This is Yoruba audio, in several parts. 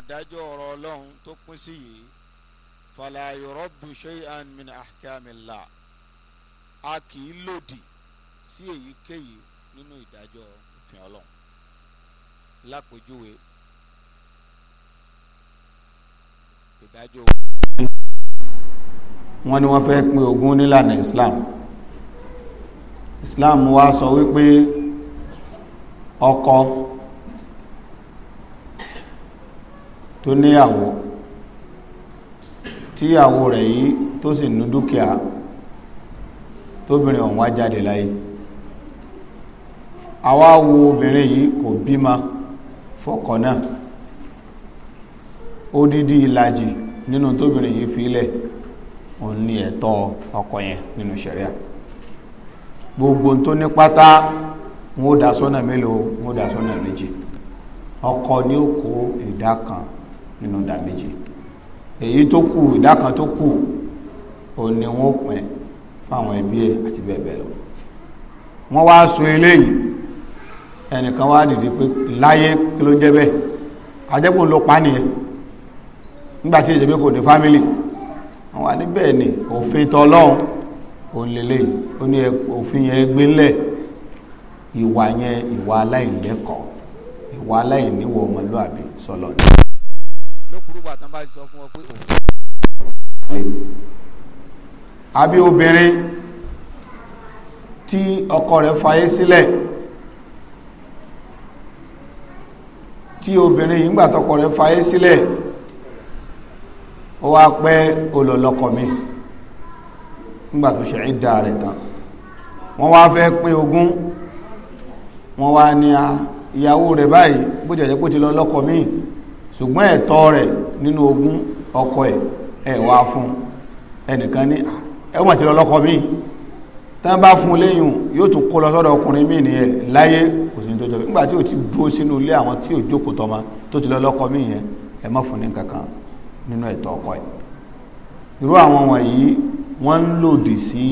àwọn àdájọ́ ọ̀rọ̀ ọlọ́run tó pín sí yìí fala yuraddu shay'an min ahkamillah a kì í lòdì sí èyíkéyìí nínú ìdájọ́ òfin ọlọ́run lápèjúwe ìdájọ́ òfin. wọ́n ní wọ́n fẹ́ pín ogún nílànà Islam Islam wá sọ wípé ọkọ. tó níyàwó tíyàwó rẹ̀ yìí tó sì ní dúkìá tóbìnrin ọ̀hún wá jáde láyé àwa wo obìnrin yìí kò bímọ fọ́kọ náà odidi ìlàjì nínú tóbìnrin yìí filẹ̀ òun ni ẹ̀tọ́ ọkọ yẹn nínú ṣẹ̀ríà gbogbo tó ní pátá wọn dá sọ́nà mélòó wọn dá sọ́nà méjì ọkọ ni ó ìdá kan nínú ìdá méjì èyí tó kù ìdá kan tó kù ó ní wọ́n pín fáwọn ẹbí ẹ̀ àti bẹ́ẹ̀ bẹ́ẹ̀ lọ wọ́n wá so eléyìí ẹnìkan wá dìde pé láyé kí ló jẹ́ bẹ́ẹ̀ ajẹ́kùn ló pa nìyẹn nígbàtí ìjẹ́bí kò ní fámílì wọ́n wá níbẹ̀ ni òfin tọlọ́run òun lélẹ̀ ó ní òfin yẹn gbé ńlẹ̀ ìwà yẹn ìwà aláìlẹ́kọ̀ọ́ ìwà aláìníwọ̀ ọmọlúàbí sọlọ́ni lókùrú bàtà bá ti sọ fún ọ pé òun. àbí obìnrin tí ọkọ rẹ̀ fayé sílẹ̀ tí obìnrin yìí ń gbà tọkọ rẹ̀ fayé sílẹ̀ ó wá pẹ́ olólọ́kọ mi nígbà tó ṣe ìdá rẹ̀ tán wọ́n wá fẹ́ pín ogún wọ́n wá ní ìyàwó rẹ̀ báyìí bó jẹ̀jẹ̀ pé ti lọ lọ́kọ míì ṣùgbọ́n ẹ̀tọ́ rẹ̀ nínú ogún ọkọ ẹ̀ ẹ̀ wá fún ẹnìkan ní ah, ẹ̀ wọ́n ti lọ lọ́kọ míì tán bá fún léyìn yóò tún kó lọ sọ́dọ̀ ọkùnrin míì nìyẹn láyé kò sí ní tó jọ nígbà tí ò ti dúró sínú ilé àwọn tí ò jókòó tọ́mọ tó ti lọ lọ́kọ yẹn ẹ má fún ní kankan nínú ẹ̀tọ́ ọkọ ẹ̀ irú àwọn wọ̀nyí wọ́n ń lòdì sí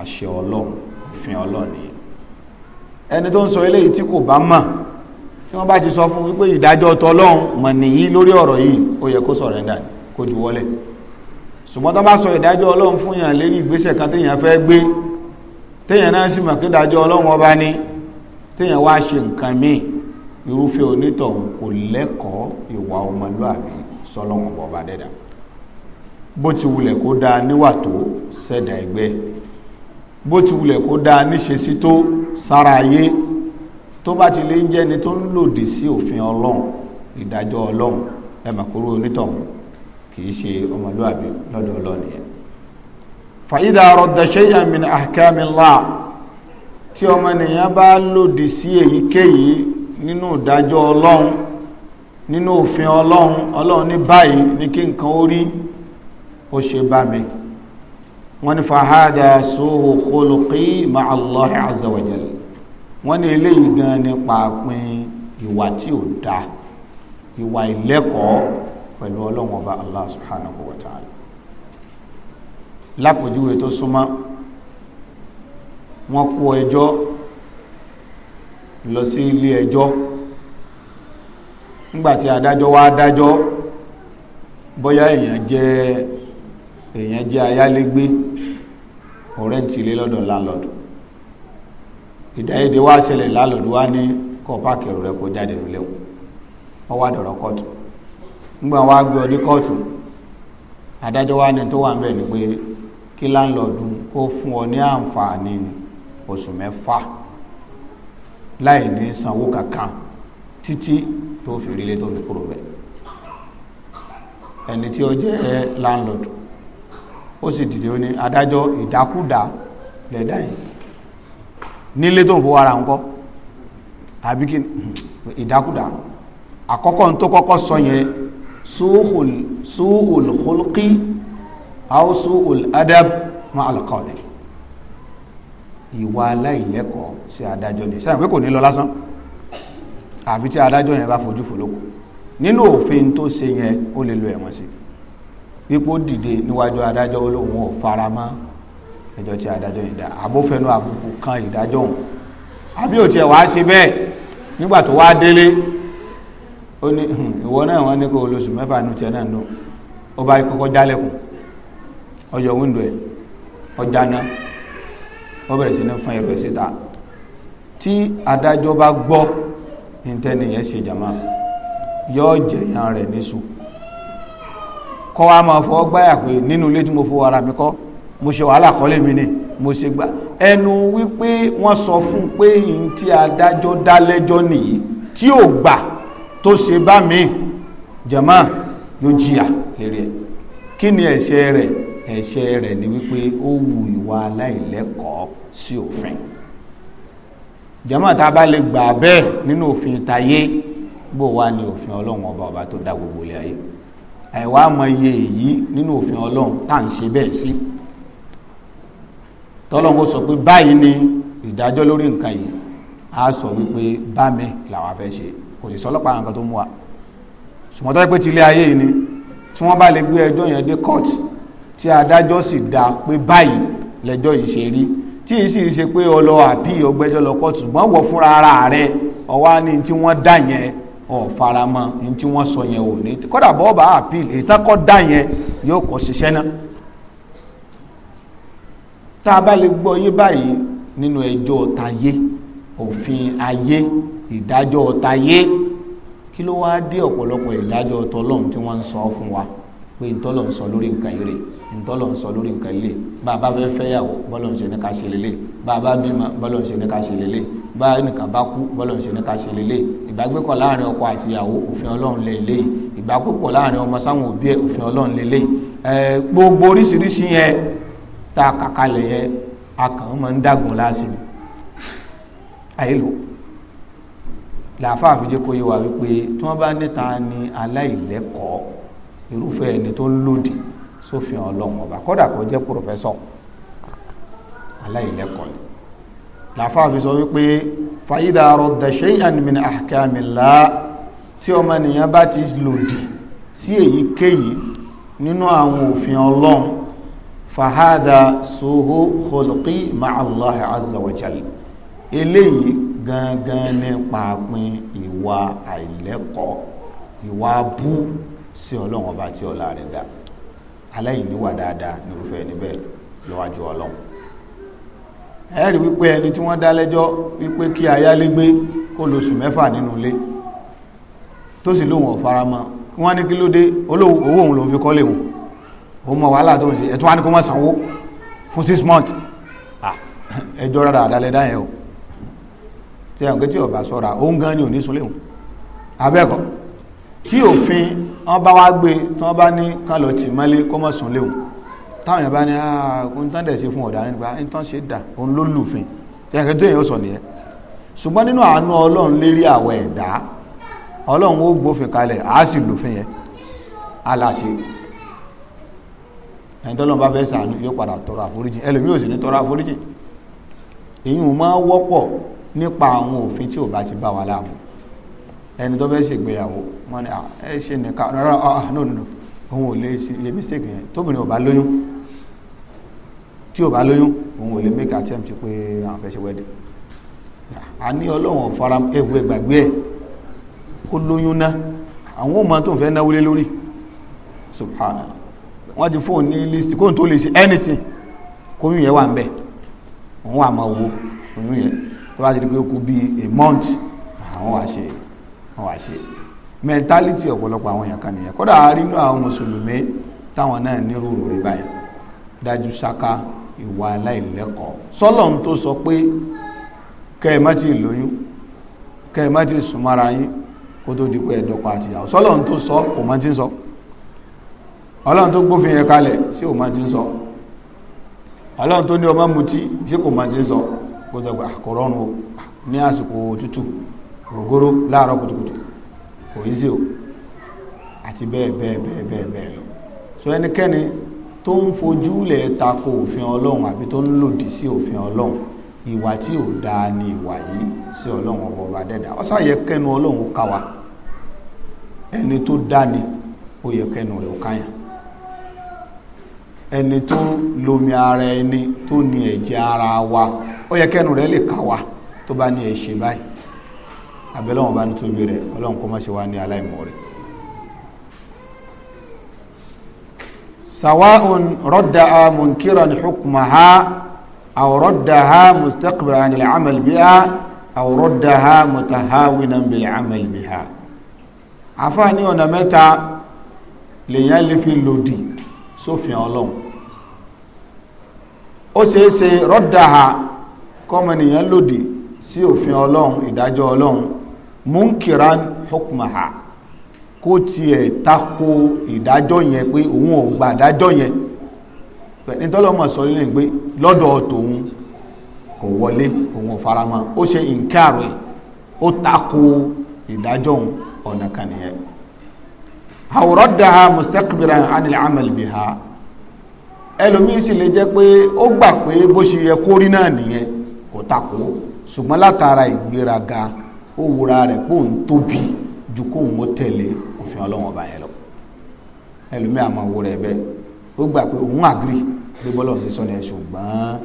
àṣẹ ọlọ́run òfin ọlọ́run ẹni tó ń sọ eléyìí tí kò bá mà tí wọ́n bá ti sọ fún wípé ìdájọ́ tọlọ́hun mọ̀ nìyí lórí ọ̀rọ̀ yìí ó yẹ kó sọ̀rẹ́ndà kó ju wọlé ṣùgbọ́n tó bá sọ ìdájọ́ ọlọ́run fún yàn lérí ìgbésẹ̀ kan téèyàn fẹ́ gbé téèyàn náà sì mọ̀ pé ìdájọ́ ọlọ́run ọba ni téèyàn wá ṣe nǹkan míì irúfẹ́ onítọ̀hún kò lẹ́kọ̀ọ́ ìwà ọmọlúàbí sọlọ́run ọba dẹ́dà bó ti wulẹ̀ kó dáa níwà tó sẹ́dà ẹgbẹ́ bó ti wulẹ̀ kó dáa níṣesí tó sára ayé tó bá ti lè jẹ́ ni tó ń lòdì sí òfin ọlọ́run ìdájọ́ ọlọ́run ẹ mà kúrò onítọ̀hún kì í ṣe ọmọlúwàbí lọ́dọ̀ ọlọ́run yẹn. fàyídà radda shay'an min ahkamillah tí ọmọnìyàn bá lòdì sí èyíkéyìí nínú ìdájọ́ ọlọ́run nínú òfin ọlọ́run ọlọ́run ní báyìí ní kí nǹkan ó rí ó ṣe bá mi wọ́n ní fahada su'u khuluqi ma'a Allah azza wọ́n ní eléyìí gan nípa pin ìwà tí ò dáa ìwà ìlẹ́kọ̀ọ́ pẹ̀lú ọlọ́run ọba allah subhanahu wa ta'ala lápòjúwe tó súnmọ́ wọ́n kó ẹjọ́ lọ sí ilé ẹjọ́ nígbàtí adájọ́ wá dájọ́ bóyá èèyàn jẹ́ èèyàn jẹ́ ayálégbé ọ̀rẹ́ntìlé lọ́dọ̀ ìdáyédé wá ṣẹlẹ̀ lálọ́dún wá ní kọ́ páàkì ẹ̀rù rẹ̀ kó jáde nílé wọn wọ́n wá dọ̀rọ̀ kóòtù nígbà wá gbé ọdí kóòtù adájọ́ wá ní tó wà ń bẹ̀ ni pé kí láńlọ́ọ̀dù kó fún ọ ní àǹfààní oṣù mẹ́fà láì ní sanwó kankan títí tó fi rí ilé tó fi kúrò bẹ́ẹ̀ ẹni tí ó jẹ́ láńlọ́ọ̀dù ó sì dìde ó ní adájọ́ ìdákúdà lẹ́dá yìí nílé tó ń fowó ara ńkọ́ àbí kí ìdákùdá àkọ́kọ́ tó kọ́kọ́ sọ yẹn su'ul khulqi aw su'ul adab ma alqadi ìwà aláìlẹ́kọ̀ọ́ sí adájọ́ ni sẹ́yìn pé kò ní lọ lásán àfi tí adájọ́ yẹn bá fojú fòlókù nínú òfin tó ṣe yẹn ó lè lo ẹ̀wọ̀n sí wípé dìde níwájú adájọ́ olóhùn ò fara mọ́ ẹjọ́ tí adájọ́ yìí dá abófẹ́nu àbùkù kan ìdájọ́ òun àbí ò tiẹ̀ wá sí bẹ́ẹ̀ nígbà tó wá délé ó ní hmm, ìwọ náà wọ́n ní kó olóṣù mẹ́fà nu tiẹ̀ náà nù ó bá kọ́kọ́ jálẹ̀kùn ó yọ wíńdò ẹ̀ ó jáná ó bẹ̀rẹ̀ sí ní fún ẹ̀rọ síta tí adájọ́ bá gbọ́ ní tẹ́niyẹn ṣe jàmá yọ jẹ̀yàn rẹ̀ níṣu kọ́ wa máa fọ́ gbáyà pé nínú ilé tí mo fowó ara mi kọ́ mo ṣe wàhálà kọ́lé mi ni mo ṣe gbà ẹnu wípé wọ́n sọ fún pé yìí tí adájọ́ dá lẹ́jọ́ nìyí tí ò gbà tó ṣe bá mi jàmá yóò jìyà lérí ẹ̀ kí ni ẹ̀ṣẹ̀ rẹ̀ ẹ̀ṣẹ̀ rẹ̀ ni wípé ó wu ìwà aláìlẹ́kọ̀ọ́ sí òfin jàmá tá a bá lè gbà bẹ́ẹ̀ nínú òfin tayé bó wá ní òfin ọlọ́run ọba ọba tó dá gbogbo ilé ayé àìwá mọ iye èyí nínú òfin ọlọ́run tá à ń ṣe bẹ́ẹ̀ sí. Si tọ́lọ́n kó sọ pé báyìí ni ìdájọ́ lórí nǹkan yìí a sọ wípé bá mi làwọn afẹ́ ṣe kò sì sọlọ́pàá nǹkan tó mú wa ṣùgbọ́n tó yẹ pé tilé ayé yìí ni tí wọ́n bá lè gbé ẹjọ́ yẹn dé court tí adájọ́ sì dá pé báyìí lẹ́jọ́ yìí ṣe rí tí yìí sì ṣe pé ọlọ àbí ọgbẹ́jọ́ lọ court ṣùgbọ́n wọ̀ fúnra ara rẹ ọwá ní tí wọ́n dá yẹn ọ̀ faramọ́ ní tí wọ́n sọ yẹn ò kódà bọ́ọ̀bà àpìl ètàkọ́ dá yẹn yóò kọ́ ṣiṣẹ́ náà tá a bá lè gbọ́ yé báyìí nínú ẹjọ́ tayé òfin ayé ìdájọ́ tayé kí ló wá dé ọ̀pọ̀lọpọ̀ ìdájọ́ tọlọ́run tí wọ́n ń sọ fún wa pé ntọ́lọ̀ ń sọ lórí nǹkan ire ntọ́lọ̀ ń sọ lórí nǹkan ilé bá a bá fẹ́ fẹ́yàwó bọ́lọ̀ ń ṣe ní ká ṣe lélẹ̀ bá a bá bímọ bọ́lọ̀ ń ṣe ní ká ṣe lélẹ̀ bá ẹnìkan bá kú bọ́lọ̀ ń ṣe ní ká ṣe lélẹ̀ ìbágbépọ̀ láàrin ọkọ àti ìyàwó òfin ọlọ́run lélẹ̀ ìbágbépọ̀ láàrin ọmọ sáwọn òbí ẹ̀ òfin ọlọ́run lélẹ̀ gbogbo oríṣiríṣi yẹn tá a kà kalẹ̀ yẹn a kàn máa ń dàgùn láàsì ni àyèlò làáfàá àfijẹ́ kó yé wa wípé tí wọ́n bá níta ni aláìlẹ́kọ̀ọ́ irúfẹ́ ẹni tó ń lòdì sófin ọlọ́run ọba kódà kó jẹ́ pòfẹ́sọ̀ aláìlẹ́kọ̀ọ́ ni làáfàá fi sọ wípé fàyídà radda shay'an min ahkamillah tí ọmọnìyàn bá ti lòdì sí èyíkéyìí nínú àwọn òfin ọlọ́run fahada suhu khulqi ma'allahi azza wa jal eléyìí gangan ní paapin ìwà àìlẹ́kọ̀ọ́ ìwà bú sí ọlọ́run ọba tí ọlá rẹ̀ ga aláìníwà dáadáa nírúfẹ́ níbẹ̀ lọ́wájú ọlọ́run ẹ̀rí wípé ẹni tí wọ́n dá lẹ́jọ́ wípé kí ayálégbé kó lóṣù mẹ́fà nínú ilé tó sì lóhun ọ̀faramọ́ wọ́n ní kí ló dé owó òun lòun fi kọ́lé wọn ó mọ wàhálà tó ń ṣe ẹ̀tún wa ni kó mọ̀ sanwó fún six months ẹjọ́ rárá àdálẹ́ dá yẹn o tí àwọn kẹ́tí ọba sọ́ra òun gan ni ò ní sunlé wọn abẹ́kọ̀ tí òfin wọn bá wá gbé tí wọn bá ní kálọ̀ tì mọ́lé kó mọ̀ sunlé wọn táwọn yẹn bá ní ohun tán dẹ̀ ṣe fún ọ̀dà nípa ohun tán ṣe dà òun ló lùfin tí àwọn kẹ́tí yẹn ó sọ nìyẹn ṣùgbọ́n nínú àánú ọlọ́run lérí àwọ̀ ẹ̀dá ọlọ́run ó gbófin kalẹ̀ àá sì lùfin yẹn aláṣẹ ẹni tọ́lọ́n bá fẹ́ sàánú yóò padà tọrọ àforíjì ẹlòmí ò sì ní tọrọ àforíjì èyí ò máa wọ́pọ̀ nípa àwọn òfin tí ò bá ti bá wa láàmú ẹni tó fẹ́ ṣègbéyàwó wọn ni ẹ ṣe nìkan rárá ah no no no òun ò lè ṣe mistake yẹn tóbìnrin ò bá lóyún tí ò bá lóyún òun ò lè make attempt pé àwọn wọ́n ti fóun ní list kóun tó lè ṣe anything kóyún yẹn wà ń bẹ̀ òun wà máa wo oyún yẹn tó bá ti di pé kú bíi a month àwọn wà ṣe àwọn wà ṣe mentality ọ̀pọ̀lọpọ̀ àwọn èèyàn kan nìyẹn kódà àárínú àwọn mùsùlùmí táwọn náà nírú ròrí báyìí dájú ṣáká ìwà aláìlẹ́kọ̀ọ́ sọ́lọ̀ ń tó sọ pé kẹ́ ẹ má ti lóyún kẹ́ ẹ má ti sùnmọ́ra yín kó tó di pé ẹ̀dọ́kọ̀ àtìyàwó sọ́lọ̀ ń tó sọ kò má ti sọ. So, ọlọ́run tó gbófin yẹn kalẹ̀ sí ò máa ti ń sọ ọlọ́run tó ní ọmọ mutí sí kò máa ti ń sọ kò tẹ̀gbà kò rọrùn o ní àsìkò òtútù rògóró láàárọ̀ kùtùkùtù kò yí sí o àti bẹ́ẹ̀ bẹ́ẹ̀ bẹ́ẹ̀ bẹ́ẹ̀ bẹ́ẹ̀ lọ so ẹnikẹ́ni tó ń fojú lẹ̀ tako òfin ọlọ́run àbí tó ń lòdì sí òfin ọlọ́run ìwà tí ò dáa ni ìwà yìí sí ọlọ́run ọba ọba dẹ́dà ọ sáà yẹ ọlọ́run ó ẹni tó dá ni ó yẹ kẹ́nu rẹ̀ káyàn ẹni tó lomi ara ẹni tó ní ẹ̀jẹ̀ ara wa ó yẹ kẹ́nu rẹ̀ lè kà wá tó bá ní ẹ̀ṣẹ̀ báyìí àbẹ́lọ́wọ̀n bá ní tóbi rẹ̀ ọlọ́run kó má ṣe wá ní aláìmọ̀ rẹ̀ sawa'un radda'a munkiran hukmaha aw raddaha mustaqbilan al-amal biha aw raddaha mutahawinan bil-amal biha àfáà ní ọ̀nà mẹ́ta lèyàn lè fi lòdì sófin ọlọ́run ó ṣeéṣe rọ́dàá kọ́mọnìyàn lòdì sí òfin ọlọ́run ìdájọ́ ọlọ́run munkiran hukmaha kó tiẹ̀ tako ìdájọ́ yẹn pé òun ò gba ìdájọ́ yẹn pẹ̀lú tọ́lọ́mọ̀ sọ nílẹ̀ pé lọ́dọ̀ tòun kò wọlé òun ò faramọ́ ó ó tako ìdájọ́ ọ̀nà kan nìyẹn àwòrọ́dà mustakbiran anil amal biha ẹlòmíín sì lè jẹ́ pé ó gbà pé bó ṣe yẹ kó rí náà nìyẹn kò takò ṣùgbọ́n látara ìgbéraga ó wura rẹ̀ pé òun tóbi ju kóun ó tẹ̀lé òfin ọlọ́wọ́n ọba yẹn lọ ẹlòmíín àmọ́ wo rẹ̀ bẹ́ẹ̀ ó gbà pé òun àgírí bí bọ́lá ọ̀sẹ̀ sọ yẹn ṣùgbọ́n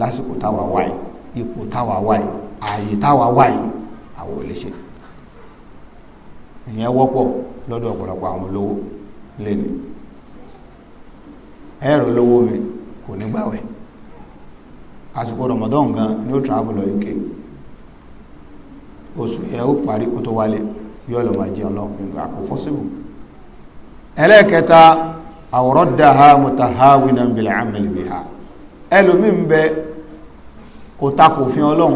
lásìkò táwa wáyé ipò táwa wáyé ààyè táwa wáyé àwọn lè ṣe ìyẹn wọ́pọ̀ lọ́dọ̀ ọ̀pọ̀lọpọ̀ àwọn olówó lẹ́nu ẹ̀rọ olówó mi kò ní gbàwẹ̀ àsìkò Ramadan gan ni ó travel lọ UK oṣù yẹn ó parí kó tó wálé yóò lọ máa jẹun lọ nígbà kò fọ́síbù ẹlẹ́ẹ̀kẹta àwòrán dáhà mutahawina bìlẹ̀ amẹ́lẹ̀ bìhà ẹlòmí ń bẹ kò fi ọlọ́run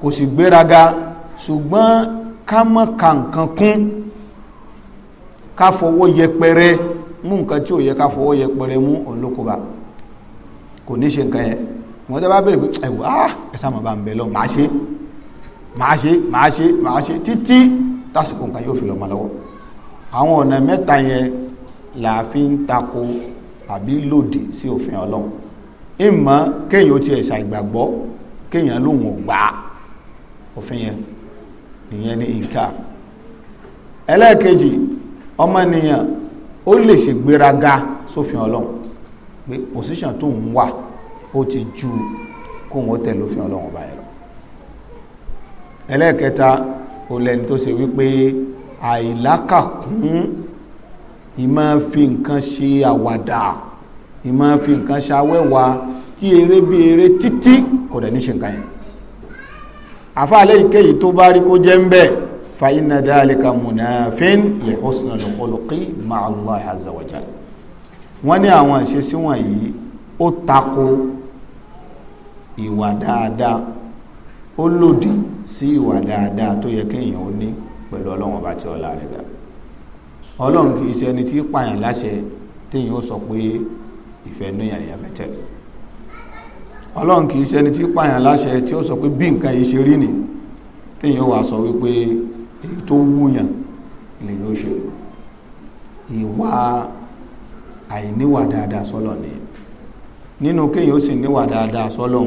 kò sì gbéraga ṣùgbọ́n ká mọ́ ka nǹkan kún ká fọwọ́ yẹpẹrẹ mú nǹkan tí ò yẹ ká fọwọ́ yẹpẹrẹ mú olókòbá kò ní ṣe nǹkan yẹn wọ́n tẹ́ bá bẹ̀rẹ̀ pé ẹ̀wọ̀ ah ẹ̀sà mọ̀ bá ń bẹ̀ lọ màá ṣe màá ṣe màá ṣe màá ṣe títí tásìkò nǹkan yóò fi lọ́mọ lọ́wọ́ àwọn ọ̀nà mẹ́ta yẹn là fi ń tako àbí lòdì sí òfin ọlọ́run ìmọ̀ kéèyàn ó ti ẹ̀ṣà kéèyàn lóun ò gbà òfin yẹn ìyẹn ni ìka ẹlẹ́ẹ̀kejì ọmọnìyàn ó lè ṣègbéraga sófin ọlọ́run pé pòsíṣàn tó ń wà ó ti ju kóhun ó tẹ̀lé òfin ọlọ́run ọba ẹ̀rọ ẹlẹ́ẹ̀kẹta ó lẹ́ni tó ṣe wípé àìlákàkún ìmọ̀ fi nǹkan ṣe àwàdà ìmọ̀ fi nǹkan ṣe awẹ́wà tí eré bí eré títí kò dẹ̀ ní ṣe nǹkan yẹn àfáàlẹ́ ìkéyìí tó bá rí kó jẹ́ ń bẹ́ẹ̀ fa inna dhalika munafin li husn al-khuluqi ma'a Allah azza wa jalla wọ́n ní àwọn ìṣesí wọ̀nyí ó tako ìwà dáadáa ó lòdì sí ìwà dáadáa tó yẹ kéèyàn ó ní pẹ̀lú ọlọ́run ọba tí ọlá rẹ̀ ga ọlọ́run kì í ṣe ẹni tí pààyàn láṣẹ téèyàn ó sọ pé ìfẹ́ níyàn ní ẹ̀fẹ́ tẹ̀lé ọlọ́run kìí ṣe ẹni tí pààyàn láṣẹ tí ó sọ pé bí nǹkan yìí ṣe rí nì téèyàn wà sọ wípé èyí tó wúyàn lèyìn ó ṣe ìwà àìníwà dáadáa sọ́lọ̀ ni nínú kéèyàn ó sì níwà dáadáa sọ́lọ̀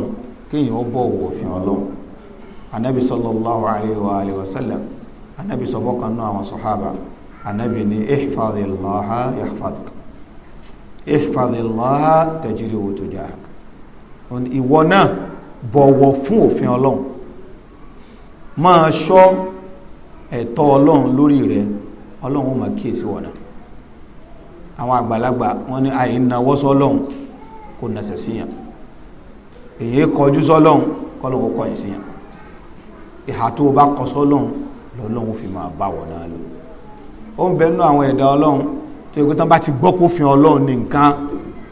kéèyàn ó bọ̀wọ̀ òfin ọlọ́run anabi sallallahu alayhi wa alayhi wa sallam anabi sọ fọ́kàn náà àwọn sọ̀hábà anabi ni ihfadillaha yahfaduk ihfadillaha tajiri wutujahak ìwọ náà bọ̀wọ̀ fún òfin ọlọ́run máa ṣọ́ ẹ̀tọ́ ọlọ́run lórí rẹ ọlọ́run ó máa kíyèsí wọ̀nà àwọn àgbàlagbà wọn ní àyè náwó sọ́lọ́run kò nàṣẹ̀ síyàn èyí kọjú sọ́lọ́run kọ́lọ́run ó kọ̀yìn síyàn ìhà tó o bá kọ sọ́lọ́run lọ́lọ́run fi máa bá wọ̀ náà lò ó ń bẹnu àwọn ẹ̀dá ọlọ́run tó yẹ kó tán bá ti gbọ́ pófin ọlọ́run ní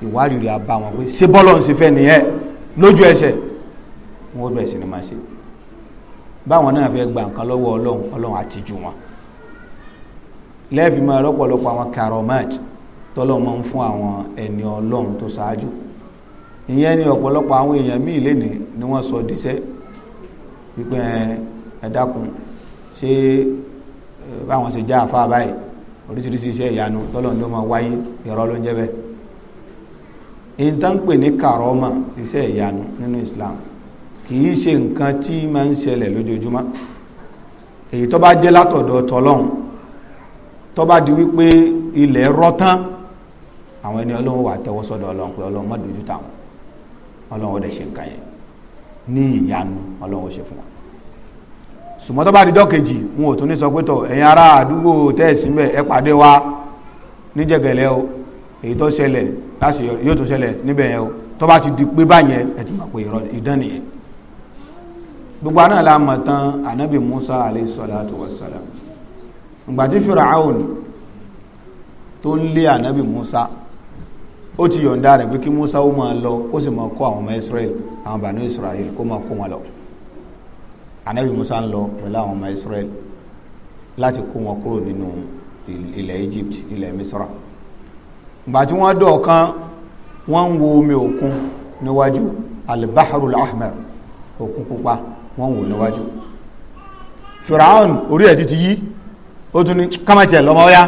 ìwárìrì àbá wọn pé ṣé bọ́lọ́run ṣe fẹ́ nìyẹn lójú ẹsẹ̀ wọ́n bẹ̀rẹ̀ sí ni máa ṣe báwọn náà fẹ́ gba nǹkan lọ́wọ́ ọlọ́run ọlọ́run àti jù wọn lẹ́ẹ̀fì máa rọ́pọ̀lọpọ̀ àwọn karomat tọ́lọ́run máa ń fún àwọn ẹni ọlọ́run tó ṣáájú ìyẹn ni ọ̀pọ̀lọpọ̀ àwọn èèyàn míì lénìí ni wọ́n sọ díṣẹ́ pípẹ́ ẹ dákun ṣé báwọn ṣe já àfa báyìí oríṣiríṣi iṣẹ́ ìyanu tọ́lọ́run ló máa wáyé ìrọ́ ló èyí tó ń pè ní kàrọ́mà iṣẹ́ ìyanu nínú Islam kì í ṣe nǹkan tí máa ń ṣẹlẹ̀ lójoojúmọ́ èyí tó bá jẹ́ látọ̀dọ̀ tọlọ́hun tó bá di wípé ilẹ̀ rọ́tán àwọn ẹni ọlọ́run wà tẹ́wọ́ sọ́dọ̀ ọlọ́run pé ọlọ́run táwọn ọlọ́run ṣe nǹkan yẹn ní ìyanu ọlọ́run ṣe fún tó bá di dọ́kejì wọn ò tún ní sọ pé ẹ̀yin ará àdúgbò o èyí tó láti yóò tún ṣẹlẹ̀ níbẹ̀ yẹn o tó bá ti di pé báyẹn ẹ ti mọ̀ pé ìdán nìyẹn gbogbo àná la mọ̀ tán anabi musa alayhi salatu wa salam ìgbà tí Firaun tó ń lé anabi musa ó ti yọ̀ǹda rẹ̀ pé kí musa ó máa lọ ó sì máa kó àwọn ọmọ israel àwọn bàánú israel kó máa kó wọn lọ anabi musa ń lọ pẹ̀lú àwọn ọmọ israel láti kó wọn kúrò nínú ilẹ̀ egypt ilẹ̀ misra ìgbà tí wọ́n dọ̀ọ̀kan wọ́n ń wo omi òkun níwájú albaharul ahmar òkun pupa wọ́n wò níwájú fìràún orí ẹ̀ ti yí ó tún ní kámàtì ẹ̀ lọ́mọ ọ́yá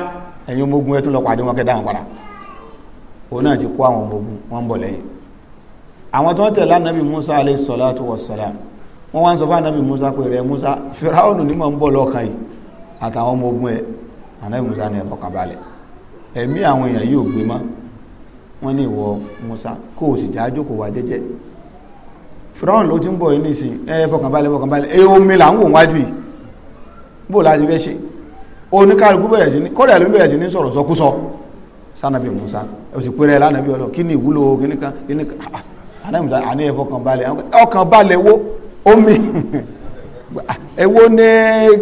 ẹ̀yin ọmọ ogun ẹ̀ tún lọ pàdé wọn kẹta wọn padà òun náà ti kó àwọn ọmọ ogun wọn ń bọ̀ lẹ́yìn àwọn tó ń tẹ̀lé anabi musa alayhi salatu wa salam wọ́n wá ń sọ fún anabi musa pé rẹ̀ musa fìràún ní mọ̀ ń bọ̀ lọ́ọ̀kan yìí àtàwọn ọmọ ogun anabi musa ní ẹ fọkàn balẹ̀ ẹ̀mí àwọn èèyàn yóò gbé mọ́ wọ́n ní ìwọ Musa kó o sì já jókòó wá jẹ́jẹ́ fìrọ́hùn ló ti ń bọ̀ yìí nìsín ẹ fọkànbalẹ̀ fọkànbalẹ̀ ẹ omi là ń wò wájú yìí bó láti fẹ́ ṣe oníkàlùkù bẹ̀rẹ̀ sí ní kọ́dà ló bẹ̀rẹ̀ sí ní sọ̀rọ̀ sọkúsọ sanabi Musa o sì péré lánàbí ọlọ kí ni ìwúlò kíní kan kíní kan ah, ah, àná àní ẹ fọkànbalẹ̀ ọkàn wo omi ẹ wo ní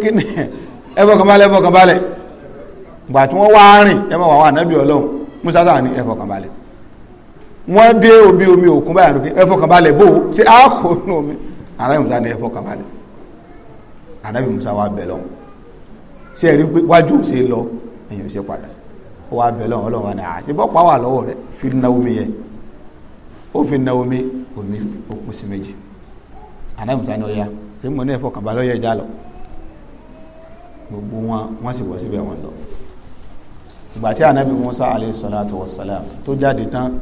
kíní ẹ fọkànbalẹ̀ fọkànbalẹ̀ gbà tí wọ́n wá rìn ẹ mọ̀ wàwọn ànábì ọlọ́run musa sáà ní ẹ fọkàn balẹ̀ wọ́n dé obi omi òkun báyà lókè ẹ fọkàn balẹ̀ bò ó ṣe á kò nù omi ànábì musa ní ẹ fọkàn balẹ̀ ànábì musa wá bẹ̀ lọ́wọ́ ṣe ẹ̀rí pé wájú ò ṣe lọ èyàn ò ṣe padà sí ó wá bẹ̀ lọ́wọ́ ọlọ́run ní àṣẹ bọ́ pa wà lọ́wọ́ rẹ̀ fi na omi yẹ ó fi na omi omi òkun sí méjì ànábì musa ní ọya ṣé mo ní ẹ fọkàn ọyẹ ìjà lọ gbogbo wọn wọn sì wọ síbẹ̀ wọn lọ ìgbà tí anabi musa alayhi salatu wa salam tó jáde tán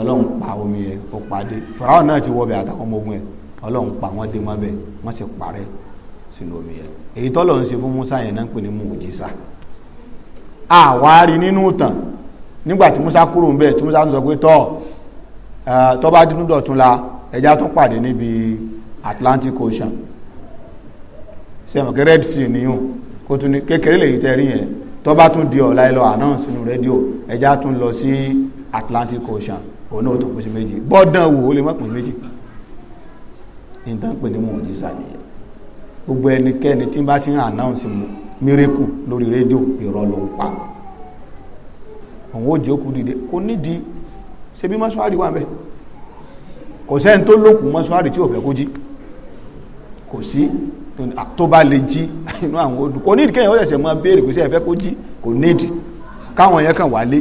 ọlọ́run pa omi yẹn ó pàdé fìràwọ̀ náà ti wọbẹ̀ àtàwọn ọmọ ogun yẹn ọlọ́run pa wọ́n dé mọ́bẹ̀ wọ́n sì parẹ́ sínú omi yẹn èyí tọ́lọ̀ ń ṣe fún musa yẹn náà pè ní mùjísà àwárí nínú ìtàn nígbà tí musa kúrò ń bẹ̀ tí musa sọ pé tọ́ tó dínú dọ̀tún la ẹja tún pàdé níbi Atlantic Ocean sẹ́wọ̀n kí red sea nìyún kó tún ní kékeré lèyí tẹ́ rí yẹn tó bá tún di ọ̀la ẹ lọ àná sínú rédíò ẹja tún lọ sí Atlantic Ocean òun náà tó pín sí méjì bọ́dàn wò ó lè má pín méjì nǹkan pè ní mọ̀jísà nìyẹn gbogbo ẹnikẹ́ni tí bá ti ń ànáùnsì mírèkù lórí rédíò irọ́ ló ń pa òun ó jókòó dìde kò nídìí ṣe bí mọ́ṣúárì wà bẹ́ẹ̀ kò sẹ́ni tó lókùn mọ́ṣúárì tí ò fẹ́ kó jí kò sí tó bá lè jí inú àwọn odò kò nídìí kéèyàn ó ṣẹ̀ṣẹ̀ máa béèrè kò sí ẹ̀fẹ́ kó jí kò nídìí káwọn yẹn kàn wálé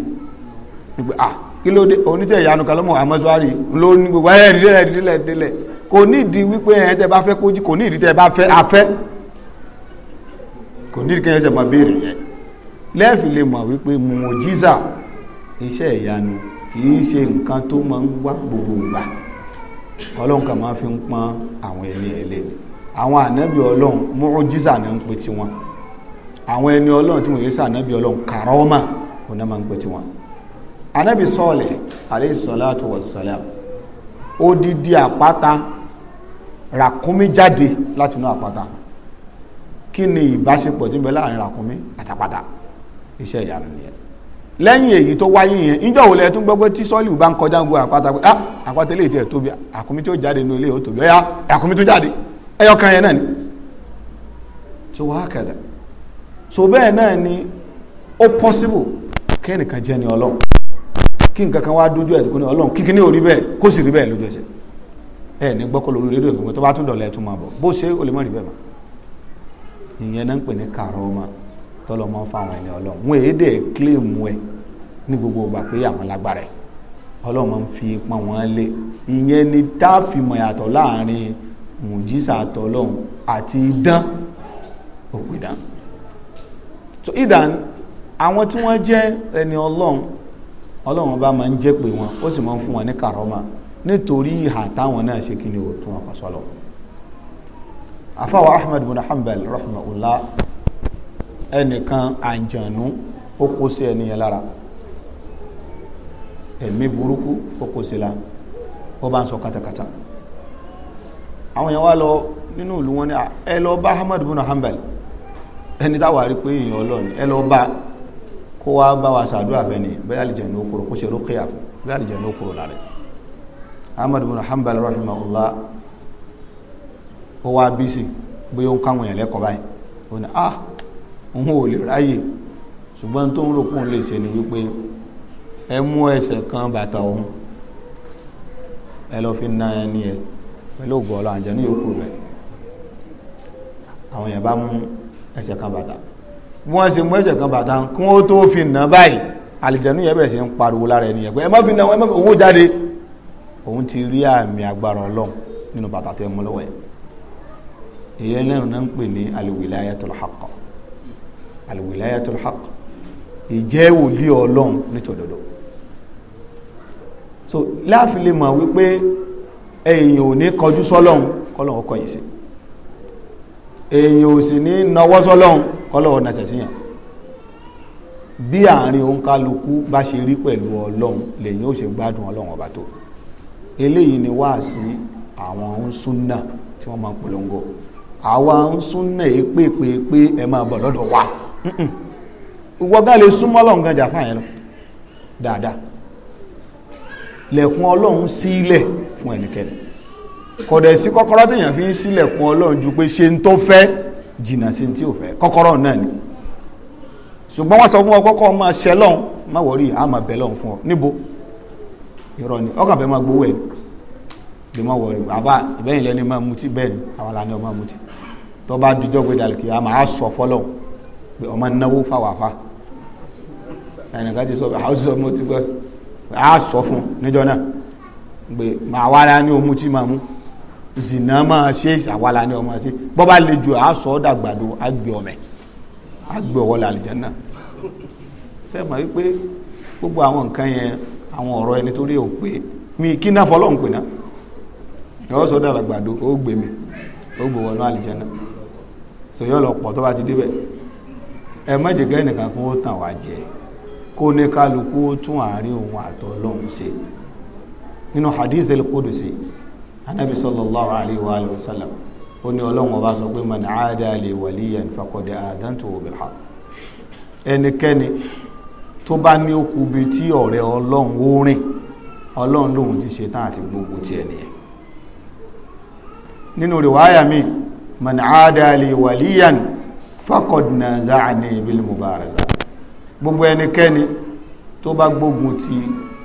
pípẹ́ à kí ló dé oníṣẹ́ ìyanu kan lọ́mọ àmọ́sọ́árì ló ní gbogbo ẹ̀ dílẹ̀ dílẹ̀ dílẹ̀ kò nídìí wípé ẹ̀ tẹ́ bá fẹ́ kó jí kò nídìí tẹ́ bá fẹ́ afẹ́ kò nídìí kéèyàn ṣẹ̀ máa béèrè yẹn lẹ́ẹ̀fì lè mọ̀ wípé mùjísà ń wá gbogbo ìgbà àwọn ànábì ọlọ́run mọ́ọ́jísà náà ń pè tí wọn àwọn ẹni ọlọ́run tí wọ́n yé sànábì ọlọ́run kàrọ́ọ́mà ọ̀nà máa ń pè tí wọn. ànábì sọ́ọ̀lẹ̀ alayhi salatu wassalam odidi àpáta ràkúnmí jáde látinú àpáta kí ni ìbáṣepọ̀ tí ń bẹ láàrin ràkúnmí àtàpáta iṣẹ́ ìyanu nìyẹn lẹ́yìn èyí tó wáyé yẹn níjọ́ wo lẹ tún gbọ́ pé tí sọ́ọ̀lì bá ń kọjá gbogbo àpáta pé ah àpáta eléyìí tiẹ̀ tóbi àkúnmí tó jáde nínú eléyìí ó tóbi ọ̀yá àkúnmí tó jáde ẹyọ kan yẹn náà ni so wàá kàdà so bẹ́ẹ̀ náà ni ó possible kẹ́nìkan jẹ́ ni ọlọ́run kí nǹkan kan wá dójú ẹ̀ tó kún ní ọlọ́run kíkí ní orí bẹ́ẹ̀ kó sì rí bẹ́ẹ̀ lójú ẹsẹ̀ ẹ ní gbọ́kọ̀ lórí rédíò ìfowópamọ́ tó bá tún dọ̀lẹ́ tún máa bọ̀ bó ṣe ó lè má rí bẹ́ẹ̀ mọ́ ìyẹn náà ń pè ní kàrọ́ ọmọ tọ́lọ́ máa ń ẹni ọlọ́run wọn èédè kílèmù ẹ ní gbogbo ìgbà pé àwọn lágbára ẹ ọlọ́run máa ń fi pọn wọn lé ìyẹn ni tá a fi mọ̀ yàtọ̀ láàrin mùjísà àtọ́lọ́hun àti idán òpìdán so idan àwọn tí wọ́n jẹ́ ẹni ọlọ́run ọlọ́run bá máa ń jẹ́ pé wọn ó sì máa ń fún wọn ní kàrọ́mà nítorí ìhà táwọn náà ṣe kí ni ò tún ọkọ̀ sọ́lọ̀ afáwọ̀ ahmed bin hanbal rahmanullah ẹnìkan àǹjànú ó kó sí ẹni yẹn lára ẹ̀mí burúkú ó kó sí la ó bá ń sọ katakata àwọn èèyàn wá lọ nínú ìlú wọn ni ẹ lọ bá Ahmad bin Hanbal ẹni táwa rí pé èèyàn Ọlọ́run ẹ lọ bá kó wá bá wa sàdúrà fẹ́ni bẹ́ẹ̀ àlìjẹ̀ ní okòrò kó ṣe rúkìá bẹ́ẹ̀ àlìjẹ̀ ní okòrò lárẹ̀ Ahmad bin Hanbal rahimahullah ó wá bí sí bí ó ń káwọn èèyàn lẹ́kọ̀ọ́ báyìí ó ní ah òun ò lè ráyè ṣùgbọ́n tó ń rò lè ṣe ni wípé ẹ mú ẹsẹ̀ kan bàtà òun ẹ lọ fi na ẹni ẹ pẹ̀lú ògùn ọ̀la àjẹ́ ní yòókù rẹ̀ àwọn èèyàn bá mú ẹsẹ̀ kan bàtà bí wọ́n ṣe mú ẹsẹ̀ kan bàtà kí wọ́n tó fi nà báyìí àlìjẹ̀nú yẹn bẹ̀rẹ̀ sí ń pariwo lára ẹnìyẹn pé ẹ má fi nà wọn ẹ má fi owó jáde òun ti rí àmì agbára ọlọ́run nínú bàtà tẹ́ mú lọ́wọ́ ẹ̀ èyí náà náà ń pè ní alwilayatul haqq alwilayatul ìjẹ́ wòlíì ọlọ́run nítòdodo so láàfin lè mọ̀ wípé èèyàn ò ní kọjú sọ́lọ́hun kọ́lọ́hun kọyìn sí èèyàn ò sì ní nawọ́ sọ́lọ́hun kọ́lọ́hun nàṣẹ̀ síyàn bí àárín òǹkálukú bá ṣe rí pẹ̀lú ọlọ́hun lèyìn ó ṣe gbádùn ọlọ́hun ọba tó eléyìí ni wáàsí àwọn ń súnà tí wọ́n máa ń polongo àwa ń súnà é pé pé pé ẹ máa bọ̀ lọ́dọ̀ wa ìwọ́gá lè súnmọ́ lọ́hun gan jà fáyẹn lọ dáadáa lẹ̀kùn ọlọ́run sílẹ̀ fún ẹnikẹ́ni kọ̀dẹ̀ sí kọ́kọ́rọ́ tèèyàn fi ń sílẹ̀kùn ọlọ́run ju pé ṣe ń tó fẹ́ jìnnà sí tí ò fẹ́ kọ́kọ́rọ́ náà ni ṣùgbọ́n wọ́n sọ fún ọ kọ́kọ́ máa ṣẹ lọ́hún má wọ̀rí a máa bẹ̀ lọ́hún fún ọ níbo irọ́ ni ọkàn fẹ́ máa gbowó ẹ̀ lè má wọ̀rí bàbá ìbẹ́yìn lẹ́ni máa mutí bẹ́ẹ̀ ni àwọn làní ọmọ mutí tó bá dijọ́ gbé dàlùkì a máa sọ fọlọ́hún pé ọmọ náwó fáwàfá ẹnìkan ti sọ pé àwọn ti sọ mo ti gbọ́ a sọ fún níjọ náà gbé màá wá la ní omu tí màá mú zìnà máa ṣe àwàlà ní ọmọ sí bọ́ bá le jù a sọ dàgbàdo a gbé ọmọ ọwọ́ la àlìjánnà ṣe mọ̀ wípé gbogbo àwọn nǹkan yẹn àwọn ọ̀rọ̀ ẹni torí ò pé mi kí náà fọlọ́ ń pè náà yọ sọ dàgbàdo ó gbé mi ó gbé wọnú àlìjánnà sọ yọ lọ pọ̀ tó bá ti débẹ̀ ẹ má jẹ́ kẹ́ ẹnìkan kó tàn wá jẹ́ ẹ kó ní kálukú ó tún àárín òun àtọlọ́hun ṣe nínú hadith al-qudusi anabi sallallahu alayhi wa alihi wa sallam ó ní ọlọ́run ọba sọ pé man aada li waliyan faqad adantuhu bil haqq ẹnikẹ́ni tó bá ní okùn bíi tí ọ̀rẹ́ ọlọ́run ó rìn ọlọ́run lòun ti ṣe tán àti gbogbo ti ẹ̀ nìyẹn nínú rìwáyà mi man aada li waliyan faqad naza'ani bil mubaraza gbogbo ẹnikẹ́ni tó bá gbógun ti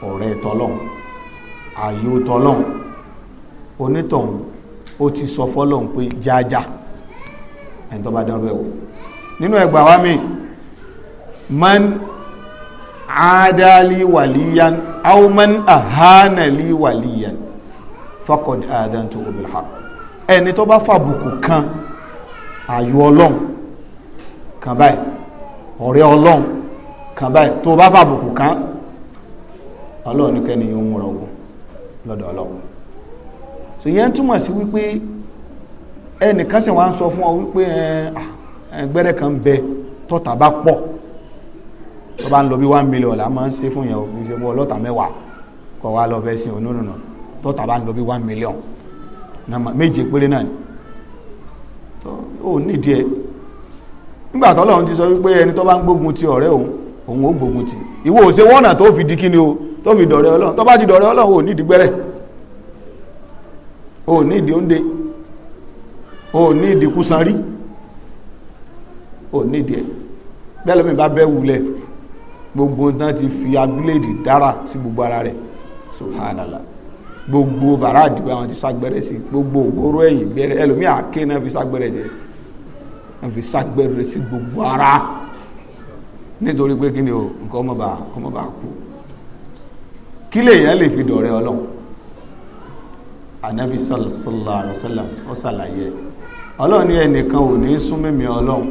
ọ̀rẹ́ tọ́lọ́hun ààyò tọ́lọ́hun onítọ̀hún ó ti sọ fọ́lọ́hun pé jájá ẹni tó bá dánrọ ẹ̀wọ̀ nínú ẹgbà wá mi man àádáálí wàlíyan aw man àhánàlí wàlíyan faqad àádántu bil haqq ẹni tó bá fàbùkù kan ààyò ọlọ́hun kan báyìí ọ̀rẹ́ ọlọ́hun kan báyìí tó o bá fàbùkù kan ọlọ́run ní kẹ́ni yóò múra ogun lọ́dọ̀ ọlọ́run so yẹn túmọ̀ sí wípé ẹnìkan sì wá ń sọ fún ọ wípé ẹgbẹ́rẹ́ kan bẹ tọ́ta bá pọ̀ tó bá ń lọ bí one million la máa ń ṣe fún yẹn o kì í ṣe fún ọlọ́ta mẹ́wàá kọ̀ wá lọ fẹ́ sin onírùnà tọ́ta bá ń lọ bí one million méje péré náà ni ó nídìí ẹ nígbà tọ́lọ́run ti sọ wípé ẹni tó bá ń gbógun ti ọ̀rẹ́ òun òun ó gbógun tì ìwọ ò ṣe wọ́nà tó fi di kíni o tó fi dọ̀rẹ́ ọlọ́run tó bá di dọ̀rẹ́ ọlọ́run ò ní ìdí gbẹ́rẹ́ ò ní ìdí oúnjẹ ò ní ìdí kúsanrí ò ní ìdí ẹ̀ bẹ́ẹ̀ lómi bá bẹ́ wulẹ̀ gbogbo náà ti fi abúléèdì dára sí gbogbo ara rẹ̀ subhanallah gbogbo bàrá àdìgbò àwọn ti ságbẹ́rẹ́ sí gbogbo ògbóró ẹ̀yìn gbẹ́rẹ́ ẹlòmíà ké náà fi ságbẹ́rẹ́ jẹ náà fi ságbẹ́rẹ́ sí gbogbo ara nítorí pé kí ni o nǹkan ọmọba ọmọba kú kí lèèyàn lè fi dọ̀rẹ́ ọlọ́run anabi sallallahu alaihi wasallam ó ṣàlàyé ọlọ́run ní ẹnìkan ò ní súnmẹ́mí ọlọ́run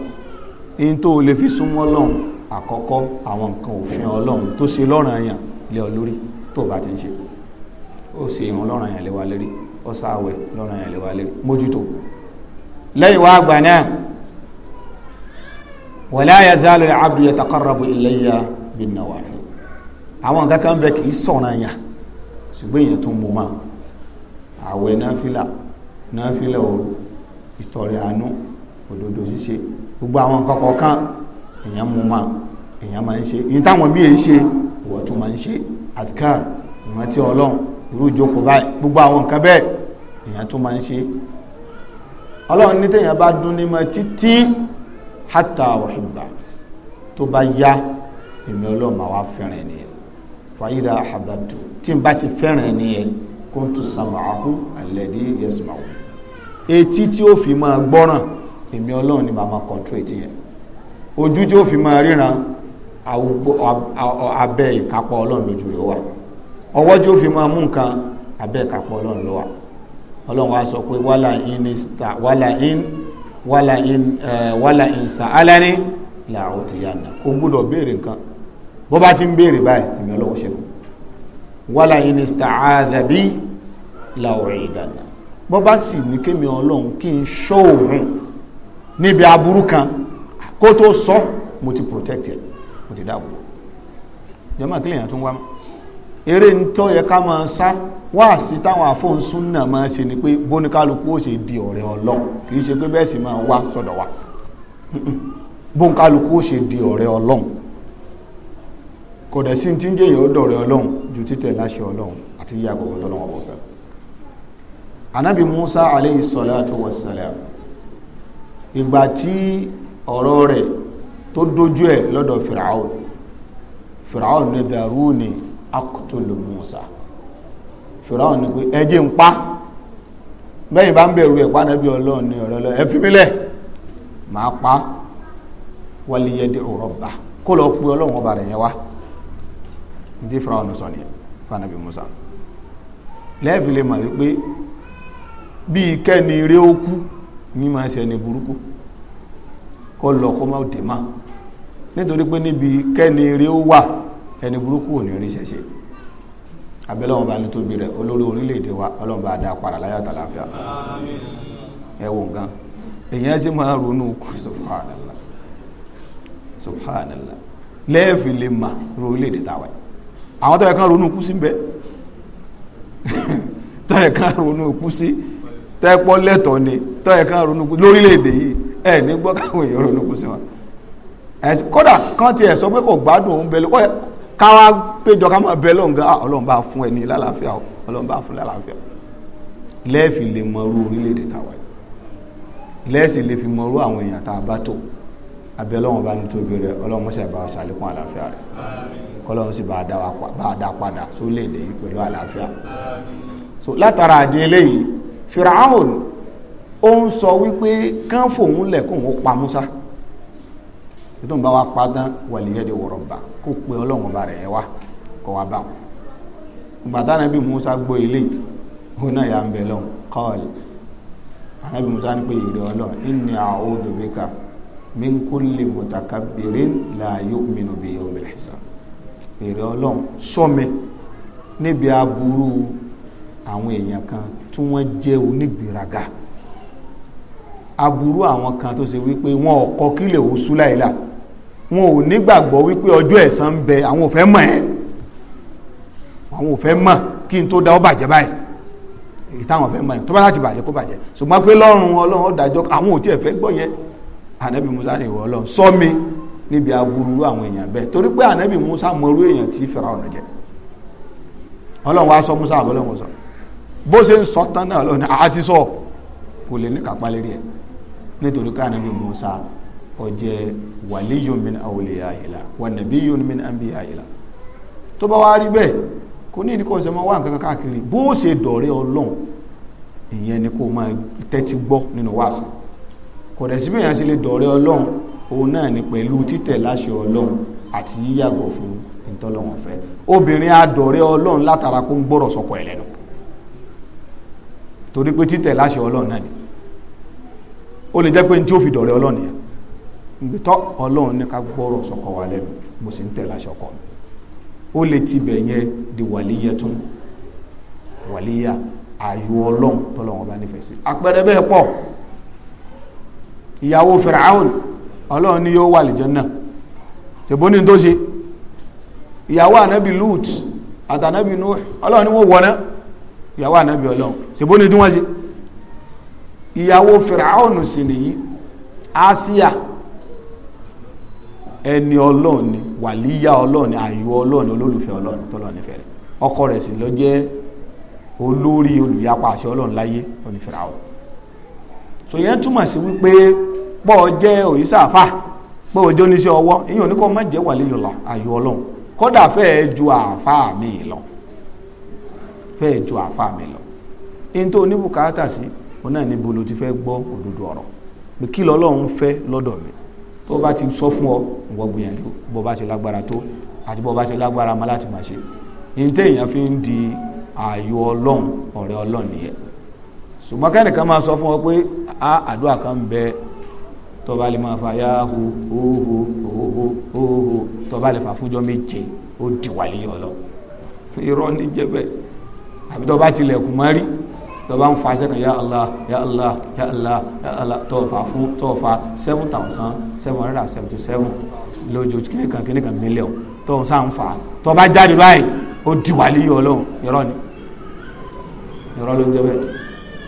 in tó lè fi súnmọ́ ọlọ́run àkọ́kọ́ àwọn nǹkan òfin ọlọ́run tó ṣe lọ́ràn àyàn lé ọ lórí tó bá ti ń ṣe ó ṣe ìrun lọ́ràn àyàn lé wa lérí ó ṣààwẹ̀ lọ́ràn àyàn lé wa lérí mójútó lẹ́yìn wá àgbà náà wala yazalu al-abdu yataqarrabu ilayya bin nawafil àwọn nǹkan kan bẹ kì í sọ̀nà yà ṣùgbọ́n èèyàn tún mú ma àwẹ̀ náfìlà náfìlà o ìtọ̀rẹ̀ àánú òdodo ṣíṣe gbogbo àwọn nǹkan kọ̀ọ̀kan èèyàn mú ma èèyàn máa ń ṣe ní táwọn míì ń ṣe ìwọ̀ tún máa ń ṣe adhkar ìrántí ọlọ́run irú ìjókòó báyìí gbogbo àwọn nǹkan bẹ́ẹ̀ èèyàn tún máa ń ṣe ọlọ́run ní hata òhìbà tó bá yá èmi ọlọ́run máa wá fẹ́ràn ẹni fàyídà tí n bá ti fẹ́ràn ẹni yẹn kó n tún sàmàáhù àlẹ́dí wu etí tí ó fi máa gbọ́ràn èmi ọlọ́run ni màá máa kọ̀ntró etí yẹn ojú tí fi máa ríran abẹ́ ìkápọ̀ ọlọ́run lójú rẹ̀ wà ọwọ́ tí ó fi máa mú nǹkan abẹ́ ìkápọ̀ ọlọ́run ló wà ọlọ́run wá sọ wala in eh, wala in sa'alani la'utiyanna kò gbọ́dọ̀ béèrè nǹkan bó bá ti ń béèrè báyìí èmi ọlọ́wọ́ ṣe wala in ista'adha bi la'u'idanna bó bá sì ní kémi ọlọ́run kí n ṣọ́ òun níbi aburú kan kó tó sọ mo ti protect ẹ mo ti dáàbò jọmọ kílẹ̀ yẹn tún wá eré ń tọ́ yẹ ká máa sá wáàsí táwọn àfọ̀nsún náà máa ṣe ni pé bóníkálukú ó ṣe di ọ̀rẹ́ ọlọ́run kì ṣe pé bẹ́ẹ̀ sì máa wá sọ̀dọ̀ wa bóníkálukú ó ṣe di ọ̀rẹ́ ọlọ́run kò dẹ̀ sí ti ń jẹ́ èèyàn dọ̀rẹ́ ọlọ́run ju títẹ̀ láṣẹ ya àti gbogbo tọ́lọ́wọ́ bọ̀ fẹ́ anábì Musa ìgbà tí ọ̀rọ̀ rẹ̀ tó dojú Musa ṣòro ni pé ẹjẹ́ ń pa bẹ́yìn bá ń bẹ̀rù ẹ̀pá nàbí ọlọ́run ní ọ̀rọ̀ ẹ fi mílẹ̀ máa pa wàlíyẹ̀dẹ̀ ọ̀rọ̀ bá kó lọ pe ọlọ́run ọba rẹ̀ yẹn wá ní tí fúnra ọ̀nà sọ nìyẹn fanabi musa lẹ́ẹ̀fì lè mọ̀ wípé bí kẹ́ni rí ó kú ní ẹni burúkú ò ní rí ṣẹṣẹ abẹ́lọ́wọ́n bá ní tóbi rẹ̀ olórí orílẹ̀-èdè wa ọlọ́run bá dá padà láyọ̀ àtàlàáfíà ẹ wò nǹkan èèyàn ṣe máa ronú subhanallah subhanallah lẹ́ẹ̀fì lè mà ro orílẹ̀-èdè tàwa àwọn tó yẹ kán ronú kú sí bẹ́ẹ̀ tó yẹ kán ronú kú sí tẹ́pọ́ lẹ́tọ̀ọ́ ni tó yẹ kán ronú kú lórílẹ̀-èdè yìí ẹ ní gbọ́ káwọn èèyàn ronú kú sí wọn kódà kán tiẹ̀ sọ pé kò gbádùn òun bẹ́ẹ̀ lọ́kọ́ káwá péjọ ká máa bẹ lọ́nga ah, ọlọ́run bá fún ẹni lálàáfíà ọlọ́run bá fún lálàáfíà lẹ́ẹ̀fì lè mọrú orílẹ̀-èdè tàwa lẹ́ẹ̀sì lè fi mọrú àwọn èèyàn tá a bá tó abẹ́ ọlọ́run bá ní tóbi rẹ ọlọ́run mọ́sẹ̀ bá ṣàlékún àlàáfíà rẹ kọ́lọ́run sì bá a dá padà sórílẹ̀-èdè yìí pẹ̀lú àlàáfíà so látara àdé eléyìí Firaun ó ń sọ wípé kán fòun lẹ̀ kóun ó pa Musa ètò ìbáwá padà wàlíyẹ́ de wọ̀rọ̀ bá a kó pe ọlọ́run ọba rẹ̀ wá kó wá bá wọn gbàtà ànábì musa gbọ́ ilé òun náà yà ń bẹ lọ́hùn kọ́ọ̀lì ànábì musa ní pé ìrẹ̀ ọlọ́run inni a'udhu bika min kulli mutakabbirin la yu'minu bi yawmil hisab ìrẹ̀ ọlọ́run ṣọ́ mi níbi aburú àwọn èèyàn kan tí wọ́n jẹ́ onígbèraga aburú àwọn kan tó ṣe wípé wọn ò kọ kílẹ̀ òṣù wọn ò nígbàgbọ́ wípé ọjọ́ ẹ̀san ń bẹ àwọn ò fẹ́ mọ̀ ẹ́ àwọn ò fẹ́ mọ̀ kí n tó da ọ́ bàjẹ́ báyìí èyí táwọn fẹ́ mọ̀ ẹ́ tó bá láti bàjẹ́ kó bàjẹ́ ṣùgbọ́n pé lọ́rùn ọlọ́run ọ̀dàjọ́ àwọn ò tiẹ̀ fẹ́ gbọ́ yẹn ànábì musa ní ìwọ ọlọ́run sọ mi níbi aburú àwọn èèyàn bẹ́ẹ̀ torí pé ànábì musa mọrú èèyàn tí fẹ́ra ọ̀nà jẹ ọlọ́run wa sọ musa àbọ̀lọ́run sọ bó ṣe ń sọ tán náà ọlọ́run àti sọ kò lè ní kápá lérí ẹ nítorí pé ànábì musa kó jẹ́ waliyun min awliya'illah wa nabiyyun min anbiya'illah tó bá wá rí bẹ́ẹ̀ kò ní ìdíkọ̀ ọ̀sẹ̀ máa wà nǹkan káàkiri bó ṣe dọ̀rẹ́ ọlọ́run ìyẹn ni kó máa tẹ́tí gbọ́ nínú wáàsí kò dẹ̀ síbẹ̀ yẹn ṣe lè dọ̀rẹ́ ọlọ́run òun náà ni pẹ̀lú títẹ̀ láṣẹ ọlọ́run àti yíyàgò fún ìtọ́lọ́wọ̀n fẹ́ obìnrin adọ̀rẹ́ ọlọ́run látara kó ń gbọ́rọ̀ sọkọ ẹ̀ lẹ́nu torí pé títẹ̀ láṣẹ ọlọ́run náà ni ó lè jẹ́ pé ní tí ó fi dọ̀rẹ́ ọlọ́run yẹn gbìtọ́ ọlọ́run ní ká gbọ́rọ̀ sọkọ wa lẹ́nu mo sì ń tẹ̀lé aṣọkọ ó lè tibẹ̀ yẹn di wàlíyẹ tún wàlíyà ààyò ọlọ́run tọ́lọ́run bá nífẹ̀ẹ́ sí àpẹẹrẹ bẹ́ẹ̀ pọ̀ ìyàwó Fìràhùn ọlọ́run ní yóò wà lìjánà ṣèbó ní tó ṣe ìyàwó ànábì Lut àtànábì Nuh ọlọ́run ní wọ́n wọná ìyàwó ànábì ọlọ́run ṣèbó ní tí wọ́n ṣe ìyàwó Fìràhùn sì nìyí Áṣíà ẹni ọlọ́run ni wàlíyà ọlọ́run ni àyò ọlọ́run ni olólùfẹ́ ọlọ́run tó lọ́ọ̀ nífẹ̀ẹ́ rẹ̀ ọkọ rẹ̀ sì lọ jẹ́ olórí olùyapa àṣẹ ọlọ́run láyé onífẹ̀rẹ̀ àwọn. sọ yẹn túmọ̀ sí wípé pọ̀ jẹ́ òyìṣàfà pé òjò oníṣẹ́ ọwọ́ ìyẹn oníkọ́ má jẹ́ wàlíyà àyò ọlọ́run kódà fẹ́ẹ́ ju àáfà mi lọ fẹ́ẹ́ ju àáfà mi lọ ẹni tó oníbùkátà sí òun náà níbo ló ti fẹ́ gbọ́ òdodo ọ̀rọ̀ pé kí lọ́lọ́run fẹ́ lọ́dọ̀ mi tó bá ti sọ fún ọ ìwọ gbìyànjú bó bá ṣe lágbára tó àti bó bá ṣe lágbára má láti máa ṣe ní téèyàn fi ń di ààyò ọlọ́run ọ̀rẹ́ ọlọ́run nìyẹn ṣùgbọ́n kẹ́nìkan máa sọ fún ọ pé a àdúrà kan bẹ tó bá lè máa fa yáhù hóhó hóhó hóhó tó bá lè fà fúnjọ méje ó dìwà lé ọlọ irọ́ níjẹ́ bẹ́ẹ̀ àbí tó tilẹ̀kùn mọ́ rí lọ́ba ń fa iṣẹ́ ya Allah ya Allah ya Allah ya Allah tọ́ọ̀fà fún tọ́ọ̀fà seven thousand seven hundred and seventy seven lójó kíní kan kíní kan mílíọ̀n tọ́ọ̀ sá ń fa tọ́ba jáde báyìí ó di wàlí yọ ọlọ́run yọrọ ni yọrọ ló ń jẹ bẹ́ẹ̀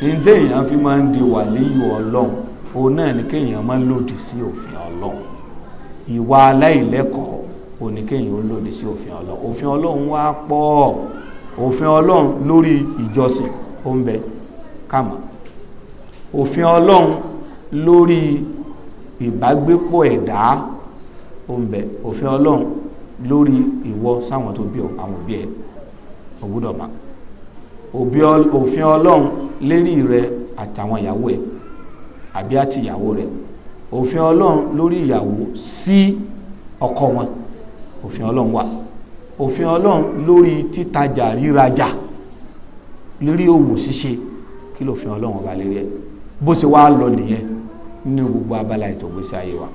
ní téèyàn fi máa ń di wàlí yọ ọlọ́run òun náà ni kéèyàn máa ń lòdì sí òfin ọlọ́run ìwà aláìlẹ́kọ̀ọ́ òun ni kéèyàn ó lòdì sí òfin ọlọ́run òfin ọlọ́run wá pọ̀ òfin ó ń bẹ kàmọ́ òfin ọlọ́run lórí ìbágbépọ̀ ẹ̀dá ó ń bẹ òfin ọlọ́run lórí ìwọ sáwọn tó bí àwọn òbí ẹ ò gbọ́dọ̀ mọ̀ òfin ọlọ́run lérí rẹ àtàwọn ìyàwó ẹ àbí àti ìyàwó rẹ òfin ọlọ́run lórí ìyàwó sí ọkọ wọn òfin ọlọ́run wà òfin ọlọ́run lórí títajà rírajà. Ja lérí òwò ṣíṣe kí ló fi ọlọ́run ọba lérí ẹ bó ṣe wá lọ nìyẹn nínú gbogbo abala ètò ayé wa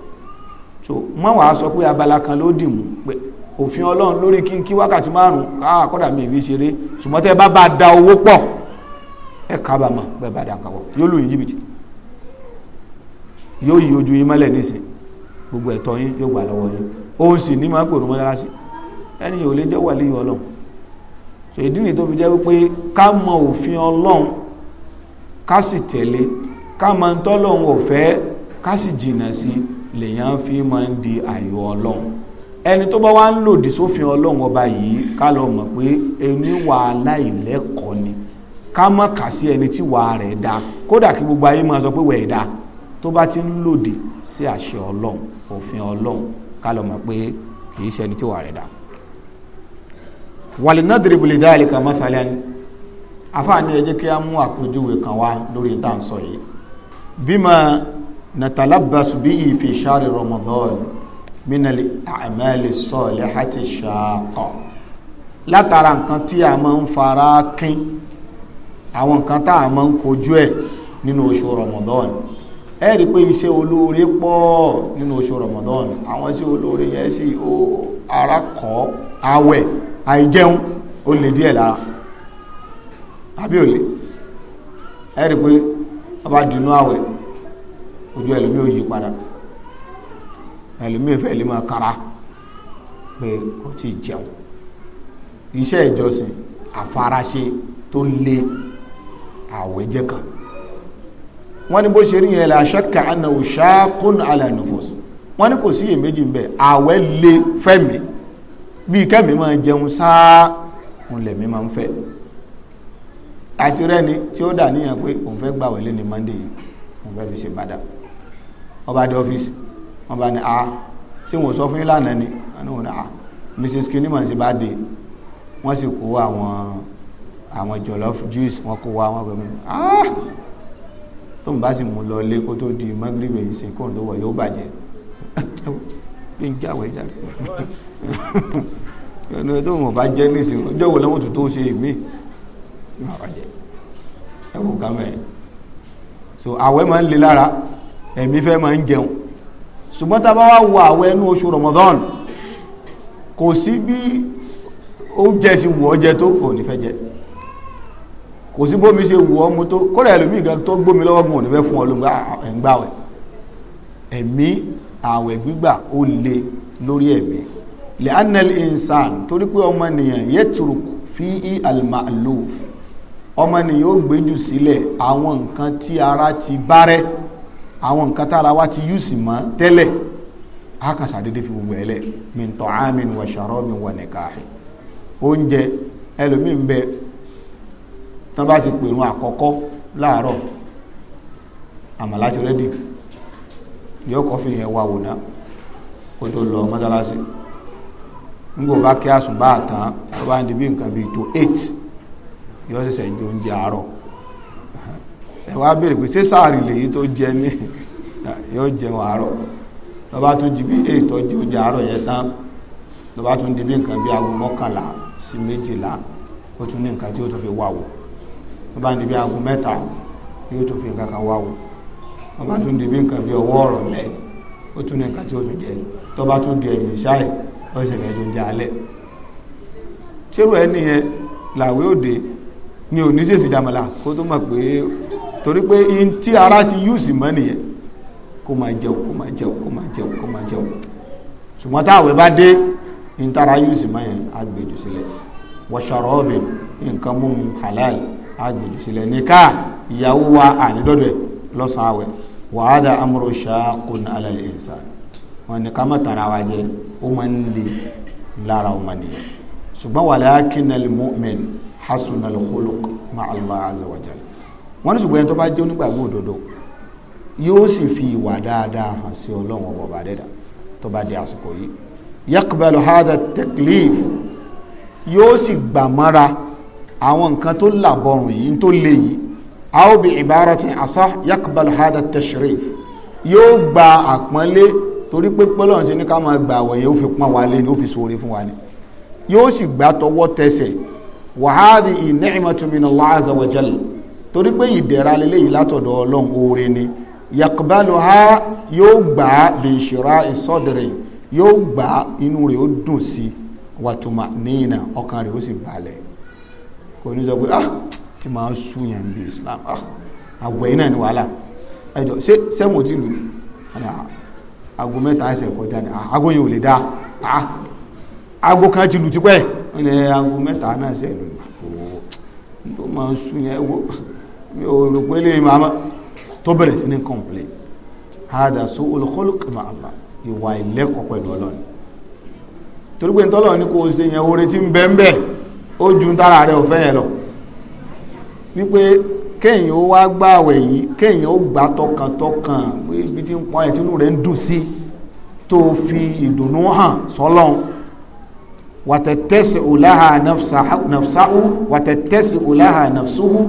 so mọ́ wàá sọ pé abala kan ló dì mú pé òfin ọlọ́run lórí kí kí wákàtí márùn ah, káà kọ́dà mi ìbí ṣeré ṣùgbọ́n tẹ́ bá bá da owó pọ̀ ẹ kábàámọ̀ bẹ́ẹ̀ bá da nǹkan pọ̀ yóò lù yín jìbìtì yóò yí ojú yín mọ́lẹ̀ nísìn gbogbo ẹ̀tọ́ yín yóò gbà lọ́wọ́ yín òun sì ní máa ń pèrò mọ́ṣáláṣí ẹni yóò lè jẹ́ wàlíyìn ọlọ́run èdí ni tó fi jẹ́ wípé ká mọ òfin ọlọ́run ká sì tẹ̀lé ká mọ tọ́lọ́run ò fẹ́ ká sì jìnnà sí lèyàn fi máa ń di àyò ọlọ́run ẹni tó bá wá ń lòdì sófin ọlọ́run ọba yìí ká lọ mọ̀ pé ẹni wà aláìlẹ́kọ̀ọ́ ni ká mọ̀ kà sí ẹni tí wàá rẹ̀ dá kódà kí gbogbo ayé máa sọ pé wẹ̀ dá tó bá ti ń lòdì sí àṣẹ ọlọ́run òfin ọlọ́run ká lọ mọ̀ pé kì í ṣe ẹni tí wàá rẹ̀ dá walinadribu lidhalika mathalan àfààní ẹ jẹ́ kí a mú àpèjúwe kan wá lórí tá à ń sọ yìí bima natalabbasu bihi fi shahri ramadan minal a'mali salihati shaqqa látara nǹkan tí a máa ń fara kín àwọn nǹkan tá a máa ń kojú ẹ̀ nínú oṣù ramadan ẹ rí i pé iṣẹ́ olóore pọ̀ nínú oṣù ramadan àwọn iṣẹ́ olóore yẹn sì ó ara kọ́ awẹ̀ àìjẹun ó lè díẹ̀ lára àbí ò lè ẹ rí i pé ọba dùnú àwẹ̀ ojú ẹlòmíì ò yí padà ẹlòmíì fẹ́ lè máa kára pé kò tí jẹun iṣẹ́ ìjọsìn àfaraṣe tó lé àwẹ̀ jẹ́ kan wọ́n ní bó ṣe rí yẹn la ṣẹ́ka àna òṣàkónú alànàfọ́sì wọ́n ní kò sí iyèméjì ń àwẹ̀ lé fẹ́mi bíi kẹ́mi máa jẹun sáá òun lẹ̀mí máa ń fẹ́ àti rẹ́ni tí ó dà níyàn pé òun fẹ́ gbà wẹ̀lé ní monday yìí òun fẹ́ fi ṣe bàdà ọba dé ọ́fíìsì wọ́n bá ní a ṣé wọ́n sọ fún ìlànà ni wọ́n ní a mrs kinniman ṣe bá dé wọ́n sì kó àwọn àwọn jollof juice wọ́n kó wa wọ́n gbẹ̀mí ah tó ń bá sì mú lọ lé kó tó di magrib èyí ṣe kóun tó wọ̀ yóò bàjẹ́ bí n jáwé jáde ẹnu ẹ tó wọn bá jẹ nísìnyí ọjọ́ wo lẹ́wọ̀n tó tó ṣe mí ní bàbá ẹ wò ká mẹ́ so àwẹ̀ máa ń le lára ẹ̀mí fẹ́ máa ń jẹun ṣùgbọ́n tá bá wá wo àwẹ̀ ẹnu oṣù Ramadan kò sí bí oúnjẹ sí wù ọ́ jẹ tó kò ní fẹ́ jẹ kò sí bómi ṣe wù ọmọ tó kọ́rẹ̀ ẹlòmí ìgbà tó gbómi lọ́wọ́ gùn òníbẹ̀ fún ọlọ́gbà ah, ẹ̀ngbàwẹ̀ ẹ̀mí ààwẹ̀ gbígbà ó le lórí ẹ̀mí lè anel insan torí pé ọmọnìyàn yetruk fi i almaluf ọmọnìyàn ó gbéjù sílẹ̀ àwọn nǹkan tí ara ti bárẹ́ àwọn nǹkan tára wa ti yùsì mọ́ tẹ́lẹ̀ a kàn fi gbogbo ẹlẹ̀ min ta'amin wa sharabin wa nikah oúnjẹ ẹlòmíì ń bẹ tán bá ti pèrún àkọ́kọ́ láàárọ̀ àmàlà ti rẹ́dì yóò kọ́ fi yẹn wá wò ná kó tó lọ mọ́sálásí nígbà bá kí àsùnbà àtàn tó bá ń di bí nǹkan bíi tó eight yóò ṣẹ̀ṣẹ̀ jẹ oúnjẹ àárọ̀ ẹ wá béèrè pé ṣé sáàrì lèyí tó jẹ ní yóò jẹun àárọ̀ tó bá tún di bí eight tó jẹ oúnjẹ àárọ̀ yẹn tán tó bá tún di bí nǹkan bíi aago mọ́kànlá sí méjìlá ó tún ní nǹkan tí ó tó fi wá wò tó bá ń di bí aago mẹ́ta yóò tó fi nǹkan kan wá wò wọ́n bá tún di bí nǹkan bí ọwọ́ ọ̀rọ̀ lẹ́ ó tún ní nǹkan tí ó tún jẹ tó bá tún di ẹ̀yìn ṣáì ó sì jẹ alẹ́ tírú ẹ nìyẹn làwé òde ni ò ní sèṣì dàmàlà kó tó mọ̀ pé torí pé in tí ara ti yúùsì mọ́ nìyẹn kó máa jẹun kó máa jẹun kó máa jẹun kó máa jẹun ṣùgbọ́n táwẹ̀ bá dé in tára yúùsì mọ́ yẹn á gbèjù sílẹ̀ wọ́ṣọ̀rọ̀ ọ̀bìn nǹkan mú halal á gbèjù sílẹ̀ nìka ìyàwó wa ànídọ́dọ̀ lọ́sàn-án àwẹ̀ wa hadha amru shaqun ala al-insan wọn ni ká má tara wa jẹ ó máa ń le lára ọmọ nìyẹn ṣùgbọ́n walakin al-mu'min hasun al-khuluq ma'a Allah azza wa jalla wọ́n ní ṣùgbọ́n ẹni tó bá jẹ́ onígbàgbọ́ òdodo yóò sì fi ìwà dáadáa hàn sí ọlọ́run ọba ọbàdẹ́dà tó bá di àsìkò yìí yaqbalu hadha taklif yóò sì gbàmọ́ra àwọn nǹkan tó làbọrùn yìí tó le yìí aw bi ibaratin asah yakbal hada tashrif yóò gba àpọ́nlé torí pé pọ́lọ́n ṣe ní ká máa gbà àwẹ̀ yóò fi pọ́n wa lé ní ó fi sóore fún wa ni yóò sì gbà tọwọ́ tẹsẹ̀ wàhádìí ìnẹ́ẹ̀mọ́tò min Allah azza wa jalla torí pé ìdẹ̀ra lélẹ́yìí látọ̀dọ̀ ọlọ́run oore ni yaqbaluha yóò gbà bìṣìrá ìsọ́dẹ̀rẹ̀ yóò gbà inú rẹ̀ ó dùn sí wàtùmà níyìnà ọkàn rẹ̀ ó sì balẹ̀ kò ní sọ pé ah tí máa sú yẹn bí islam ah, àwẹ̀ iná ni wàhálà ẹjọ́ sẹ́wọ̀n tí lù aago mẹ́ta ẹsẹ̀ kọjá ni ah, aago yẹn ò lè dá ah, aago kan ti lù tipẹ́ ẹ̀ ní aago mẹ́ta náà ṣe lù ló máa ń sú yẹn wo mi ò rò pé lè máa tó bẹ̀rẹ̀ sí ní kọ̀m̀plé hada so olùkọ́lùkì máa bá ìwà ìlẹ́kọ̀ọ́ pẹ̀lú ọlọ́run torí pé ntọ́lọ́ ní kò ṣe yẹn oore tí ń bẹ́ẹ̀ bẹ́ẹ̀ ó ju tára rẹ̀ ò fẹ́ yẹn lọ wípé kéèyàn ó wá gbá àwẹ̀ yìí kéèyàn ó gbà tọkàntọkàn ibi tí ń pọn ẹ̀ tínú rẹ̀ ń dùn sí tó fi ìdùnnú hàn sọ́lọ́n wàtẹ̀tẹ̀sì òláhà nàfsáhù wàtẹ̀tẹ̀sì òláhà nàfsúhù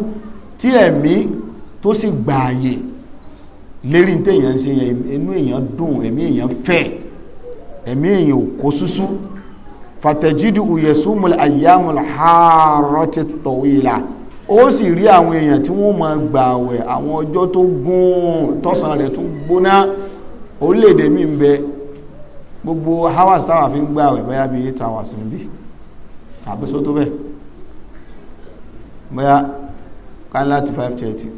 tí ẹ̀mí tó sì gbààyè lérí téèyàn ń ṣe yẹn inú èèyàn dùn ẹ̀mí èèyàn fẹ́ ẹ̀mí èèyàn ò kó súsú fàtẹ̀jídù uyẹ̀sùmùl àyàmùl hàárọ̀ ti tọ̀wé la ó sì rí àwọn èèyàn tí wọ́n máa gbààwẹ̀ àwọn ọjọ́ tó gún tọ́sán rẹ̀ tún gbóná orílẹ̀-èdè mi ń bẹ gbogbo hours táwa fi ń gbààwẹ̀ bóyá bíi eight hours ń bì àbísó tó bẹ́ẹ̀ bóyá kan láti five thirty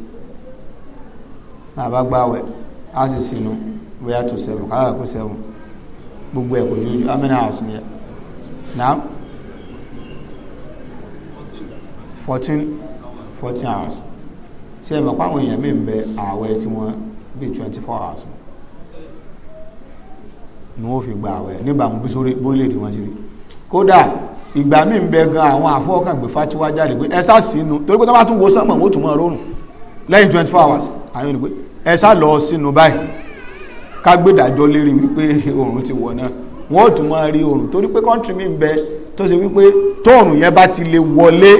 bàbá gbààwẹ̀ á sì sinú bóyá tó seven kálá kó seven gbogbo ẹ̀ kò ju how many hours ni ẹ̀ náà fourteen fourteen hours ṣe é mọ̀ pé àwọn èèyàn mi ń bẹ ààwẹ̀ tí wọ́n bíi twenty four hours ni wọ́n fi gba ààwẹ̀ níbàámu bí sórí bórílẹ̀-èdè wọn ti rí kódà ìgbà mi ń bẹ gan àwọn àfọwọ́kàgbé fatiwa jáde pé ẹ sá sínú torí pé tó bá tún wo sánmọ̀ wọ́n tún mọ́ ọ̀rọ̀ lẹ́yìn twenty four hours àwọn ènìyàn pé ẹ sá lọ sínú báyìí kágbèdàjọ lérí wípé oòrùn ti wọ̀ náà wọ́n tún máa rí oòrùn torí pé kọ́ńtì mi ń bẹ tó ṣe wípé tóòrùn yẹn bá ti lè wọlé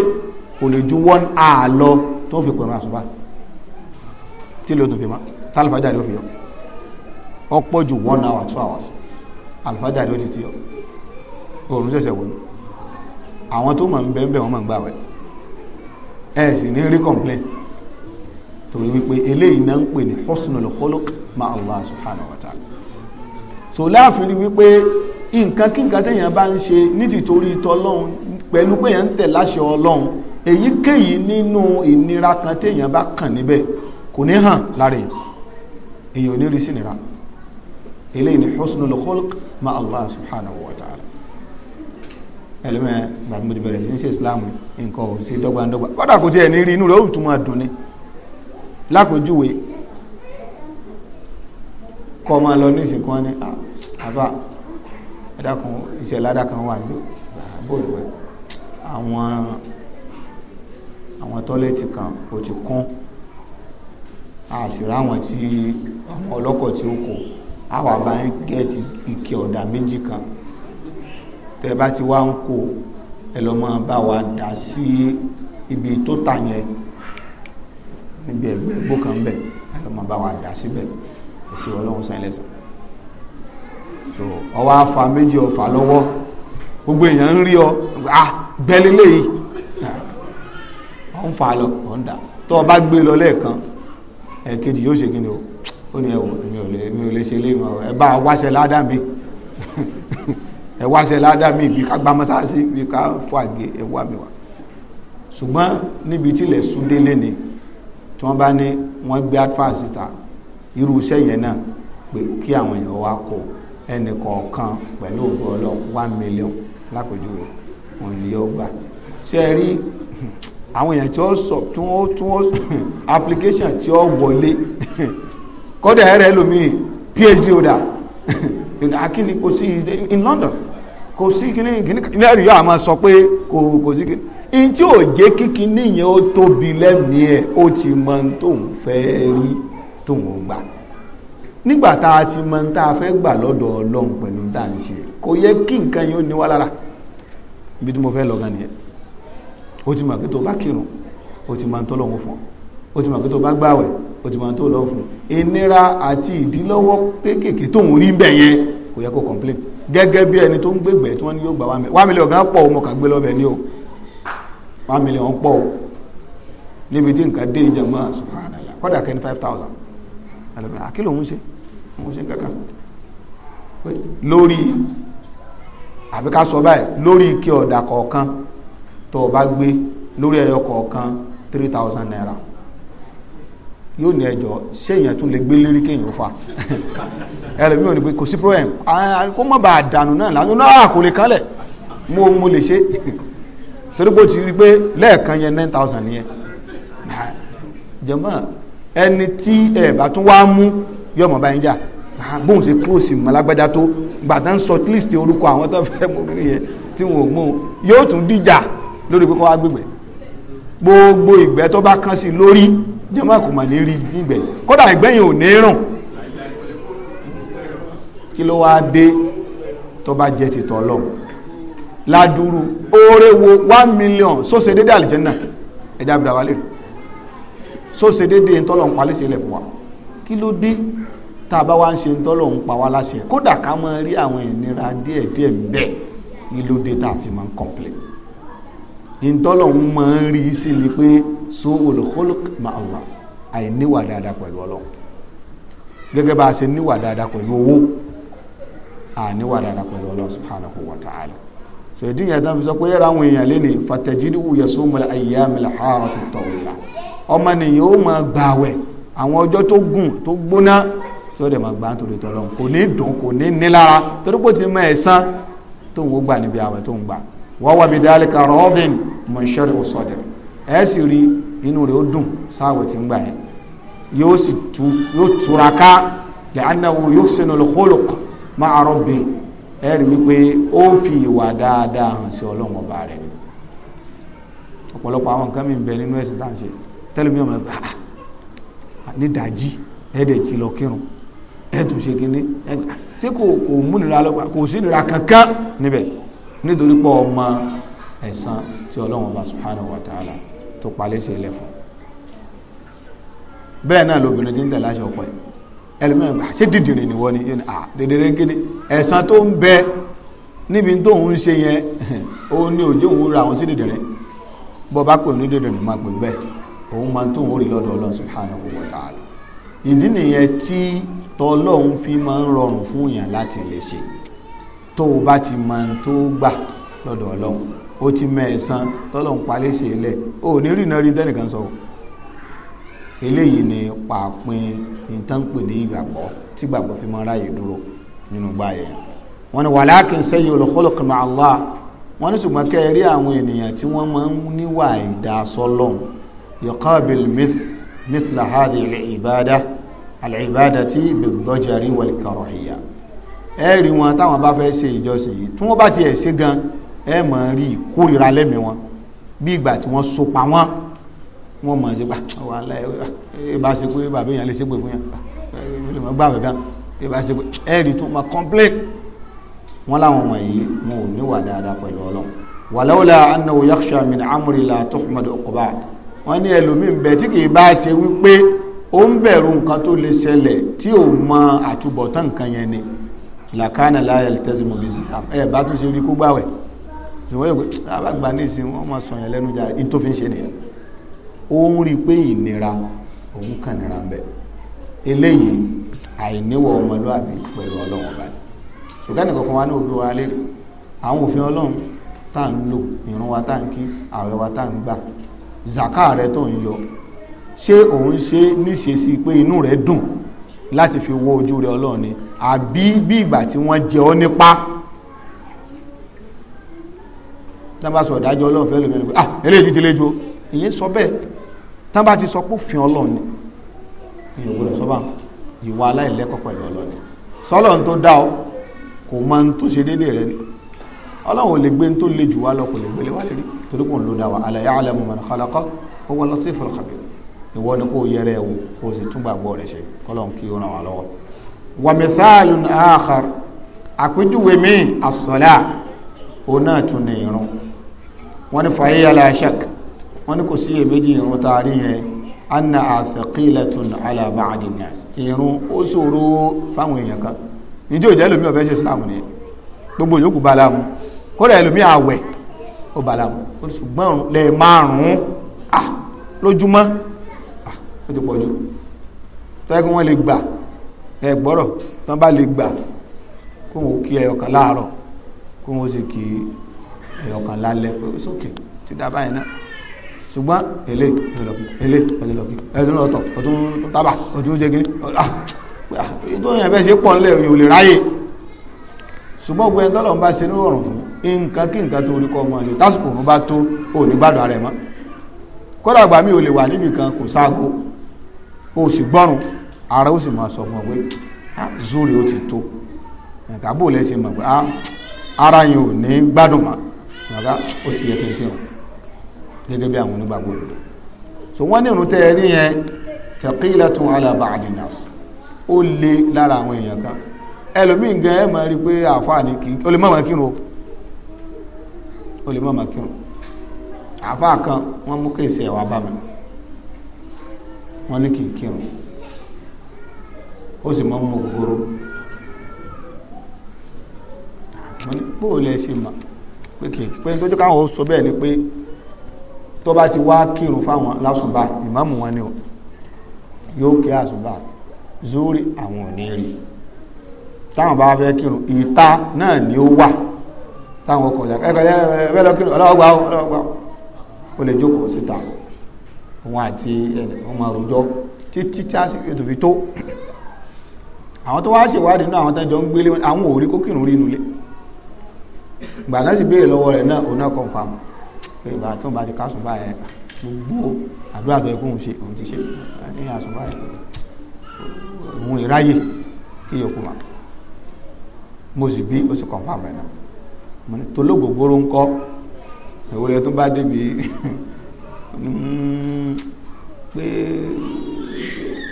kò lè ju one hour lọ tó fi pẹ̀rọ àṣùbá tí ló tún fi mọ́ tá alifájàre ó fi yọ ọ̀pọ̀ ju one hour two hours alifájàre ó ti ti yọ oòrùn ṣẹ̀ṣẹ̀ wọ̀ ni àwọn tó mọ̀ ń bẹ́ẹ̀ bẹ́ẹ̀ wọ́n mọ̀ ń gbà wẹ̀ ẹ̀ sì ní rí complain torí wípé eléyìí náà ń pè ní husnul khuluq ma Allah subhanahu wa ta'ala so láàfin rí wípé nǹkan kí nǹkan téèyàn bá ń ṣe ní tìtorí tọlọ́run pẹ̀lú pé èèyàn ń tẹ̀ láṣẹ ọlọ́run èyíkéyìí nínú ìnira kan téèyàn bá kàn níbẹ̀ kò ní hàn lára èèyàn èèyàn ò ní rí sí nira eléyìí ni husnul khulq ma allah subhanahu wa ta'ala ẹlẹ́mẹ̀ gbàgbé mo ti bẹ̀rẹ̀ sí ní ṣe islam nǹkan ò sí dọ́gbandọ́gba kọ́dà kò tiẹ̀ ní rí inú rẹ̀ ó tún dùn ni lápèjúwe kọ́ máa lọ ní ìsìnkú ni ah, àbá ẹ̀dá kan ìṣẹ̀lẹ̀ àdá kan wà ní bóòlù àwọn àwọn tọ́lẹ̀tì kan ó ti kún àṣírá àwọn tí àwọn ọlọ́kọ̀ tí ó kò àwọn àbáyé gẹ́ẹ̀tì ike ọ̀dà méjì kan tẹ́ bá ti wá ń kó ẹ bá wa dà sí ibi tó tà yẹn níbi ẹgbẹ́ ẹgbó kan bẹ̀ ẹ bá wa dà síbẹ̀ ẹ̀sìn ọlọ́run sáyẹn lẹ́sàn so ọwọ́ afa méjì ọfà lọ́wọ́ gbogbo èèyàn ń rí ọ ah gbẹ́lélẹ́yìí ń fa lọ ọ̀ ń dà tó o bá gbé lọ lẹ́ẹ̀kan ẹ̀ẹ̀kejì yóò ṣe kíni o ó ní ẹ̀wọ̀ mi ò lè mi ò lè ṣe lé mọ́ ẹ bá wáṣẹ ládàá mi ẹ wáṣẹ ládàá mi bí ká gba mọ́sáàsì bí ká fọ àgé ẹ mi wá ṣùgbọ́n níbi tí súndé léni tí wọ́n bá ní wọ́n gbé adfa síta irú iṣẹ́ yẹn náà pé kí àwọn èèyàn wá kó ẹnì kọ̀ọ̀kan pẹ̀lú ògbọ́lọ̀ one million lápèjúwe òun ni yóò gbà ṣe é rí àwọn èèyàn tí wọ́n sọ tí wọ́n tí wọ́n application tí wọ́n wọlé kọ́dà ẹ̀rẹ́ lómii phd holder akíni ah, kò sí in London kò sí kíní kíní kíní ẹ̀rí yóò máa sọ pé kò kò sí kíní in tí ò jẹ́ kíkí níyẹn ó tóbi lẹ́mìí ẹ̀ ó ti mọ tóun fẹ́ rí tóun gbà nígbà tá a ti mọ tá a fẹ́ gbà lọ́dọ̀ Ọlọ́run pẹ̀lú tá à ń ṣe kò yẹ kí nǹkan yóò ní wá lára ibi tí mo fẹ́ lọ gan nìyẹn ó ti mọ̀ pé tó bá kírun ó ti máa ń tọ́lọ́wọ́ fún ó ti mọ̀ pé tó bá gbàwẹ̀ ó ti máa ń tó lọ́wọ́ fún ìnira àti ìdílọ́wọ́ kéékèèké tóun rí bẹ̀ yẹn kò yẹ kó complain gẹ́gẹ́ bí ẹni tó ń gbégbẹ̀ tí wọ́n ní yóò gbà wá mílíọ̀n wá mílíọ̀n gan pọ̀ ọmọ kàgbé lọ́bẹ̀ ni o wá mílíọ̀n pọ̀ o níbi tí nǹkan dé ìjàmbá subhanallah kọ́dà kẹ́ni five thousand alẹ́bẹ̀ àkìlò ń ṣe ń ṣe kankan lórí àbíká sọ báyìí lórí ike ọ̀dà tó o bá gbé lórí ẹyọ kọ̀ọ̀kan three thousand naira yóò ní ẹjọ́ séèyàn tún lè gbé lérí kéèyàn fa ẹlòmíì ò ní pé kò sí problem kó má bàa dànù náà lánàá náà ah, kò lè kánlẹ̀ mo mo lè ṣe torí bó ti rí pé lẹ́ẹ̀kan yẹn nine thousand yẹn jọmọ ẹni tí ẹ bá tún wá mú yọmọ bá yín jà bóun ṣe kúròsì malagbájá tó gbàtà ń sọ list orúkọ àwọn tó fẹ́ mú yẹn tí wọn ò mú yóò tún dìjà lórí pé kọ́ wá gbígbẹ́ gbogbo ìgbẹ́ tó bá kán sí lórí jẹ́mọ́ kò mà ní rí gbígbẹ́ kódà ìgbẹ́ yẹn ò ní rùn kí ló wá dé tó bá jẹ́ ti tọ́ lọ ládùúrú oore wo one million sóse dédé àlìjẹ́nà ẹ̀dá bìrà wálé rẹ̀ sóse dédé ntọ́lọ̀ ń palẹ́sẹ̀ ilẹ̀ fún wa kí ló dé tá a bá wá ń ṣe ntọ́lọ̀ ń pa wá láṣẹ kódà ká máa rí àwọn ìnira díẹ̀díẹ̀ bẹ́ẹ̀ kí ló dé tá a fi máa ń complain ìtọ́lọ̀hún máa ń rí sí ni pé so olùkọ́lù ma Allah àìníwà dáadáa pẹ̀lú ọlọ́run gẹ́gẹ́ bá a ṣe níwà dáadáa pẹ̀lú owó àníwà dáadáa pẹ̀lú ọlọ́run subhanahu wa ta'ala so ìdí yẹn tán fi sọ pé yẹ́ra àwọn èèyàn lé ní fàtẹ̀jìdìwù yasumul ayyamil harati tawila ọmọnìyàn ó máa gbààwẹ̀ àwọn ọjọ́ tó gùn tó gbóná tó dẹ̀ máa gbà ń torí tọ́lọ́run kò ní dùn kò ní nílára torí pé ó ti mọ ẹ̀san tóun ó gbà níbi àwẹ̀ tóun gbà wọ́wọ́ bí dálíkà rọ́ọ̀dìn mọ̀ṣẹ́rì ọ̀sọ̀dẹ̀ ẹ̀ sì rí inú rẹ̀ ó dùn sáwẹ̀ tí ń gbà yẹn yóò sì tu yóò tura ká lẹ́ànáwó yóò sínú lọ́kọ́lọ́k máa rọ́bì ẹ̀ rí wípé ó fi ìwà dáadáa hàn sí ọlọ́run ọba rẹ̀ ọ̀pọ̀lọpọ̀ àwọn nǹkan mi ń bẹ nínú ẹ̀sìn tá à ń ṣe tẹ́lẹ̀mí ọmọ ẹgbẹ́ ah, ah, nídàájí ẹ̀ẹ́dẹ̀ ti lọ kírun ẹ̀ẹ́dùn ṣe kínní ah, ṣé kò kò múnira kò sí kankan níbẹ̀ nítorí pé ọmọ ẹ̀san tí ọlọ́run ọba subhanahu wa ta'ala tó palẹ́ sí ilẹ̀ fún bẹ́ẹ̀ náà lóbìnrin tí ń tẹ̀lé aṣọ ọ̀pọ̀ ẹlẹ́mẹ̀gbà ṣé dìdìrì ni wọ́n ni yóò ní à dìdìrì kéde ẹ̀san tó ń bẹ níbi tó ń ṣe yẹn òun ni òjò òun ra òun sí dìdìrì bọ́ bá pè ní dìdìrì máa pè bẹ́ẹ̀ òun máa tó ń rí lọ́dọ̀ ọlọ́run subhanahu wa ta'ala ìdí nìyẹn tí tọlọ́run fi máa ń rọrùn fún èèyàn láti lè ṣe tó o bá ti mọ tó gbà lọ́dọ̀ ọlọ́run ó ti mẹ ẹ̀san tọ́lọ́run palẹ̀ ṣe é lẹ̀ o ò ní rí iná rí tẹ́nìkan sọ eléyìí ni pàápín nǹkan pè ní ìgbàgbọ́ tí ìgbàgbọ́ fi mọ ráàyè dúró nínú gbáyẹn wọn ni wàláàkì sẹ́yìn olùkọ́lùkì máa Allah wọ́n ní ṣùgbọ́n kẹ́ rí àwọn ènìyàn tí wọ́n máa ń níwà ìdásọ́lọ́n yuqabil mithla hadhihi al-ibada al-ibadati bil-dajari wal-karahiyya ẹ rí wọn táwọn bá fẹ́ ṣe ìjọsìn yìí tí wọ́n bá tiẹ̀ ṣe gan ẹ mọ̀ ń rí ìkórira lẹ́mìí wọn bí ìgbà tí wọ́n so pa wọ́n wọ́n mọ̀ ṣe ah, wà láyé bá ṣe pé bàbá èèyàn lè ṣe pé fún yàn ah, lè mọ̀ gbàgbé gan ẹ bá ṣe pé ẹ rí tó máa complain wọn láwọn wọ̀nyí wọn ò níwà dáadáa pẹ̀lú ọlọ́run wàláwùlà anáwó yaksha min amúrìlà tó fúnmọ́dé ọkọ̀bá wọn ní ẹlòmíín bẹ tí kì bá ṣe wípé ó ń bẹ̀rù nǹkan tó lè ṣẹlẹ̀ tí ò mọ àtúbọ̀tán nǹkan yẹn ni làkánà láyà tẹ́sìmọ̀ bí sí ẹ̀ bá tún ṣe rí kó gbáwẹ̀ ṣùgbọ́n yóò pé àbágbà ah, ní ìsìn wọ́n máa sọ̀yàn lẹ́nu jà ní tó fi ń ṣe nìyẹn ó ń rí pé ìnira òun kàn nira ń bẹ eléyìí àìníwọ̀ ọmọlúwàbí pẹ̀lú ọlọ́run ọba ni ṣùgbọ́n nìkan kan wá ní òbí wa lé àwọn òfin ọlọ́run tá à ń lò ìrun wa tá à ń kí ààwẹ̀ wa tá à ń gbà zaka rẹ tó ń yọ ṣé òun ṣe níṣe sí pé inú rẹ dùn láti fi wo ojú rẹ ọlọ́run ni àbí bí ìgbà tí wọ́n jẹ ọ́ nípa tábà sọ ìdájọ́ ọlọ́run fẹ́ lómi ẹni pé ah eléyìí ti léjo ìyẹn sọ bẹ́ẹ̀ tábà ti sọ pé òfin ọlọ́run ni ìyẹn gbọdọ̀ sọ bá ìwà aláìlẹ́kọ̀ọ́ pẹ̀lú ọlọ́run ni sọlọ́run tó dá o kò mọ ohun tó ṣe déédéé rẹ ni ọlọ́run ò lè gbé tó le jù wá lọ kò lè gbélé wá lè rí torí kò ń lo dá wa ala ya'lamu man khalaqa wa huwa latiful khabir ìwọ ni kò yẹrẹ ẹ wò kò sì túngbàgbọ́ rẹ ṣe kọ́lọ́run kí ó ràn wá lọ́wọ́ wàmìtháàlù àkhàr àpéjúwe míì àsọ̀lá òun náà tún ní irun wọ́n ní fàyè aláṣak wọ́n ní kò sí èméjì irun taari yẹn anna athaqilatun ala ba'di nas irun ó ṣòro fáwọn èèyàn kan níjẹ́ òjá ẹlòmí ọ̀fẹ́ ṣe islam ni gbogbo yòókù bá láàmú kódà ẹlòmí àwẹ̀ ó bá ó ti ṣùgbọ́n lẹ̀ márùn-ún ah, lójúmọ́ ah, ó ti pọ̀jù tẹ́kùn wọn lè gbà ẹ gbọ́rọ̀ tán bá lè gbà kó wọn kí ẹyọkàn láàárọ̀ kó wọn sì kí ẹyọkàn lálẹ́ pé ó sókè ti dá báyìí náà ṣùgbọ́n èlé ẹ̀dùnlọ́kì èlé ẹ̀dùnlọ́kì ẹ̀dùnlọ́tọ̀ ọdún tábà ọdún jẹgiri ìdó yẹn bẹ́ẹ̀ ṣe pọ̀ ńlẹ̀ òyìn ò lè ráyè ṣùgbọ́n gbogbo ẹni tọ́lọ̀ ń bá ṣe ní rọrùn fún nǹkan kí nǹkan tó orí kọ́ ọmọ yìí tásìkò òun bá tó ò ní gbádùn ara ẹ̀ mọ́ kódà àgbà mi ò lè wà níbì kan kò sáago o sì gbọ́rùn ara ó sì máa sọ fún ọ pé ah, zúrì ó ti tó ẹ̀ka bò lẹ́sìn mọ̀ pé ah, ara yìí ò ní gbádùn mọ́ ọ̀gá ó ti yẹ kéńké hàn gẹ́gẹ́ bí àwọn onígbàgbọ́ òdodo so wọ́n ní ìrun tẹ́ ẹ rí yẹn thaqilatun ala ba'di nas ó le lára àwọn èèyàn kan ẹlòmíín gan ẹ máa rí i pé àáfàá ni kì í ó lè má máa kírun ó lè kírun àáfàá kan wọ́n mú kéèsì ẹ̀ bá mi wọ́n ní kì í kírun ó sì mọ́ mú kòkòrò bóòlù ẹ̀ sì mọ̀ pé kìí pé tójú káwọn ó sọ bẹ́ẹ̀ ni pé tó bá ti wá kírun fáwọn lásùnbà ìmáàmù wọn ni o yóò kí àsùnbà zúrí àwọn ò ní rí táwọn bá fẹ́ kírun ìta náà ni ó wà táwọn ọkọ̀ ìjà ẹ̀kọ́ ẹ̀kọ́ lọ kírun ọlọ́gbà ọlọ́gbà ó lè jókòó síta wọn àti ẹnì wọn máa títí tí a sì fi tó àwọn tó wá ṣèwádìí náà àwọn tẹ́jọ ń gbélé àwọn òrí kó kìrùn rí inúlé gbàtà sì béèrè lọ́wọ́ rẹ̀ náà òun náà confirm pé ìgbà tó bá ti kásùn báyẹn gbogbo àdúrà tó yẹ kóhun ṣe òun ti ṣe ní àsùn báyẹn òun ìráyè kí yòókù mà mo sì bí ó sì confirm ẹ̀ náà mo ní tológbògbóró ń kọ́ ìwúrẹ́ tó bá débi hmm, pé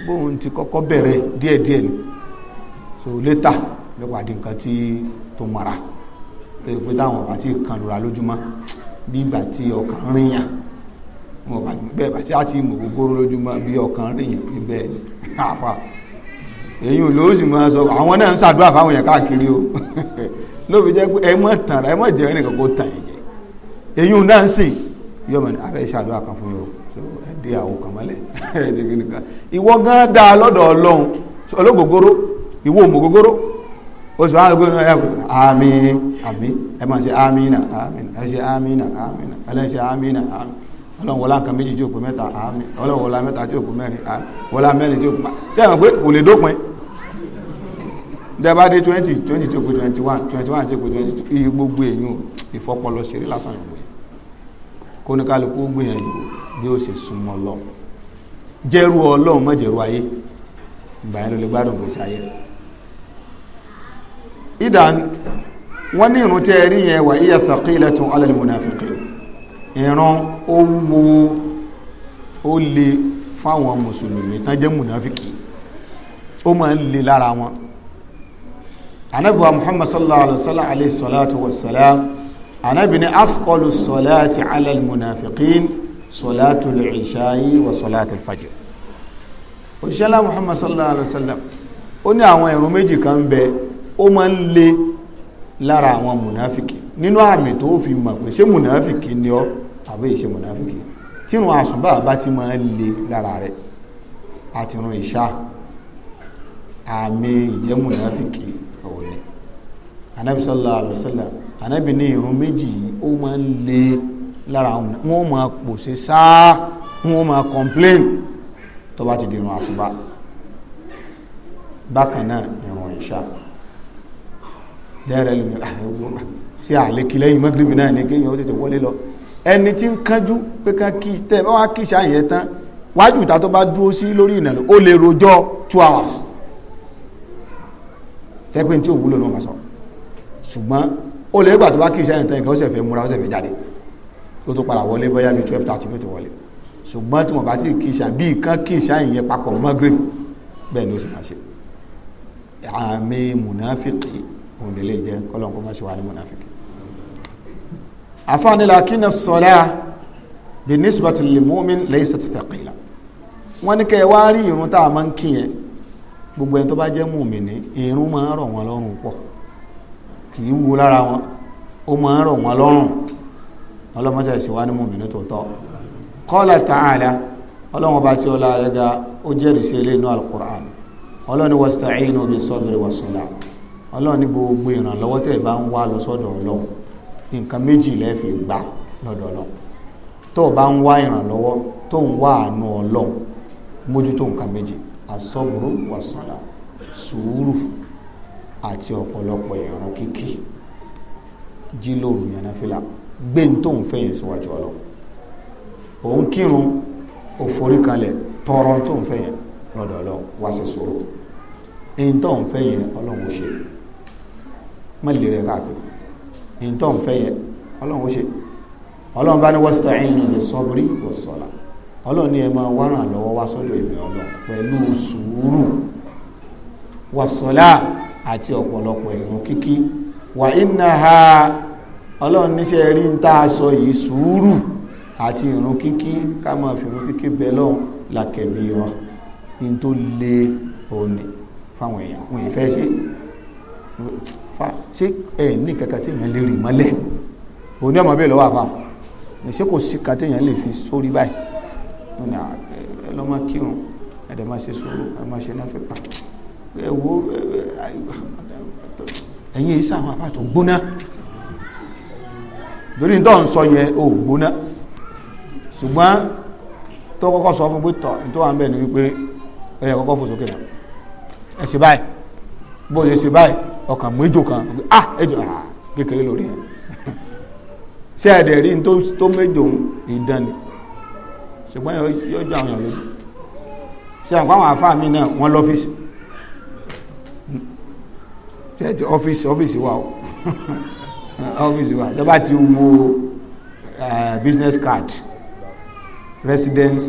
bóun ti kọ́kọ́ bẹ̀rẹ̀ díẹ̀díẹ̀ ni so later ló pàdé nǹkan tí tó mara tó yẹ pé táwọn ọba tí kan lura lójúmọ́ bí ìgbà tí ọkàn rìnyàn wọn ọba bẹ́ẹ̀ bá tí a ti mọ lójúmọ́ bí ọkàn rìnyàn bí bẹ́ẹ̀ ni àfa èyí ò ló sì máa sọ àwọn náà ń ṣàdúrà fáwọn yẹn káàkiri o ló fi jẹ́ pé ẹ mọ̀ tàn ẹ mọ̀ jẹ́ ẹnìkan kó tàn yẹn jẹ èyí ò náà ń sìn yọmọ ní abẹ́ ṣàdúrà kan fún yòó ẹ dé àwọn kan mọ́lẹ̀ ìwọ gan dáa lọ́dọ̀ ọlọ́run ológogoro ìwọ òmùgógóró ó sì wá ń gbóná ẹ àmì àmì ẹ máa ṣe àmìnà àmìnà ẹ ṣe àmìnà àmìnà ẹlẹ́ṣẹ̀ àmìnà àmì ọlọ́run wọlá nǹkan méjì tí òkú mẹ́ta àmì ọlọ́run wọlá mẹ́ta tí òkú mẹ́rin àmì wọlá mẹ́rin tí òkú sẹ́yìn pé kò lè dópin dẹ́gbà dé twenty twenty tí òkú twenty one twenty one tí twenty two iye gbogbo èèyàn ìfọpọlọ ṣeré lásán ìwé kóníkálukú gbìyànjú bí ó ṣe súnmọ́ lọ jẹ́rú ọlọ́run má jẹ́rú ayé ìgbà yẹn ló lè gbádùn gbèsè ayé rẹ̀ idan wọ́n ní ìrun tẹ́ rí yẹn wà iya thaqilatun ala al-munafiqin ìrun ó wo ó le fáwọn mùsùlùmí tán jẹ́ munafiki ó máa ń le lára wọn anabiwa muhammad sallallahu alaihi wasallam alaihi salatu wasalam ni afqalu salati ala salatu al wa salatu fajr òṣìṣẹ́lá muhammad sallallahu alaihi wasallam ó ní àwọn ìrun méjì kan bẹ́ẹ̀ ó máa ń le lára àwọn mùnáfìkì nínú àmì tó fi mọ̀ pé ṣé mùnáfìkì ni ọ́ àbí ìṣe mùnáfìkì tírun àsùbà bá ti máa ń le lára rẹ̀ àti run ìṣá àmì ìjẹ́ mùnáfìkì òun ni anabi sallallahu alaihi wasallam anabi ní irun méjì yìí ó máa ń le lára àwọn wọn máa pòṣe sáá wọn máa complain tó bá ti di irun bákan náà irun ìṣá tẹ́rẹ̀ lómi ṣe àlékí lẹ́yìn mọ́gíríbì náà ní kéèyàn ó tètè wọlé lọ ẹni tí ń kánjú pé ká kí tẹ́ bá wá kí ṣáàyẹ tán wájú ìta tó bá dúró sí lórí ìnà ó lè rojọ́ two hours tẹ́pẹ́ tí ò wúlò ló máa sọ ṣùgbọ́n ó lè gbà tó bá kí ṣáàyẹ tán nǹkan ó sì fẹ́ múra ó sì fẹ́ jáde ó tó padà wọlé bóyá bíi twelve thirty ló ti wọlé ṣùgbọ́n tí wọ́n bá ti kí ṣáàyẹ bí ìkan kí ṣáàyẹ papọ̀ mọ́gíríbì bẹ́ẹ̀ ni ó sì máa ṣe àmì mùnáfíkì òun lè lè jẹ́ kọ́lọ́n kó má ṣe wà ní mùnàfíkì àfáàní làkínà sọ́lá bí nísbàtì lè mọ́mí lẹ́yìn tẹ̀kìlá wọ́n ní kẹ́ wá rí irun tá a máa ń kí yẹn gbogbo ẹni tó bá jẹ́ mùmìnì irun máa ń rọ̀ wọ́n lọ́rùn pọ̀ kì í wu lára wọn ó máa ń rọ̀ wọ́n lọ́rùn ọlọ́mọṣẹ́ sì wá ní mùmìnì tòótọ́ qala ta'ala ọlọ́run ọba tí ọlá rẹ̀ ga ó jẹ́rìí sí eléyìí ní al-Qur'an ọlọ́run wasta'inu bis-sabri was-salah ọlọ́run ní gbogbo ìrànlọ́wọ́ tẹ̀ bá ń wá lọ sọ́dọ̀ ọlọ́run nǹkan méjì lẹ́ fi gbà lọ́dọ̀ ọlọ́run tó o bá ń wá ìrànlọ́wọ́ tó ń wá àánú ọlọ́run mójútó nǹkan méjì asọ́bùrú wàsàlà sùúrù àti ọ̀pọ̀lọpọ̀ ìran kíkí jí lóru yẹn náà fìlà gbé ní tóun fẹ́ yẹn síwájú ọlọ́run òun kírun òforí kalẹ̀ tọrọ tóun fẹ́ yẹn lọ́dọ̀ ọlọ́run wá sí sùúrù èyí tóun fẹ́ yẹn ọlọ́run ó ṣe é mọ́lẹ̀ rẹ̀ káàkiri ní tó ń fẹ́ yẹ ọlọ́run ó ṣe ọlọ́run bá ní wasta'inu bis-sabri was-salah ọlọ́run ní ẹ máa wá ràn lọ́wọ́ wá sọ́dọ̀ èmi ọlọ́run pẹ̀lú sùúrù was-salah àti ọ̀pọ̀lọpọ̀ ìrun kíkí wa innaha ọlọ́run níṣẹ́ rí ń tá a sọ yìí sùúrù àti ìrun kíkí ká máa fi ìrun kíkí bẹ lọ́hùn làkẹ̀bí ọ ní tó le òní fáwọn èèyàn wọn ì ṣe àfa ṣé ẹ ní kankan tí èèyàn lè rì mọ́lẹ̀ òní ọmọ bẹ́ẹ̀ lọ́wọ́ àfa ṣé kò sí kan tí èèyàn lè fi sórí báyìí ẹ lọ́ máa kírun ẹ̀dẹ̀ máa ṣe sùúrù ẹ máa ṣe náà fẹ́ pa ẹ wo ẹ̀yin èyí sáwọn àfa tó gbóná lórí tó ń sọ yẹn ò gbóná ṣùgbọ́n tó kọ́kọ́ sọ fún pé tọ̀ tó wà ń bẹ̀ ni wípé ẹ̀yẹ kọ́kọ́ fò sókè náà ẹ̀ sì báyìí bó ṣe sì báyìí ọkàn méjò kan ah ẹjọ ah kékeré lórí ẹ ṣé ẹ̀dẹ̀ rí tó méjò ìdán ni ṣùgbọ́n yóò jọ àwọn èèyàn lójú ṣe àwọn àwọn àfáà mi náà wọ́n lọ́fíìsì ṣẹ́ẹ̀tì ọ́fíìsì ọ́fíìsì wa o ọ́fíìsì wa ìjọba ti wo business card residence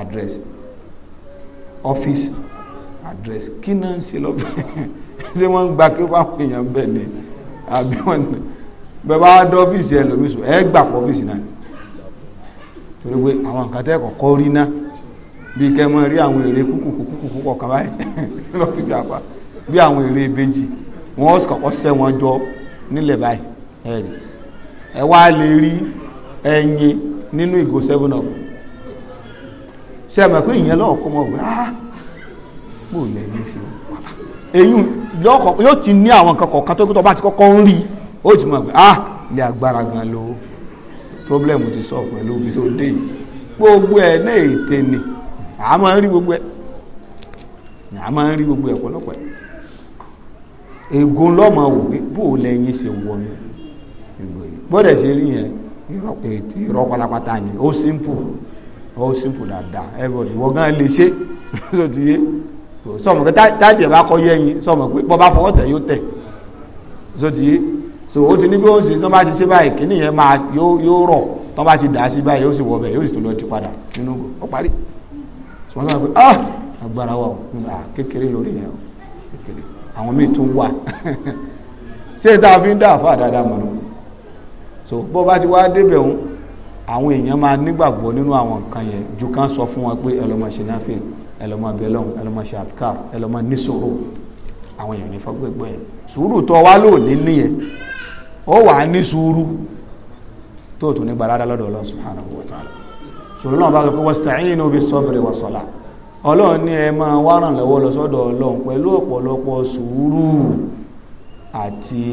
address office address kí náà ń ṣe lọ́fíìsì ṣé wọ́n ń gba kí wọ́n àwọn èèyàn bẹ̀ ni àbí wọ́n ní bẹ́ẹ̀ bá dọ́ ọ́fíìsì ẹ lómi sùn ẹ gbà pọ̀ ọ́fíìsì náà torí pé àwọn nǹkan tẹ́ kọ̀ọ̀kọ́ rí ná bí kẹ́ mọ́ rí àwọn èrè kúkúkúkú kọ̀ọ̀kan báyìí lọ́fíìsì àpá bí àwọn èrè ìbejì wọ́n kọ̀ọ̀kọ́ sẹ́ wọn jọ nílẹ̀ báyìí ẹ rí ẹ wá lè rí ẹyin nínú ìgò seven up ṣe àmọ̀ pé ìyẹn lọ́ọ̀kọ́ mọ̀ gbé ah bò lẹ́yìn sí i eyín yóò ti ní àwọn nǹkan kọ̀ọ̀kan tó kọ́tọ́ bá ti kọ́kọ́ ń rí ó ti mọ̀ pé ah ilé agbára gan lo problem ti sọ pẹ̀lú omi tó dé yìí gbogbo ẹ̀ náà ètè ni àá máa ń rí gbogbo ẹ̀ àá máa ń rí gbogbo ẹ̀ pọ̀lọpọ̀ ègún lọ́mọ wò pé bó o lẹ́yìn ṣe wọnú gbọ́dọ̀ ṣe rí yẹn irọ́ pátápátá ni ó simple ó simple dáadáa everybody wọ́n gan lè ṣe ó ti yé sọmọ pé táàdì ẹ̀ bá kọ́ yẹ yín sọmọ pé bọ́ bá fọwọ́ tẹ̀ yóò tẹ̀ so ti so ó ti ní bí ó ń ṣe tí wọ́n bá ti ṣe báyìí kíní yẹn máa yóò rọ̀ tí wọ́n bá ti dà á sí báyìí yóò sì wọ bẹ̀ yóò sì tó lọ ti padà nínú ògùn ó parí sọmọ sọmọ pé ah agbára wa o ah, kékeré lórí yẹn o kékeré àwọn míì tún wà ṣé tá a fi ń dá àfa dáadáa mọ̀ nù so bó bá ti wá débẹ̀ òun àwọn èèyàn máa nígbàgbọ́ nínú àwọn nǹkan yẹn ju kán sọ fún wọn pé ẹ lọ́mọ ṣe náà fèèrè ẹlọmọ abẹlọm ẹlọmọ ṣàfikàr ẹlọmọ nísòro àwọn èèyàn ní fọgbẹgbẹ yẹn sùúrù tó wá lò ní níyẹn ó wà á ní sùúrù tó tún ní gbalada lọ́dọ̀ Ọlọ́run subhanahu wa ta'ala ṣòro náà bá sọ pé wasta'inu bis-sabri was-salah Ọlọ́run ní ẹ máa wá ràn lọ́wọ́ lọ sọ́dọ̀ Ọlọ́run pẹ̀lú ọ̀pọ̀lọpọ̀ sùúrù àti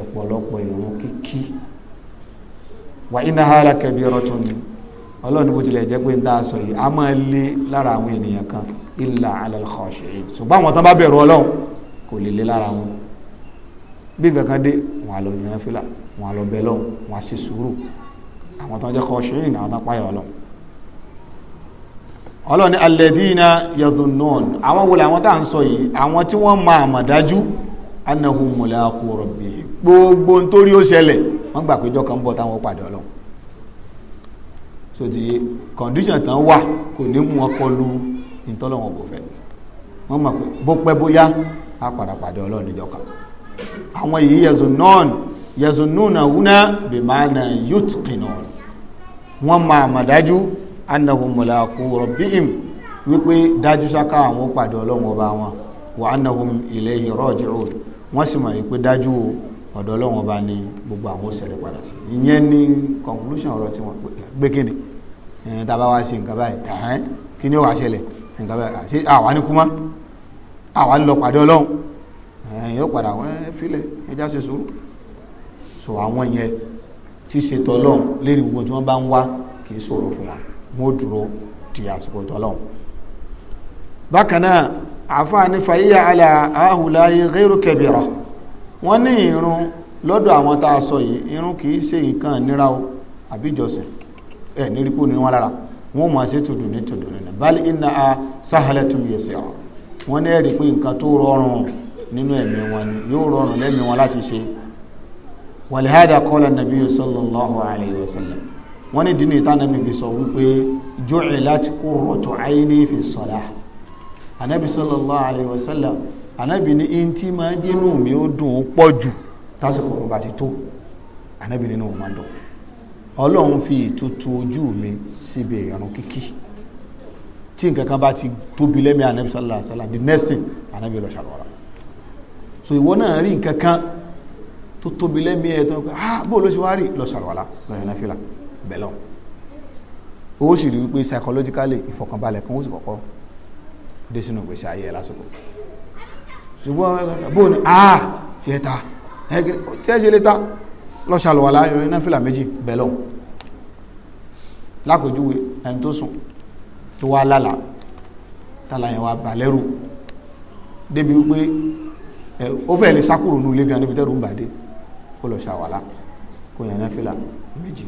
ọ̀pọ̀lọpọ̀ ìrun kíkí wa innaha lakabiratun ọlọ́run bó tilẹ̀ jẹ́ pé ń dáa sọ yìí a máa lé lára àwọn ènìyàn kan illa ala al-khashi'in ṣùgbọ́n àwọn tán bá bẹ̀rù ọlọ́run kò lè lé lára wọn bí kankan dé wọn á lọ yan fìlà wọn á lọ bẹ lọ́hùn wọn á ṣe sùúrù àwọn tán jẹ́ khashi'in àwọn tán páyà ọlọ́run ọlọ́run ní alladhina yadhunnun àwọn wo làwọn tá à ń sọ yìí àwọn tí wọ́n máa mọ̀ dájú annahum mulaqu rabbihim gbogbo nítorí ó ṣẹlẹ̀ wọ́n gbà péjọ kan bọ̀ táwọn pàdé ọlọ́run so ti condition tán wà kò ní mú wọn kọlu ìtọ́lọ́wọ̀n kò fẹ́ wọ́n mọ̀ pé bó pẹ́ bóyá á padà pàdé ọlọ́run níjọ́ kan àwọn yìí yẹ̀sùn náà yẹ̀sùn núnà wúná bí máa na youth kìnà wọ́n máa mà dájú annahum mulaqu rabbihim wípé dájú sáká àwọn pàdé ọlọ́run ọba wọn wa annahum ilayhi raji'un wọ́n sì mọ̀ wípé dájú o ọ̀dọ̀ ọlọ́run ọba ni gbogbo àwọn òṣèlè padà sí ìyẹn ní conclusion ọ̀rọ̀ tí wọ́n gbé kíni ẹ̀ẹ́n tá a bá wá ṣe nǹkan báyìí ẹ̀ẹ́n kí ni ó wàá ṣẹlẹ̀ nǹkan báyìí àṣé àwa ní kúmọ́ àwa ń lọ pàdé ọlọ́run ẹ̀ẹ́n yóò padà wọ́n filẹ̀ ẹja ṣe sùúrù so àwọn yẹn ti ṣe tọ́lọ́run lérí gbogbo tí wọ́n bá ń wá kì í ṣòro fún wa wọ́n dúró di àsìkò tọ́lọ́run bákan náà àfa ní fàyíyà alẹ́ àhùláyé gẹ́rù kẹbìrọ̀ wọ́n ní irun lọ́dọ̀ àwọn tá a sọ yìí irun kì í ṣe nǹkan ìnira o àbí ìjọsìn ẹ̀ nírí kó ní wọn lára wọn mọ̀ sí tòdù ní tòdù nínú bali inna a sahalatun yasira wọ́n ní ẹ̀rí pé nǹkan tó rọrùn nínú ẹ̀mí wọn ni yóò rọrùn lẹ́mí wọn láti ṣe walihada qala nabiyyu sallallahu alayhi wa wọ́n ní dínì tánàbí fi sọ wípé ju'ilat qurratu ayni fi salah anabi sallallahu alayhi wa ànábì ní in tí máa jẹ́ inú mi ó dùn ó pọ̀ jù tásìkò òun bá ti tó ànábì nínú òun máa dùn ọlọ́run fi ìtutù ojú mi síbi ìrun kíkí tí nǹkan kan bá ti tóbi lẹ́mí ànábì sallallahu alaihi wasallam the next thing ànábì lọ ṣàlùwàlà so ìwọ náà rí nǹkan kan tó tóbi lẹ́mí ẹ̀ tó ń pẹ́ ah bó ló ṣe wá rí lọ ṣàlùwàlà lọ́yìn náà fìlà bẹ́ẹ̀ lọ sì rí wípé psychologically ìfọkànbalẹ̀ kan ó sì kọ́kọ́ dé sínú ìgbésí ayé ẹ̀ lásìkò ṣùgbọ́n bóun ni aa tí ẹ ta tí ẹ ṣe lè ta lọ ṣàlùwàlá ìrìn náà fìlà méjì bẹ́ẹ̀ lọ lákòjúwe ẹni tó sùn tó wá lálà tàlà yẹn wá bà lẹ́rù débi wípé ẹ ó fẹ́ lè sákúrò nù ilé gan níbi tẹ́rù ń bàdé kó lọ kó yẹn náà fìlà méjì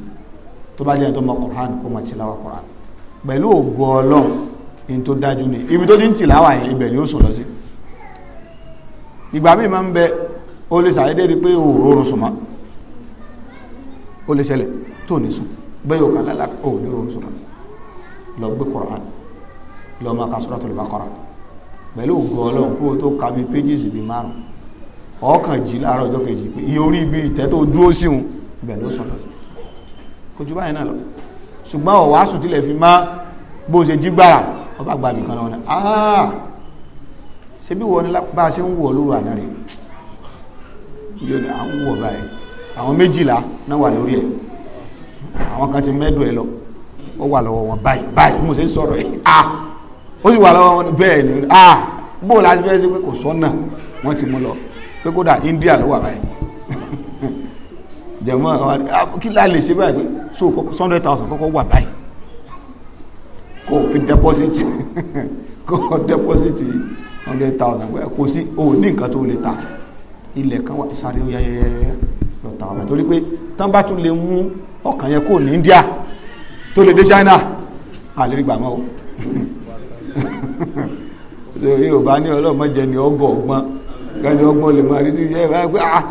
tó bá jẹ́ ẹni tó mọ Qur'an kó mọ tìláwà Qur'an pẹ̀lú ògo Ọlọ́run ní tó dájú ni ibi tó ti ń tìláwà yẹn ibẹ̀ ni ó sùn lọ sí ìgbà míì máa ń bẹ o lè ṣàyédé rí pé o rọrùn sùn mọ́ o lè ṣẹlẹ̀ tó ní sùn bẹ́ẹ̀ yóò kà lálá o ní rọrùn sùn lọ gbé Qur'an lọ máa ka Suratul Baqara pẹ̀lú ògùn ọlọ́run kó o tó ka bí pages bíi márùn ọkàn jí láàárọ̀ ọjọ́ kejì pé iye orí ibi ìtẹ́ tó dúró sí òun ibẹ̀ ló sọ lọ sí kò ju báyìí náà lọ ṣùgbọ́n ọ̀wá sùn tilẹ̀ fi má bó ṣe jí gbàrà ọba gbàgbé kan lọ́wọ́ náà ṣe bí wọ́n bá ṣe ń wọ̀ lóru àná rẹ̀ yóò ní àwọn wọ̀ báyìí àwọn méjìlá náà wà lórí ẹ̀ àwọn kan ti mẹ́dùn ẹ lọ ó wà lọ́wọ́ wọn báyìí báyìí mo ṣe ń sọ̀rọ̀ ah ó sì wà lọ́wọ́ wọn bẹ́ẹ̀ ni ah bóun láti fẹ́ ṣe pé kò sọ́nà wọ́n ti mú lọ pé kódà India ló wà báyìí jẹ̀mọ́ kí láì lè ṣe báyìí pé so hundred thousand kọ́kọ́ wà báyìí kò fi deposit kò deposit hundred thousand pé kò sí o ní nǹkan tó lè ta ilẹ̀ kan wà sáré ó yẹyẹyẹ lọ ta ọ̀bẹ torí pé tán bá tún lè mú ọkàn yẹn kò ní India tó lè dé China àlérí gbà mọ́ o yorùbá ní ọlọ́mọ jẹ ní ọgọ́ ọgbọ́n gani ọgbọ́n lè máa rí tí yẹ ẹ pé ah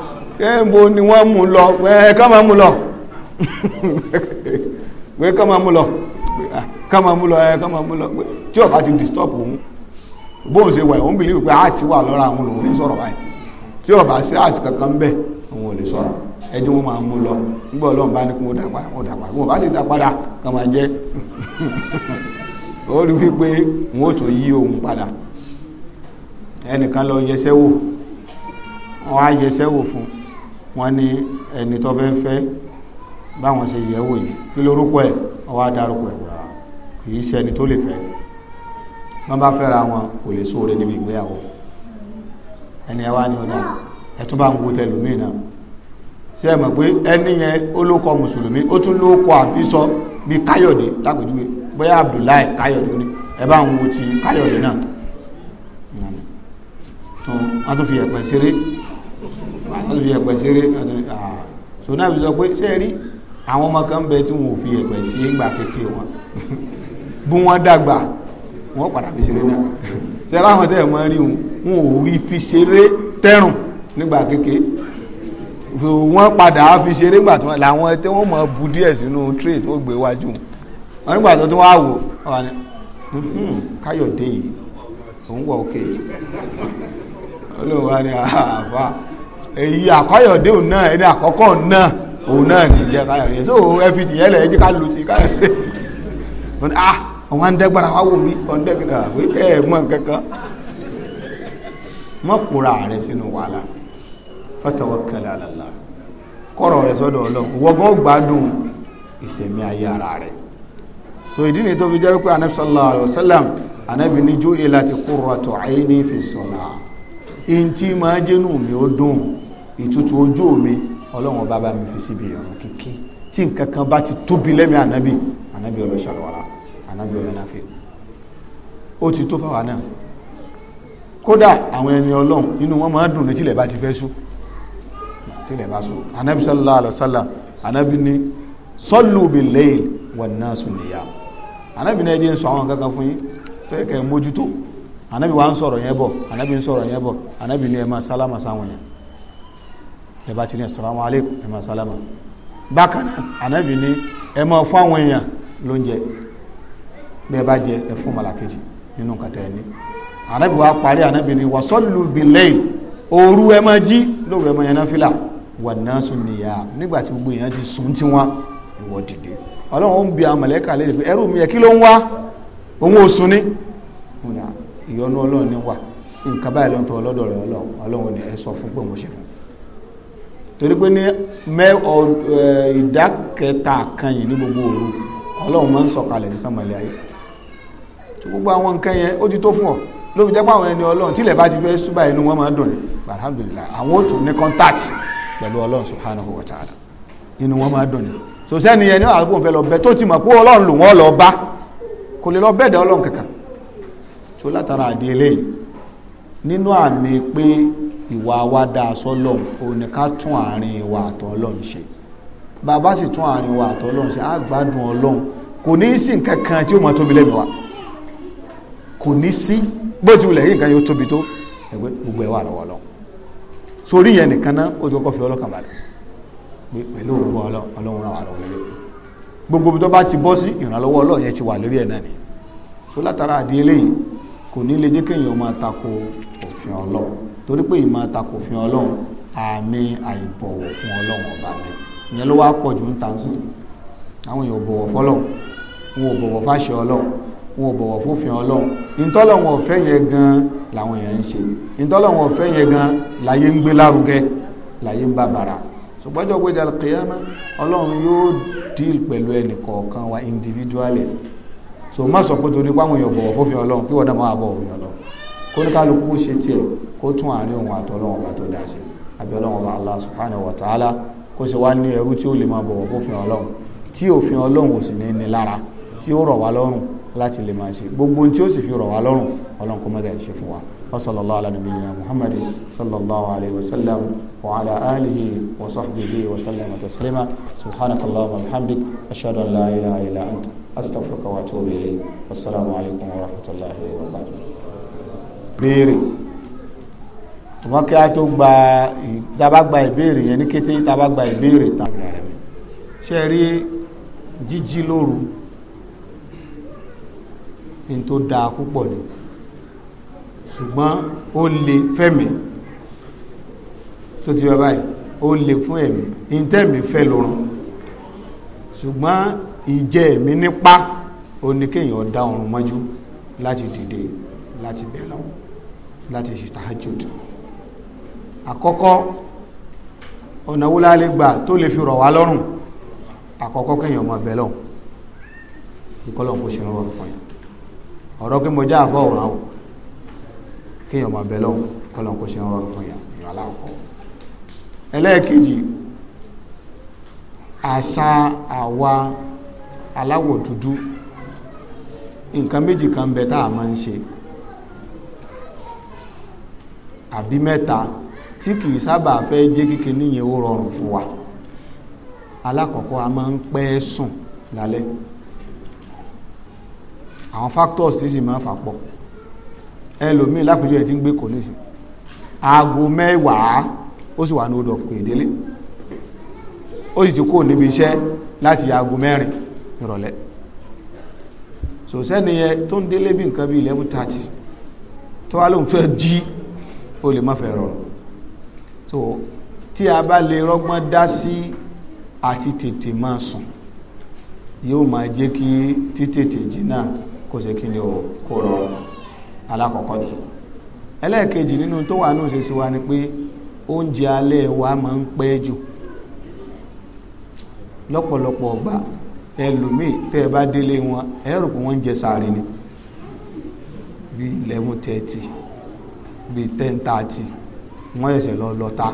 ẹ bo ni wọ́n mú lọ ẹ eh, ká máa mú lọ pé ah, ká máa mú lọ eh, ká máa mú lọ ẹ ká máa mú lọ tí ọba ti disturb òun bóun ṣe wà ẹ̀ òun bìlíwì pé àti wà lọ́ra àwọn òun ní sọ̀rọ̀ báyìí tí ọba sí àti kankan bẹ́ẹ̀ òun ò lè sọ̀rọ̀ ẹni wọn máa mú lọ nígbà ọlọ́run bá ní kí wọ́n dà padà wọ́n dà padà wọ́n bá sì dà padà kàn máa jẹ́ ó rí wípé wọn ò tún yí òun padà ẹnìkan lọ yẹsẹ́ wò wọ́n á yẹsẹ́ wò fún wọn ní ẹni tó fẹ́ báwọn ṣe yẹ̀ wò yìí kí ẹ̀ ọwọ́ wọ́n bá fẹ́ra wọn kò lè sóore níbi ìgbéyàwó ẹni ẹ wá ní ọ̀dà ẹ tún bá ń wo tẹlùmí náà ṣe mọ̀ pé ẹni yẹn ó ló kọ mùsùlùmí ó tún ló kọ àbísọ bíi káyọ̀dé lápèjúwe bóyá abdullahi káyọ̀dé ni ẹ bá ń wo ti káyọ̀dé náà tó wọ́n tún fi ẹ̀pẹ̀ ṣeré wọ́n tún fi ẹ̀pẹ̀ ṣeré tó náà fi sọ pé ṣe rí àwọn ọmọ kan bẹ tí wọn ò fi ẹ̀pẹ̀ sí ìgbà kékeré wọn bí wọ́n dàgbà wọ́n padà fi ṣeré náà ṣẹlá àwọn tẹ́ ẹ̀ mọ́ rí wọn ò rí fi ṣeré tẹ́rùn nígbà kékeré wọ́n padà fi ṣeré gbà tó làwọn tẹ́ wọ́n mọ̀ bu díẹ̀ sínú tray tó gbé wájú wọn nígbà tó tún wá wò wọn ni hmm, káyọ̀dé yìí òun wọ̀ òkè olóòwò ni àbá èyí àkọ́yọ̀dé òun náà ẹni àkọ́kọ́ náà òun náà nìjẹ́ káyọ̀dé so ẹ fi tìyẹ́lẹ̀ ẹ jẹ́ ká lu ti káyọ̀dé ah àwọn àǹdẹ́gbàrà wà wò mí ọ̀ǹdẹ́gbàrà ah, wí ẹ̀ mọ̀ kankan mọ̀ kóra rẹ̀ sínú wàhálà fatawakkal ala Allah kọ́rọ̀ rẹ̀ sọ́dọ̀ ọlọ́run wọ́gán gbádùn ìsẹ̀mí ayé ara rẹ̀ so ìdí ni tó fi jẹ́ pé anabi sallallahu alayhi wa sallam anabi ní ju ilà ti qurratu ayni fi salah in tí máa jẹ́nu mi ó dùn ìtutù ojú mi ọlọ́run bàbá mi fi síbi ìrùn kíkí tí nǹkan kan bá ti tóbi lẹ́mí anabi anabi ọlọ́ṣàlọ́wọ́lá ànábì ọlọ́láfẹ́ ó ti tó fáwa náà kódà àwọn ẹni ọlọ́run inú wọn máa dùn ní tílẹ̀ bá ti fẹ́ sú tílẹ̀ bá sú ànábì sallallahu alaihi wasallam ànábì ní sallu bil layl wan nasu niyam ànábì náà jẹ́ ń sọ àwọn kankan fún yín tẹ́kẹ̀ mójútó ànábì wa ń sọ̀rọ̀ yẹn bọ̀ ànábì ń sọ̀rọ̀ yẹn bọ̀ ànábì ní ẹ máa sálámà sáwọn yẹn ẹ bá ti ní assalamu alaikum ẹ máa sálámà bákan náà ànábì ní ẹ máa fún àwọn èèyàn lóúnjẹ bẹ́ẹ̀ bá jẹ ẹ fún malakeji nínú kàtà ẹni anabi wa parí anabi ni wasọ́lù bilẹ́yìn òru ẹ máa jí lóru ẹ máa yẹn náfìlà wà náà sùn nìyà nígbà tí gbogbo èèyàn ti sùn tí wọn ìwọ dìde ọlọ́run ó ń bi àwọn mọ̀lẹ́kà lè pé ẹrú mi yẹ kí ló ń wá òun ò sùn ní ìyọnu ọlọ́run ní wà nǹkan báyìí ló ń tọ́ ọlọ́dọ̀ rẹ̀ ọlọ́run ọlọ́run ni ẹ sọ fún pé mo ṣe fún torí pé ní ìdá kẹta kan yìí ní gbogbo òru ọlọ́run máa ń sọ̀kalẹ̀ sí sàmàlẹ́ ayé tó gbogbo àwọn nǹkan yẹn ó ti tó fún ọ ló fi jẹ́ pé àwọn ẹni ọlọ́run tílẹ̀ bá ti fẹ́ súbà inú wọn máa dùn alhamdulillah àwọn ó tún ní contact pẹ̀lú ọlọ́run subhanahu wa ta'ala inú wọn máa dùn ni so sẹ́ni yẹn ní àgbo fẹ́ lọ bẹ tó ti mọ̀ pé ọlọ́run lò wọ́n lọ bá kò lè lọ bẹ́ẹ̀dẹ̀ ọlọ́run kankan tó látara àdé eléyìí nínú àmì pé ìwà wa dáa sọ́lọ́run òun ni ká tún àárín ìwà àtọ̀ ọlọ́run ṣe bàbá sì tún àárín ìwà àtọ̀ ọlọ́run ṣe á ọlọ́run kò ní í sí nǹkan tí ó máa tóbi lẹ́nu wa kò ní sí bó ti wulẹ̀ yìí nǹkan yóò tóbi tó ẹgbẹ́ gbogbo ẹ̀ wà lọ́wọ́lọ́ sórí yẹn nìkan náà ó ti kọ́kọ́ fi ọlọ́kàn balẹ̀ pẹ̀lú ògbó ọlọ́run ra wà lọ́wọ́ lé gbogbo ibi tó bá ti bọ́ sí ìrànlọ́wọ́ ọlọ́run yẹn ti wà lórí ẹ̀ náà ni so látara àdé eléyìí kò ní lè jẹ́ kéèyàn máa tako òfin ọlọ́run torí pé ìmọ̀ tako òfin ọlọ́run àmì àìbọ̀wọ̀ fún ọlọ́run ọba mi ìyẹn ló wá pọ̀ jù ń tàn sí àwọn èèyàn ò bọ̀wọ̀ fọlọ́run wọn ò bọ̀wọ̀ fáṣẹ ọlọ́run wọn ò bọ̀wọ̀ fófin ọlọ́run ìtọ́lọ́wọ̀n ọ̀fẹ́ yẹn gan làwọn èèyàn ń ṣe ìtọ́lọ́wọ̀n ọ̀fẹ́ yẹn gan láyé ń gbé lárugẹ láyé ń bàbàrà ṣùgbọ́njọ́ pé kìyàmá ọlọ́run yóò díìl pẹ̀lú ẹnì kọ̀ọ̀kan wa individually so má sọ pé torí páwọn èèyàn bọ̀wọ̀ fófin ọlọ́run kí wọ́n náà máa bọ̀wọ̀ fófin ọlọ́run kó ní kálukú ṣe tiẹ̀ Allah subhanahu wa ta'ala kó ṣe wá ní ẹrú tí ó lè máa bọ̀wọ̀ tí òfin ọlọ́run ò sì ní ní lára tí ó rọ̀ wá lọ́rùn láti lè máa ṣe gbogbo tí ó sì fi rọ̀ wá lọ́rùn ọlọ́run kó mẹ́ta ìṣe fún wa wa sallallahu ala nabiyyina muhammadin sallallahu alayhi wa sallam wa ala alihi wa sahbihi wa sallam taslima subhanakallahumma wa bihamdik ashhadu an la ilaha illa anta astaghfiruka wa atubu ilayk wassalamu alaykum wa rahmatullahi wa barakatuh béèrè wọn kí a tó gba dábàá ìbéèrè yẹn ní kété dábàá ìbéèrè tán ṣe rí jíjí lóru ní tó dáa púpọ̀ ni ṣùgbọ́n ó le fẹ́mi tó ti wá báyìí ó le fún ẹ̀mí ìtẹ́mi fẹ́ lórun ṣùgbọ́n ìjẹ́ ẹ̀mí nípa ó ní kéèyàn dá ọrùn mọ́jú láti dìde láti bẹ̀lọ́ láti ṣe tahajjud àkọ́kọ́ ọ̀nà wo la lè gbà tó lè fi rọ̀ wá lọ́rùn àkọ́kọ́ kéèyàn máa bẹ̀lọ́ ìkọlọ̀ kò ṣe rọrùn fún yàn ọ̀rọ̀ pé mo jẹ́ àfọ́ òun àwọn kéèyàn máa bẹ lọ́wọ́ kọ́lọ́n kó ṣe ń rọrùn fún yàn ìyàn aláwọ̀kọ́ ẹlẹ́ẹ̀kejì àṣà àwa aláwọ̀ dúdú nǹkan méjì kan bẹ tá a máa ń ṣe àbí mẹ́ta tí kì í sábà fẹ́ jẹ́ kíkẹ́ níyẹn ó rọrùn fún wa alákọ̀ọ́kọ́ a máa ń pẹ́ sùn lálẹ́ àwọn factors tí sì máa fà pọ̀ ẹlòmíì lápẹjọ ẹ ti ń gbé kò ní sí aago mẹ́wàá ó sì wà ní odò pè délé ó sì ti kó níbi iṣẹ́ láti aago mẹ́rin ìrọ̀lẹ́ so sẹ́niyẹ tó ń délé bí nǹkan bí eleven thirty tó wá ló ń fẹ́ jí ó lè má fẹ́ rọrùn so tí a bá lè rọ́gbọ́n dá sí àti tètè máa sùn yóò máa jẹ́ kí títètè jí kò ṣe kí ni o kò rọrùn alákọ̀ọ́kọ́ ni ẹlẹ́ẹ̀kejì nínú tó wà náà ṣe sí wa ni pé oúnjẹ alẹ́ wa máa ń pẹ́ jù lọ́pọ̀lọpọ̀ ọgbà ẹlòmíì tẹ́ ẹ bá délé wọn ẹ rò wọ́n ń jẹ sàárì ni bíi eleven thirty bíi ten thirty wọ́n ṣẹ̀ṣẹ̀ lọ lọ́ta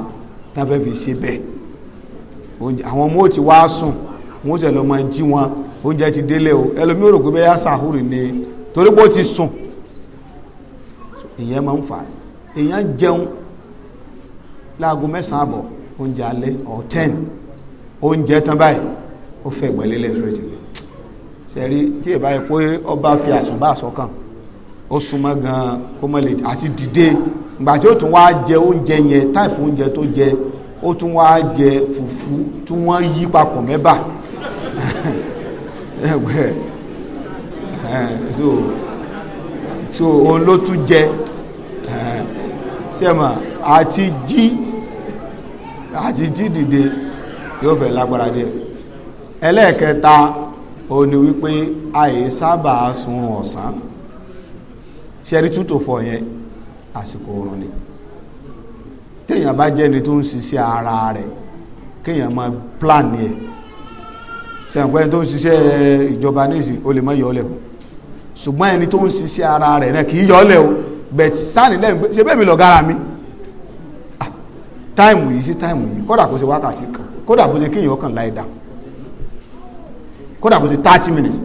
tábẹ́ fi ṣe bẹ́ẹ̀ àwọn ọmọ ò ti wá sùn wọ́n ṣẹ̀ lọ́ máa jí wọn oúnjẹ ti délé o ẹlòmí òrò pé bẹ́yà sàhúrì ni torí pé ti sùn ìyẹn máa ń fà ìyẹn jẹun láago mẹ́sàn-án àbọ̀ oúnjẹ alẹ́ or tẹn oúnjẹ tán báyìí ó fẹ́ ìgbẹ́lélẹ̀ ṣúrẹ́tì lẹ̀ ṣẹ̀rí tí ì báyìí pé ọba fi àsùnbà sọ́kàn ó súnmọ́ gan-an kó mọ̀ lè àti dìde ìgbà tí ó tún wáá jẹ oúnjẹ yẹn táìpù oúnjẹ tó jẹ ó tún wáá jẹ fùfú tí wọ́n yí papọ̀ mẹba. ẹgbẹ́ so so òun ló tún jẹ sẹ́mà àti jí àti jí dìde yóò fẹ́ lágbára díẹ̀ ẹlẹ́ẹ̀kẹta ó ní wípé àyè sábà sun ọ̀sán ṣẹ́rí tútò fọ yẹn àsìkò oorun ni téèyàn bá jẹ́ni tó ń ṣiṣẹ́ ara rẹ̀ kéèyàn máa plan yẹn sẹ̀ǹkọ́ ẹni tó ń ṣiṣẹ́ ìjọba nísìn o lè mọ ìyọ́lẹ̀ o ṣùgbọ́n ẹni tó ń ṣiṣẹ́ ara rẹ̀ náà kì í yọ́lẹ̀ o bẹ̀t sáàni lẹ́yìn pé ṣe bẹ́ẹ̀ mi lọ gara mi ah, táìmù yìí sí táìmù yìí kódà kó ṣe wákàtí kan kódà bó ṣe kéèyàn kàn láì dá kódà bó ṣe thirty minutes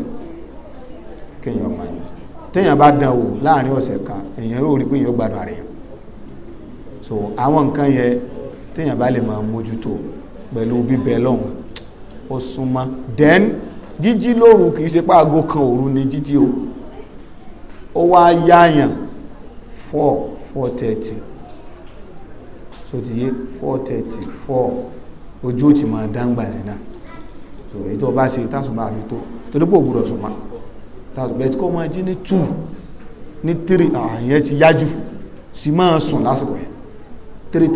kéèyàn máa yẹ téèyàn bá dán wò láàrin ọ̀sẹ̀ kan èèyàn yóò rí pé èèyàn gbádùn ara yẹn so àwọn nǹkan yẹn téèyàn bá lè máa mójútó pẹ̀lú bíbẹ lọ́hùn ó súnmọ́ then jíjí lóru kì í ṣe kan òru ni jíjí o ó wá yáyàn four four thirty so ti yé four thirty four ojú ò ti máa dáńgbà yẹn náà so èyí tó bá ṣe tásùnmọ́ àfi tó torí pé ògbúdọ̀ súnmọ́ tásùnmọ́ ẹ̀ tí kò máa jí ní two ní three àyẹn ah, ti yájú sì máa sùn lásìkò yẹn three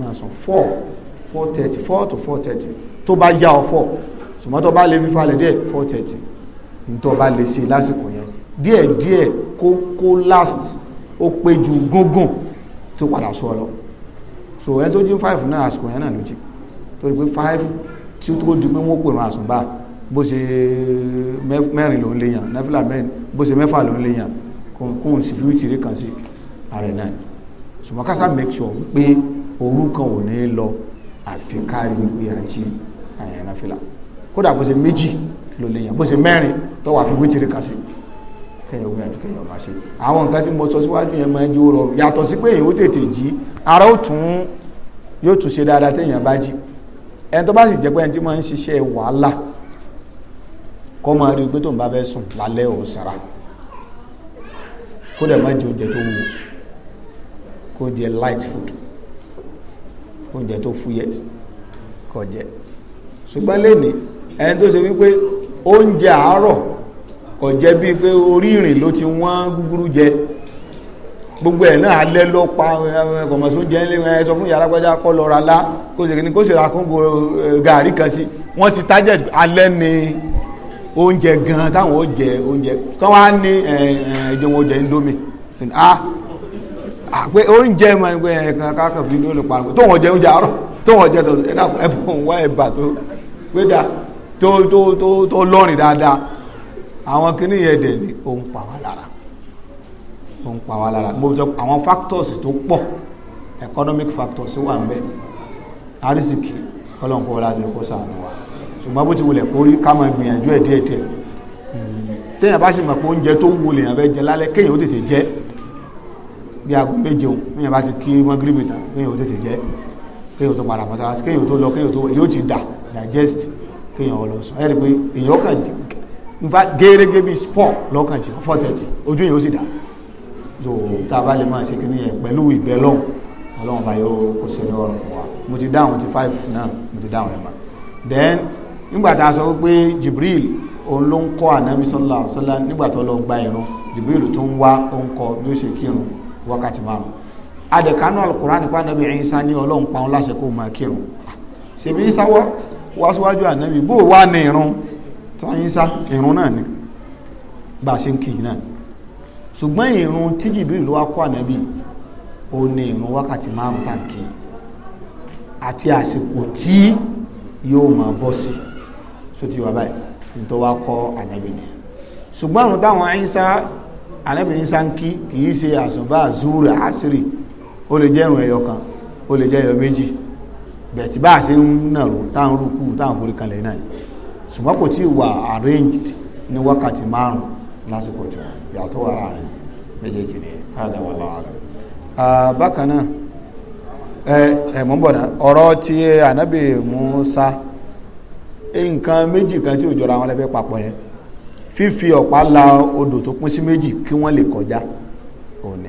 máa sùn four four thirty to four thirty tó bá yá ọ fọ ṣùgbọ́n tó bá lè fífa lẹ̀ díẹ̀ four thirty nítorí ọba lè ṣe lásìkò yẹn díẹ̀ díẹ̀ kó kó last ó pé ju gúngùn tó padà sọ lọ so ẹni tó jí five náà àsìkò yẹn náà ló jí torí pé five tí ó tó di pé wọ́n pè wọn àsùnbà bó ṣe mẹ́rin ló ń lè yàn náfìlà mẹ́rin bó ṣe mẹ́fà ló ń lè yàn kóhùn sí fíwìtì rí kan sí ààrẹ náà ṣùgbọ́n kásá make sure pé orú kan ò ní lọ àfikárí wípé àyàn nàfìlà kódà bó ṣe méjì ló lè yàn bó ṣe mẹ́rin tó wà fi wítìrì kà sí kẹyìn omi àti kẹyìn ọba ṣe àwọn nǹkan tí mo sọ síwájú yẹn máa ń jó rọrùn yàtọ̀ sí pé èyí ó tètè jí ara ó tún yóò tún ṣe dáadáa téèyàn bá jí ẹni tó bá sì jẹ́ pé ẹni tí máa ń ṣiṣẹ́ wàhálà kọ́ máa rí i pé tóun bá fẹ́ sùn lálẹ́ ò sára kó má jẹ oúnjẹ tó wúwo kó jẹ light food oúnjẹ tó fúyẹ́ kó jẹ ṣùgbọ́n lẹ́ni ẹni tó ṣe wípé oúnjẹ àárọ̀ kò jẹ́ bíi pé orí ìrìn ló ti wọ́n gúgúrú jẹ gbogbo ẹ̀ náà alẹ́ ló pa ọmọọmọ tó jẹ́ ńlẹ́ ẹ sọ fún yàrá gbọ́dá kọ́ lọ ra lá kó sì ní kó sì ra kóńgò gàárì kan sí wọ́n ti tájẹ̀ alẹ́ ni oúnjẹ gan táwọn ó jẹ oúnjẹ kán wá ní ẹ̀ẹ́dẹ̀wọ̀n oúnjẹ indomie pé oúnjẹ mọ̀ ẹ̀ẹ́dẹ̀kan káàkiri ló lè parọ́ tóun ọ̀jẹ̀ oúnjẹ àárọ̀ tóun ọ̀jẹ̀ tó ẹ̀dá ẹ̀bùn wá ẹ̀bà tó pé dà tó tó tó tó lọ́rìn dáadáa àwọn kìíní yẹn dẹ̀ ni ó ń pa wá lára ó ń pa wá lára mo jọ àwọn factors tó pọ̀ economic factors wà ń bẹ arísìkì ọlọ́run kó wọlé àti ẹ̀kọ́ sàánú wa ṣùgbọ́n bó ti wulẹ̀ kó rí ká máa gbìyànjú ẹ̀ díẹ̀ díẹ̀ téèyàn bá sì mọ̀ pé oúnjẹ tó wù lèèyàn fẹ́ jẹ lálẹ́ kéèyàn ó tètè jẹ bí aago méje òun kéèyàn bá ti kí mọ́gírìbìtà kéèyàn ó tètè jẹ kéèyàn tó padà mọ́tàlá kéèyàn tó lọ kéèyàn tó yóò ti dà digest kéèyàn ọ lọ sùn ẹ rí i pé èèyàn kàn jí nfa gẹ́gẹ́ bíi four lọ́kàn jí four thirty ojú yẹn ó sì dá so tá a bá lè máa ṣe kí nìyẹn pẹ̀lú ìbẹ́ lọ́hùn ọlọ́run bá yóò kó sẹ́ni ọ̀rọ̀ wa mo ti dáhùn ti five náà mo ti dáhùn ẹ̀ mà then nígbà tá a sọ pé Jibril òun ló ń kọ́ ànábi sọ́lá sọ́lá nígbà tó lọ gba ìrun Jibril tó ń wá ó ń kọ́ bí ó ṣe kírun wákàtí márùn adẹ̀kánú alukura nípa ànábi Ìsá ní ọlọ́run pa òun láṣẹ kó máa kírun ṣèbí sáwọ́ wá síwájú ànábì bó wà ní irun tọ́yínsá irun náà ni bá a ṣe ń kì í náà ṣùgbọ́n irun tí jìbìrì ló wá kọ́ ànábì ó ní irun wákàtí máa ń tàǹkì àti àsìkò tí yóò máa bọ́ sí tó ti wà báyìí nítorí wá kọ́ ànábì nìyẹn ṣùgbọ́n àwọn táwọn àyínsá ànábì ń kí kì í ṣe àsùnbà zúrù àsìrì ó lè jẹ́ irun ẹ̀yọ kan ó lè jẹ́ ẹ̀yọ méjì bẹ̀tì bá a ṣe ń nàró táwọn rúkú táwọn forí kanlẹ̀ náà ṣùgbọ́n kò tí ì wà ní wákàtí márùn lásìkò tó yàtọ̀ méjèèjì ni bákan náà ẹ mọ̀ ọ̀rọ̀ kan tí wọn lẹ́fẹ̀ẹ́ papọ̀ yẹn fífi ọ̀pá la odò tó pín sí méjì kí wọ́n lè kọjá òní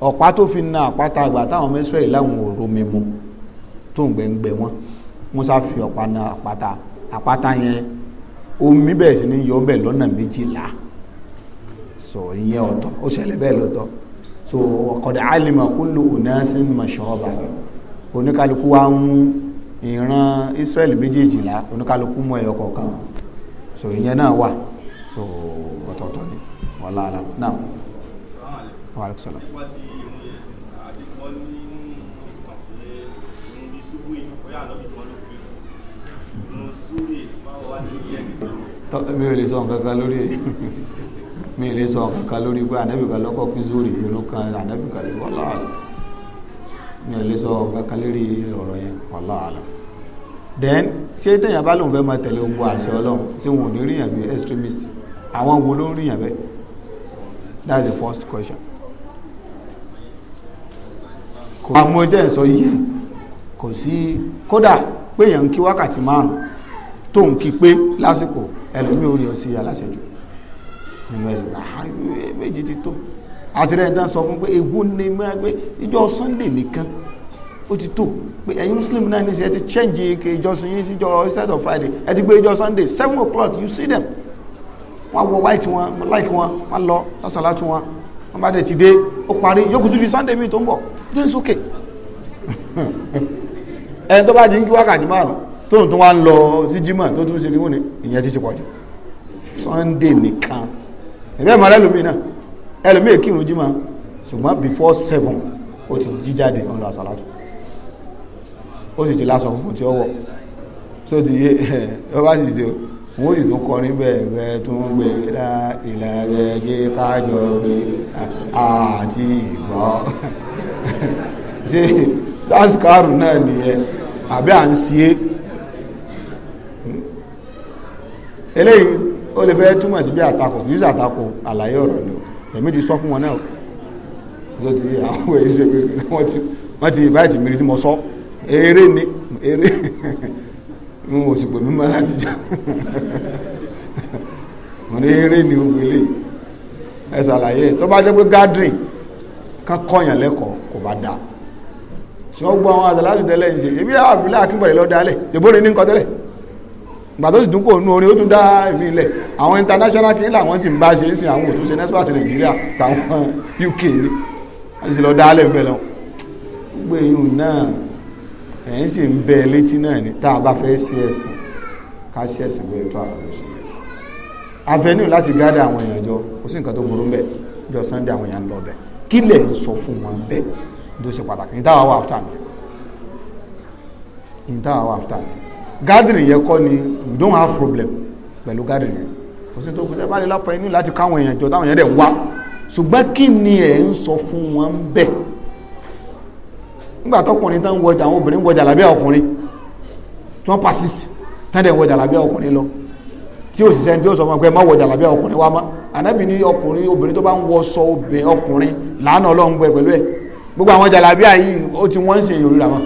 ọ̀pá tó fi na àpáta àgbà táwọn tó ń gbẹ̀ngbẹ̀ wọn musa fi ọ̀pá na àpáta àpáta yẹn omi bẹ́ẹ̀ sì ni yọ bẹ́ẹ̀ lọ́nà méjìlá so ìyẹn ọ̀tọ̀ ó ṣẹlẹ̀ bẹ́ẹ̀ lọ́tọ̀ so ọ̀kọ̀dẹ̀ alima kullu unasin mashọ́ba oníkálukú wa ń mú ìran Israel méjèèjìlá oníkálukú mú ẹyọ kọ̀ọ̀kan so ìyẹn náà wà so ọ̀tọ̀ọ̀tọ̀ ni wọ́n lára náà wàhálà sọ̀rọ̀. mi ò lè sọ nǹkan kan lórí mi ò lè sọ nǹkan kan lórí pé ànábì kan lọ́kọ̀ pín sórí irun kan ànábì kan lọ́kọ̀ láàrín mi ò lè sọ nǹkan kan lórí ọ̀rọ̀ yẹn wàláàlá then ṣé tẹ̀yà bá lòun fẹ́ máa tẹ̀lé gbogbo àṣẹ ọlọ́run tí wọn ò ní ríyàn bí extremist àwọn wo ló ń ríyàn bẹ́ẹ̀ that's the first question. kò àmọ́ jẹ́ ń yìí kò sí kódà péyàn ń kí wákàtí márùn tó ń kí pé lásìkò ẹlòmíì orí ọsí aláṣẹjù nínú ẹsẹ méjì ti tó àtìrẹ ìdán sọ fún pé ewu ni máa gbé ìjọ sunday nìkan ó ti tó pé ẹ̀yin muslim náà ní sí ti change ike ìjọsìn yín síjọ instead of friday ẹ ti gbé ìjọ sunday seven o'clock you see them wọ́n wọ white wọn like wọn wọ́n lọ lọ́sàlátù wọn wọ́n bá dẹ̀ ti dé ó parí yókùtù di sunday mi tó ń bọ̀ this okay ẹni tó bá di ń kí wákàtí márùn tó tún wá ń lọ sí jimá tó tún ṣe kí wọ́n ní ìyẹn ti ti pọ̀jù sunday nìkan ẹ̀bẹ́ ìmọ̀ ẹlòmíì náà ẹlòmíì kírun jimá ṣùgbọ́n before seven ó ti jí jáde ọ̀nà àsàlátù ó sì ti lásọ fún ti ọwọ́ so ti yé ẹ ọ bá sì ṣe o wọ́n sì tún kọrin bẹ́ẹ̀ bẹ́ tún gbé lá ìlàrẹ jẹ́ kájọ gbé àti ìgbọ́ ṣe azkaru náà nìyẹn àbí à ń sié eléyìí ó lè fẹ́ túmọ̀ sí bí àtakò kì í ṣe àtakò àlàyé ọ̀rọ̀ ni èmi ti sọ fún wọn náà ó ti àwọn èyí ṣe pé wọ́n ti ìbáyìí mi rí tí mo sọ eré ni eré mo ò sì pè mí mọ́ láti jà mo ní eré ni gbogbo eléyìí ẹ ṣàlàyé tó bá jẹ́ pé gádìrín kan kọ́yàn lẹ́kọ̀ọ́ kò bá dáa ṣe ó gbọ́ àwọn àṣàlátù tẹ́lẹ̀ ń ṣe ebi àbílẹ̀ akínbọ̀lẹ̀ lọ dálẹ̀ ṣèbóni ní nǹkan tẹ́lẹ̀ ìgbà tó sì dúnkò nú orin ó tún dá èmi ilẹ̀ àwọn international kí làwọn sì ń bá ṣe é sìn àwọn òṣìṣẹ́ nẹ́sípàtì nàìjíríà táwọn uk ni wọ́n sì lọ dálẹ̀ ń bẹ̀ lọ gbogbo èèyàn náà ẹ̀yìn sì ń bẹ létí náà ni tá a bá fẹ́ ṣe ẹ̀sìn ká ṣe ẹ̀sìn bẹ́ẹ̀ tó àwọn òṣìṣẹ́ avenue láti gádà àwọn èèyàn jọ kò sí nǹkan tó burú ń bẹ̀ jọ sunday àwọn èèyàn lọ bẹ̀ kílẹ̀ ń sọ fún wọn bẹ́ẹ̀ tó ṣe pàtàkì ní táwa wà áfítà ni ní táwa wà áfítà ni gathering yẹn kọ́ ni we don't have problem pẹ̀lú gathering yẹn kò sí tó kù ẹ bá lè láfa inú láti káwọn èèyàn jọ táwọn èèyàn dẹ̀ wá ṣùgbọ́n kí ni ẹ̀ ń sọ fún wọn bẹ́ẹ̀ nígbà tọkùnrin tán ń wọjà àwọn obìnrin ń wọjà lábẹ́ ọkùnrin tí wọ́n persist tán dẹ̀ ń wọjà lábẹ́ ọkùnrin lọ tí òṣìṣẹ́ tí ó sọ fún ẹgbẹ́ má wọjà lábẹ́ ọkùnrin wa mọ́ ànábì ní ọkùnrin obìnrin tó bá ń wọṣọ obìnrin ọkùnrin làánà ọlọ́run gbẹ pẹ̀lú ẹ̀ gbogbo àwọn jàlábíà yìí ó ti wọ́n ń ṣe yòrò rà wọn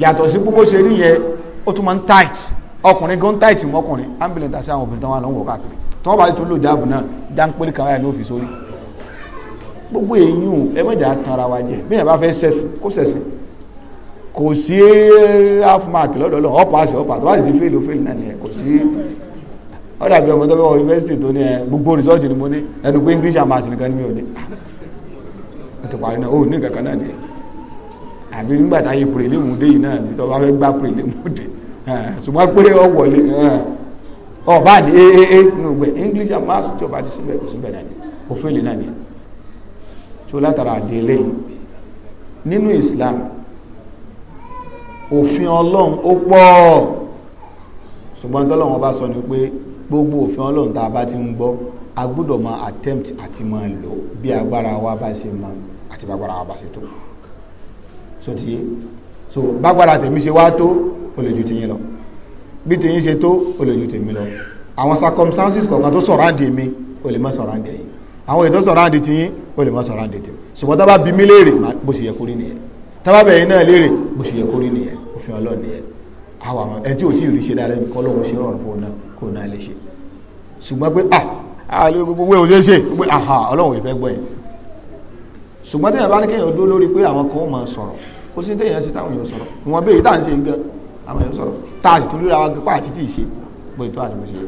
yàtọ̀ sí gbogbo ṣe rí yẹn ó tún ń tight ọkùnrin gan tight mọ́kùnrin ambulance àti àwọn obìnrin tó wà lọ́wọ́ káàkiri tí wọ́n bá tún lò dáàbò náà dáńpẹ́lì kan wáyà ní òfin sórí gbogbo èyún ẹ mọ̀jà tan ara wa jẹ bí yẹn bá fẹ́ sẹ̀sìn kó sẹ̀sìn kò sí half mark lọ́dọ̀ lọ́wọ́ ọ̀pá àti ọ̀pá ti fail fail náà nìyẹn kò sí ó dàbí ọmọ tó fẹ́ wọ yunifásitì tó ní ẹ gbogbo rìsọ́ọ̀tì ni mo ní ẹnu pé english and maths nìkan ni mi ò ní ó ti parí náà ó ní kankan náà ni àbí nígbà táyé pèrèlémù dé yìí náà ni tó bá fẹ́ gbá pèrèlémù dé ṣùgbọ́n pé ọ wọlé ọba ní aaa ní ògbẹ english and maths tí o bá ti síbẹ̀ kò síbẹ̀ náà ni òfin lè náà ni tí látara àdélé nínú islam òfin ọlọ́run ó pọ̀ ṣùgbọ́n tọ́lọ́run ọba sọ ni pé gbogbo òfin ọlọ́run tá a bá ti ń gbọ́ a gbọ́dọ̀ máa attempt àti máa lò bí agbára wa bá ṣe mọ àti bágbára wa bá ṣe tó so ti yé so bágbára tèmi ṣe wá tó ó lè ju tiyín lọ bí tiyín ṣe tó ó lè ju tèmi lọ àwọn circumstances kọ̀ọ̀kan tó sọ̀ráǹdì mi o lè má sọ̀ráǹdì ẹ̀yìn àwọn ètò sọ̀ráǹdì tiyín ó lè má sọ̀ráǹdì tèmi ṣùgbọ́n tábà bí mi léèrè bó ṣe yẹ kó rí nìyẹn tábà bẹ̀yìn náà léèrè bó ṣe yẹ kó nìyẹn òfin ọlọ́run nìyẹn àwọn àmọ́ ẹni tí ò tí ì rí ṣe dáadáa ní kọ́lọ́hún ṣe rọrùn fún náà kó náà lè ṣe ṣùgbọ́n pé à ah, àlè gbogbo wé ò lè ṣe pé àhà ọlọ́run ìfẹ́ gbọ́ yẹn ṣùgbọ́n téèyàn bá ní kéèyàn dúró lórí pé àwọn kan ó máa sọ̀rọ̀ ó sì ń téèyàn sí táwọn èèyàn sọ̀rọ̀ ìwọ̀n bẹ́ẹ̀ tá à ń ṣe nǹkan àwọn èèyàn sọ̀rọ̀ tá a sì tún lóra pé àti tí ì ṣe pé ètò àti bó ṣe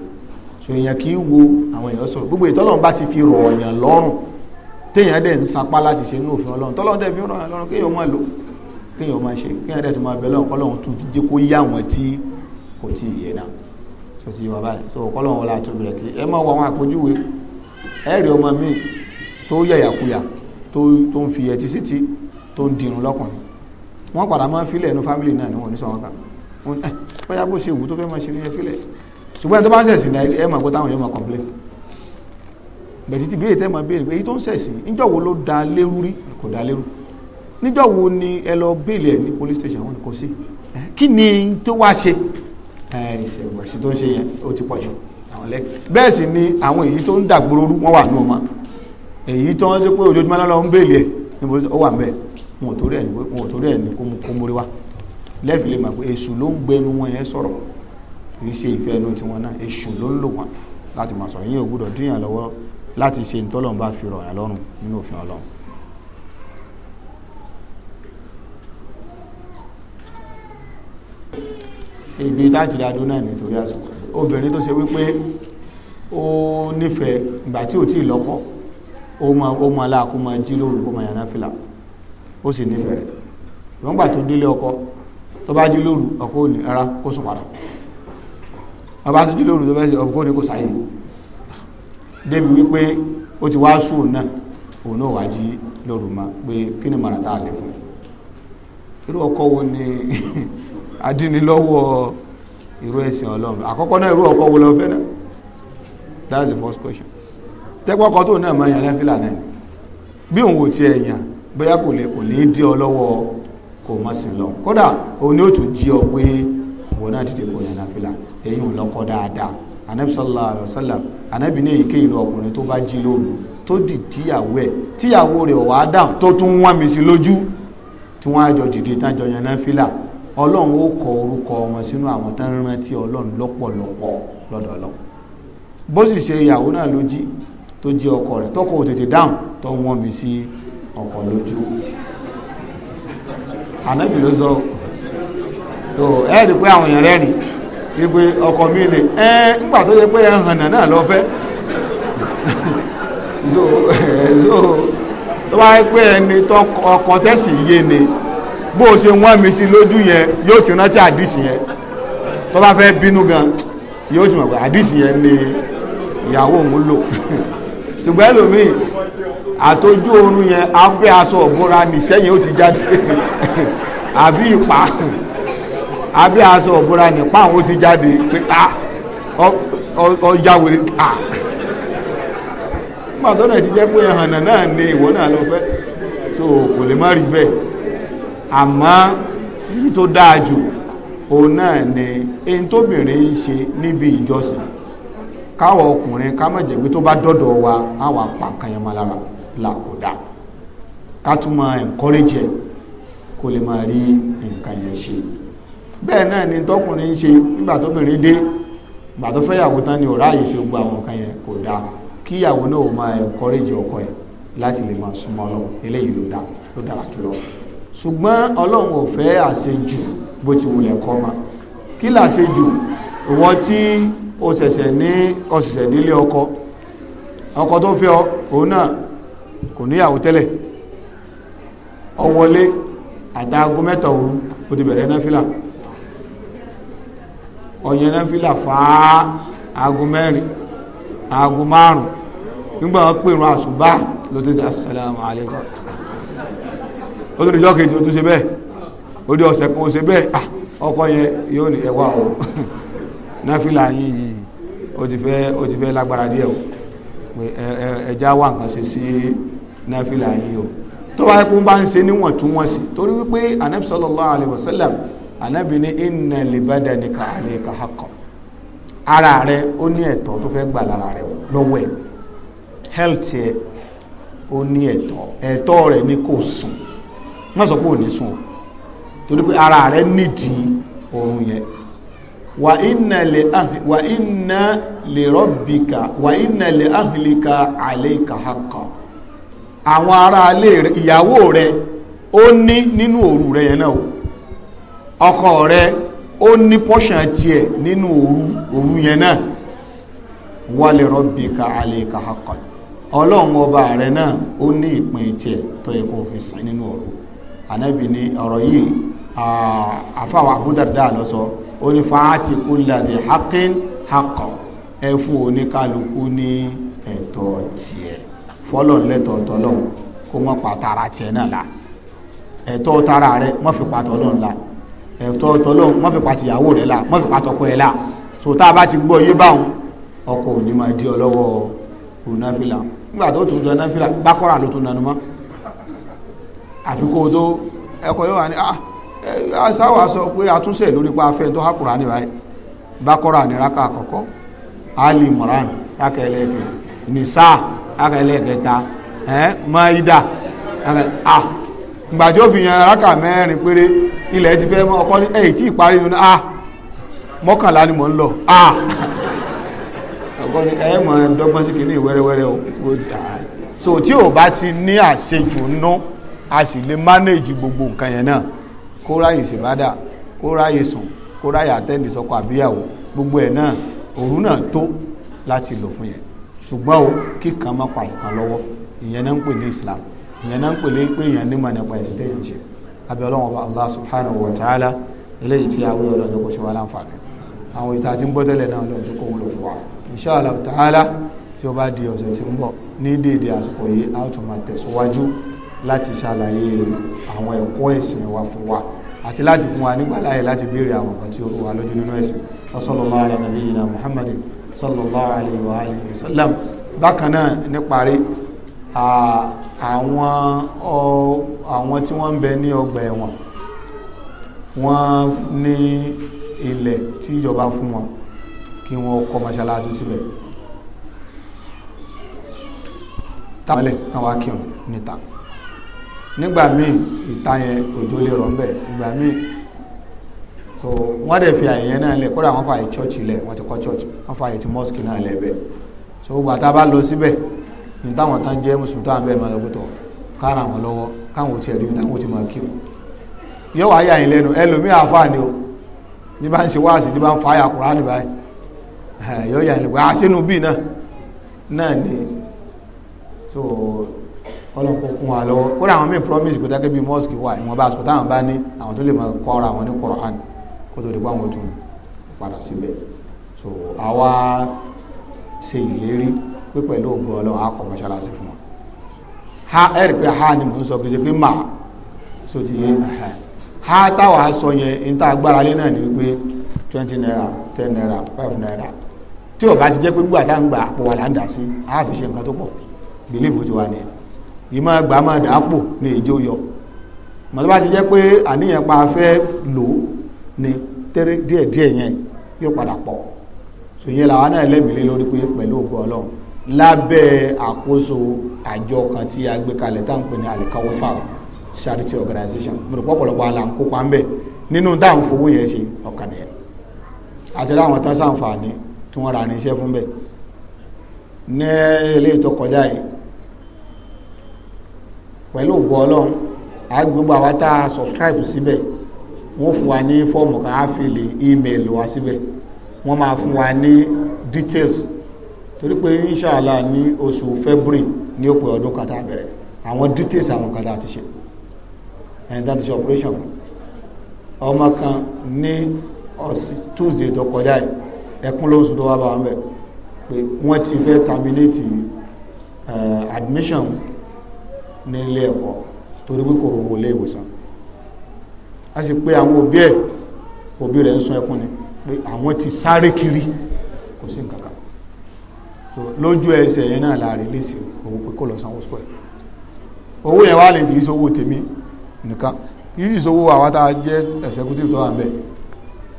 ṣò èèyàn kì í wo àwọn èèyàn sọ̀rọ̀ gbogbo ètò ọlọ́run bá ti fi rọ̀ ọ̀yàn lọ́rùn téèyàn dẹ̀ ń sapá láti ṣe ní òfin ọlọ́run tọ́lọ́run dẹ̀ fi rọ̀ ọ̀yàn lọ́rùn kéèyàn máa lò kéèyàn máa ṣe kéèyàn dẹ̀ tó máa bẹ̀lẹ̀ ọ̀kọ́lọ́hún tó jẹ́ kó yá wọn tí kò tí ì yẹ náà tó ti wà báyìí tó ọ̀kọ́lọ́hún wọlé àti obìnrin kì í ẹ máa wọ àwọn àpèjúwe ẹ rí ọmọ míì tó yẹ̀yàkuyà tó ń fi ẹtí sétí tó ń dirun lọ́kùnrin wọ́n padà máa ń filẹ̀ inú fámìlì náà ni wọ́n ní sọ̀rọ̀ kan eh, bóyá bó ṣe wù tó fẹ́ máa ṣe níyẹn filẹ̀ ṣùgbọ́n tó bá ń ṣẹ̀sìn náà ẹ máa gbọ́ táwọn yóò máa complain níjọ́ wo ni ẹ lọ bẹ́ẹ̀lì ẹ̀ ní police station wọn kò sí kí ni tó wá ṣe ìṣẹ̀wẹ̀sì tó ń ṣe yẹn ó ti pọ̀ àwọn lẹ́k bẹ́ẹ̀ sì ni àwọn èyí tó ń dàgbòrò rú wọ́n wà ní ọmọ èyí tó ń pé ojoojúmọ́ lọ́lọ́ ń bẹ́ẹ̀lì ẹ̀ níbo ó wà mẹ́ẹ̀ wọn ò torí ẹ̀ ní wọn ò torí ẹ̀ ní kó mórí wá lẹ́ẹ̀fì lè mọ̀ pé èṣù ló ń gbẹnu wọn yẹn sọ̀rọ̀ kì í ṣe ìfẹ́ ẹnu tiwọn náà èṣù ló ń lò wọn láti máa sọ̀rọ̀ yín ò gbúdọ̀ díyàn lọ́wọ́ láti ṣe ìtọ́lọ́run bá fi rọ̀ yàn lọ́rùn nínú òfin ọlọ́run ibi láti adó náà nítorí àsìkò obìnrin tó ṣe wípé ó nífẹ̀ẹ́ ìgbà tí ò tí ì lọ́kọ ó mọ ó mọ aláàkó máa jí lóru kó máa yànnà fìlà ó sì nífẹ̀ẹ́ rẹ̀ ìwọ̀n gbà tó délé ọkọ tó bá jí lóru ọkọ ò ní ara kó sùn padà ọba tó jí lóru tó fẹ́ ṣe ọkọ ò ní kò sáyé débi wípé ó ti wá sùn náà òun náà wá jí lóru ma pé kí ni màrà tá a lè fún ọkọ wo ni adínilọ́wọ́ irú ẹ̀sìn ọlọ́run àkọ́kọ́ náà irú ọkọ wo lọ fẹ́ náà that's the first question tẹ́pọ̀kọ́ tó náà máa yàn lẹ́fìlà náà bí òun ò ti ẹ̀yàn bóyá kò lè kò ní dí ọ lọ́wọ́ kò mọ̀ sí lọ kódà òun ni ó tún jí ọ pé òun náà dìde kò yàn lẹ́fìlà èyí ò lọ́kọ́ dáadáa anabi sallallahu alayhi wa sallam anabi ní èyíkéyìí ọkùnrin tó bá jí lóru tó dì tíyàwó ẹ̀ tíyàwó rẹ̀ wàá dáhùn tó tún wọ́n mi sí lójú tí wọ́n á jọ dìde tájọ yàn lẹ́fìlà ọlọ́run ó kọ orúkọ wọn sínú àwọn tán rántí ọlọ́run lọ́pọ̀lọpọ̀ lọ́dọ̀ ọlọ́run bó sì ṣe ìyàwó náà ló jí tó jí ọkọ rẹ̀ tọkọ ò tètè dáhùn tó ń wọ́n mi sí ọkọ lójú ànábì ló sọ tó ẹ rí pé àwọn èèyàn rẹ́rìn wípé ọkọ mi lè ẹ nígbà tó yẹ pé ẹ hànà náà lọ fẹ́ tó bá yẹ pé ẹni tó ọkọ tẹ̀sí yé ni bó o ṣe wọ́n mi sí lójú yẹn yóò ti rántí àdìsí yẹn tó bá fẹ́ bínú gan yóò ti mọ̀ pé àdìsí yẹn ni ìyàwó òun lò ṣùgbọ́n ẹlòmíì àtọ́jú oorun yẹn abẹ́ aṣọ òbúra nìṣẹ́ yẹn ó ti jáde àbí ìpá abẹ́ aṣọ òbúra nípa àwọn ó ti jáde pé ọjà wèrè à nígbà tó náà ti jẹ́ pé ẹ̀hànà náà ni ìwọ náà lọ fẹ́ tó kò lè má rí bẹ́ẹ̀. àmọ́ èyí tó dáa jù náà ni èyí tóbìnrin ń ṣe níbi ìjọsìn ọkùnrin ká tó bá dọ́dọ̀ wa àwọn apàkànyẹmọ lára làkòdá ká tún máa encourage ẹ̀ kó lè máa rí nǹkan yẹn ṣe bẹ́ẹ̀ náà ni tọkùnrin ń ṣe nígbà dé ni ọ̀rá àyè ṣe gbogbo àwọn nǹkan yẹn kò dáa kíyàwó náà máa encourage ọkọ ẹ̀ láti ṣùgbọ́n ọlọ́run ò fẹ́ àṣejù bó ti wulẹ̀ kọ́ ma kí làṣejù ìwọ tí o ṣẹ̀ṣẹ̀ ní o ṣẹ̀ṣẹ̀ nílé ọkọ ọkọ tó fẹ́ ọ òun náà kò níyàwó tẹ́lẹ̀ ọ wọlé àtàgó mẹ́ta òru o ti bẹ̀rẹ̀ náfìlà ọ̀yẹn náfìlà fàá aago mẹ́rin aago márùn-ún nígbà wọn pèrún àṣùbà ló ti sàlámù aláìkùm ó tó níjọ́ kejì ó tún ṣe bẹ́ẹ̀ ó dé ọ̀sẹ̀ kan ó ṣe bẹ́ẹ̀ à ah, ọkọ yẹn yóò ní ẹwà o náfìlà yín yìí ó ti fẹ́ ó ti fẹ́ lágbára díẹ̀ o ẹja wà nǹkan ṣe sí náfìlà yín o tó wáyé kó bá ń ṣe níwọ̀ntúnwọ̀nsì torí wípé anabi sallallahu alayhi wa sallam anabi ní inna li badanika alayka haqqan ara rẹ ó ní ẹ̀tọ́ tó fẹ́ gbà lára rẹ lọ́wọ́ ẹ̀ health ẹ̀ ó ní ẹ̀tọ́ ẹ̀tọ́ rẹ̀ ni kò sùn má sọ pé ò torí pé ara rẹ nídìí oorun yẹn wà iná lè rọ́bìkà wà iná lè àwọn ará rẹ ìyàwó rẹ ó ní nínú òru rẹ yẹn náà ọkọ rẹ ó ní pọ́ṣán tiẹ̀ nínú òru yẹn náà wà lè rọ́bìkà àlẹ́kà hàkà ọlọ́run ọba rẹ náà ó ní ìpín fi sàn nínú òru anabi ni ọ̀rọ̀ yìí àfàwọn àbúdàdà lọ́sọ ó ní fàátì kúlàdì haqqin hakọ ẹ fún oníkálukú ní ẹ̀tọ́ tiẹ̀ fọlọ́n lẹ́tọ̀ tọlọ́hún kó mọ́ pàtàrà tiẹ̀ náà la ẹ̀tọ́ tara rẹ mọ́ fi pàtọ́ lọ́n la ẹ̀tọ́ tọlọ́hún mọ́ fi pàtìyàwó rẹ la mọ́ fi pàtọ́kọ ẹ la so tá a bá ti gbọ́ yé báwọn ọkọ̀ òní máa di ọ lọ́wọ́ onáfílà nígbà tó tún dán náfílà bákọ́rà ló tún dánú mọ́ àfikò tó ẹkọ yóò wà ní àṣàwà sọ pé àtúnṣe lórí pa afẹ́ tó hákùrà ní báyìí bákọ́rà ní rákà àkọ́kọ́ ali moran n'isa ẹlẹ́ẹ̀kẹ́ nìsá rákà ẹ maida ah, gbàjọ́ fi yan rákà mẹ́rin péré ilẹ̀ ti fẹ́ ọkọ́ ní ẹ̀yìn tí ìparí ah, lọ ah. ọkọ́ ní ẹ̀ ẹ̀ dọ́gbọ́n o so tí ò bá a sì lè manage gbogbo nǹkan yẹn náà kó ráyè ṣèbádà kó ráyè sùn kó ráyè àtẹ́ǹdì sọ́kọ àbíyàwó gbogbo ẹ̀ náà òru náà tó láti lò fún yẹn ṣùgbọ́n o kíkan má pa ìkan lọ́wọ́ ìyẹn náà ń pè ní Islam ìyẹn náà ń pè ní pé èèyàn nímọ̀ nípa ẹ̀sìn téèyàn ṣe abẹ́ ọlọ́run ọba Allah subhanahu wa ta'ala eléyìí tí àwọn ọlọ́run kò ṣe wá láǹfààní àwọn ìta tí ń bọ́ tẹ́lẹ̀ náà lọ́jọ́ kó wúlò fún wa insha Allah ta'ala tí ó bá di ọ̀sẹ̀ tí ń bọ̀ ní déédéé àsìkò yìí a tún máa tẹ̀síwájú láti ṣàlàyé àwọn ẹ̀kọ́ ẹ̀sìn wa fún wa àti láti fún wa nígbà láàyè láti béèrè àwọn nǹkan tí ó wà lójú nínú ẹ̀sìn wa sallallahu ala nabiyyina muhammadin sallallahu alayhi wa sallam bákan náà níparí àwọn àwọn tí wọ́n ń bẹ ní ọgbà ẹ̀wọ̀n wọ́n ní ilẹ̀ tí ìjọba fún wọn kí wọ́n kọ́ mọ́ṣáláṣí síbẹ̀ tàbálẹ̀ àwọn akíọ̀n níta nígbà míì ìta yẹn òjò lè rọ̀ ńbẹ̀ ìgbà míì so wọ́n dẹ̀ fi àyè yẹn náà lẹ̀ kódà wọ́n fa àyè chọ́ọ̀chì lẹ̀ wọ́n ti kọ́ chọ́ọ̀chì wọ́n fa àyè ti mọ́sìkì náà lẹ̀ bẹ́ẹ̀ so gbà tá a bá lọ síbẹ̀ ní táwọn tán jẹ́ mùsùlùmí táwọn bẹ́ẹ̀ máa lọ́gbọ́tọ̀ kára wọn lọ́wọ́ káwọn ò tiẹ̀ rí táwọn ò ti máa kí o yóò wáyà yín lẹ́nu ẹlòmíì àfààní o ní bá ń ṣe wáàsí ní bá ń fa àyà Kùránì báyìí yóò yà yín lẹ́nu àṣẹ́nu ah, bíi kọ́lọ́kọ́ kún wa lọ́wọ́ kódà àwọn míì promise kò dákẹ́ bíi mosque wà ìwọ̀n bá aṣọ táwọn bá ní àwọn tó lè máa kọ́ ara wọn ní Quran kó tó di pé àwọn tún padà síbẹ̀ so àwa ṣe ìlérí pé pẹ̀lú ògbó ọlọ́run á kọ́ mọ́ṣáláṣí fún wọn ha ẹ rí pé ha ni mò ń sọ kejì pé mà so ti yé ha táwa sọ yẹn ní tá a gbára lé náà ni wípé twenty naira ten naira five naira tí ò bá ti jẹ́ pé gbogbo àtàǹgbà àpò wà láǹdà sí a fi ṣe nǹkan tó pọ̀ bìlíìfù ti wà nìyẹn ìmọ̀ ẹgbà máa dàápò ní èjì ó yọ mọ̀tọ́ bá ti jẹ́ pé àníyàn pa afẹ́ lò ní tẹ́rẹ́ díẹ̀díẹ̀ yẹn yóò padà pọ̀ sòyìn làwọn náà lẹ́mìí lórí pé pẹ̀lú òkú ọlọ́run lábẹ́ àkóso àjọ kan tí a gbé kalẹ̀ tá à pè ní alikawofa charity organization mo rò pọ̀pọ̀lọpọ̀ àlà ń kópa ń bẹ̀ nínú dáhùn fowó yẹn ṣe ọ̀kan nìyẹn àtẹ̀lé àwọn tá sàǹfààní tí wọ́n ra irinṣẹ́ fún bẹ́ẹ̀ ní ilé ìtọ́kọjá yìí pẹ̀lú ògbó ọlọ́run a gbogbo àwa tá a subscribe síbẹ̀ wọ́n fún wa ní fọ́ọ̀mù kan á fi lè email wa síbẹ̀ wọ́n máa fún wa ní details torí pé inṣàlá ní oṣù February ní òpin ọdún kata bẹ̀rẹ̀ àwọn details àwọn kata ti ṣe ẹni tá ti ṣe operation ọmọ kan ní ọ̀sì Tuesday tó kọjá yìí ẹkún ló ń sùn tó wá bá wọn bẹ̀ pé wọ́n ti fẹ́ terminate eh, admission ní ilé ẹ̀kọ́ torí pé kò rówó ilé ìwòsàn a sì pé àwọn òbí ẹ̀ òbí rẹ̀ ń sun ẹkún ni pé àwọn ti sáré kiri kò sí nǹkan kan lójú ẹsẹ̀ yẹn náà láàrin lè sí owó pé kò lọ sanwó square owó yẹn wá lè kìí sówó tèmi nìkan kìí sówó àwọn tá a jẹ́ executive tó wà bẹ́ẹ̀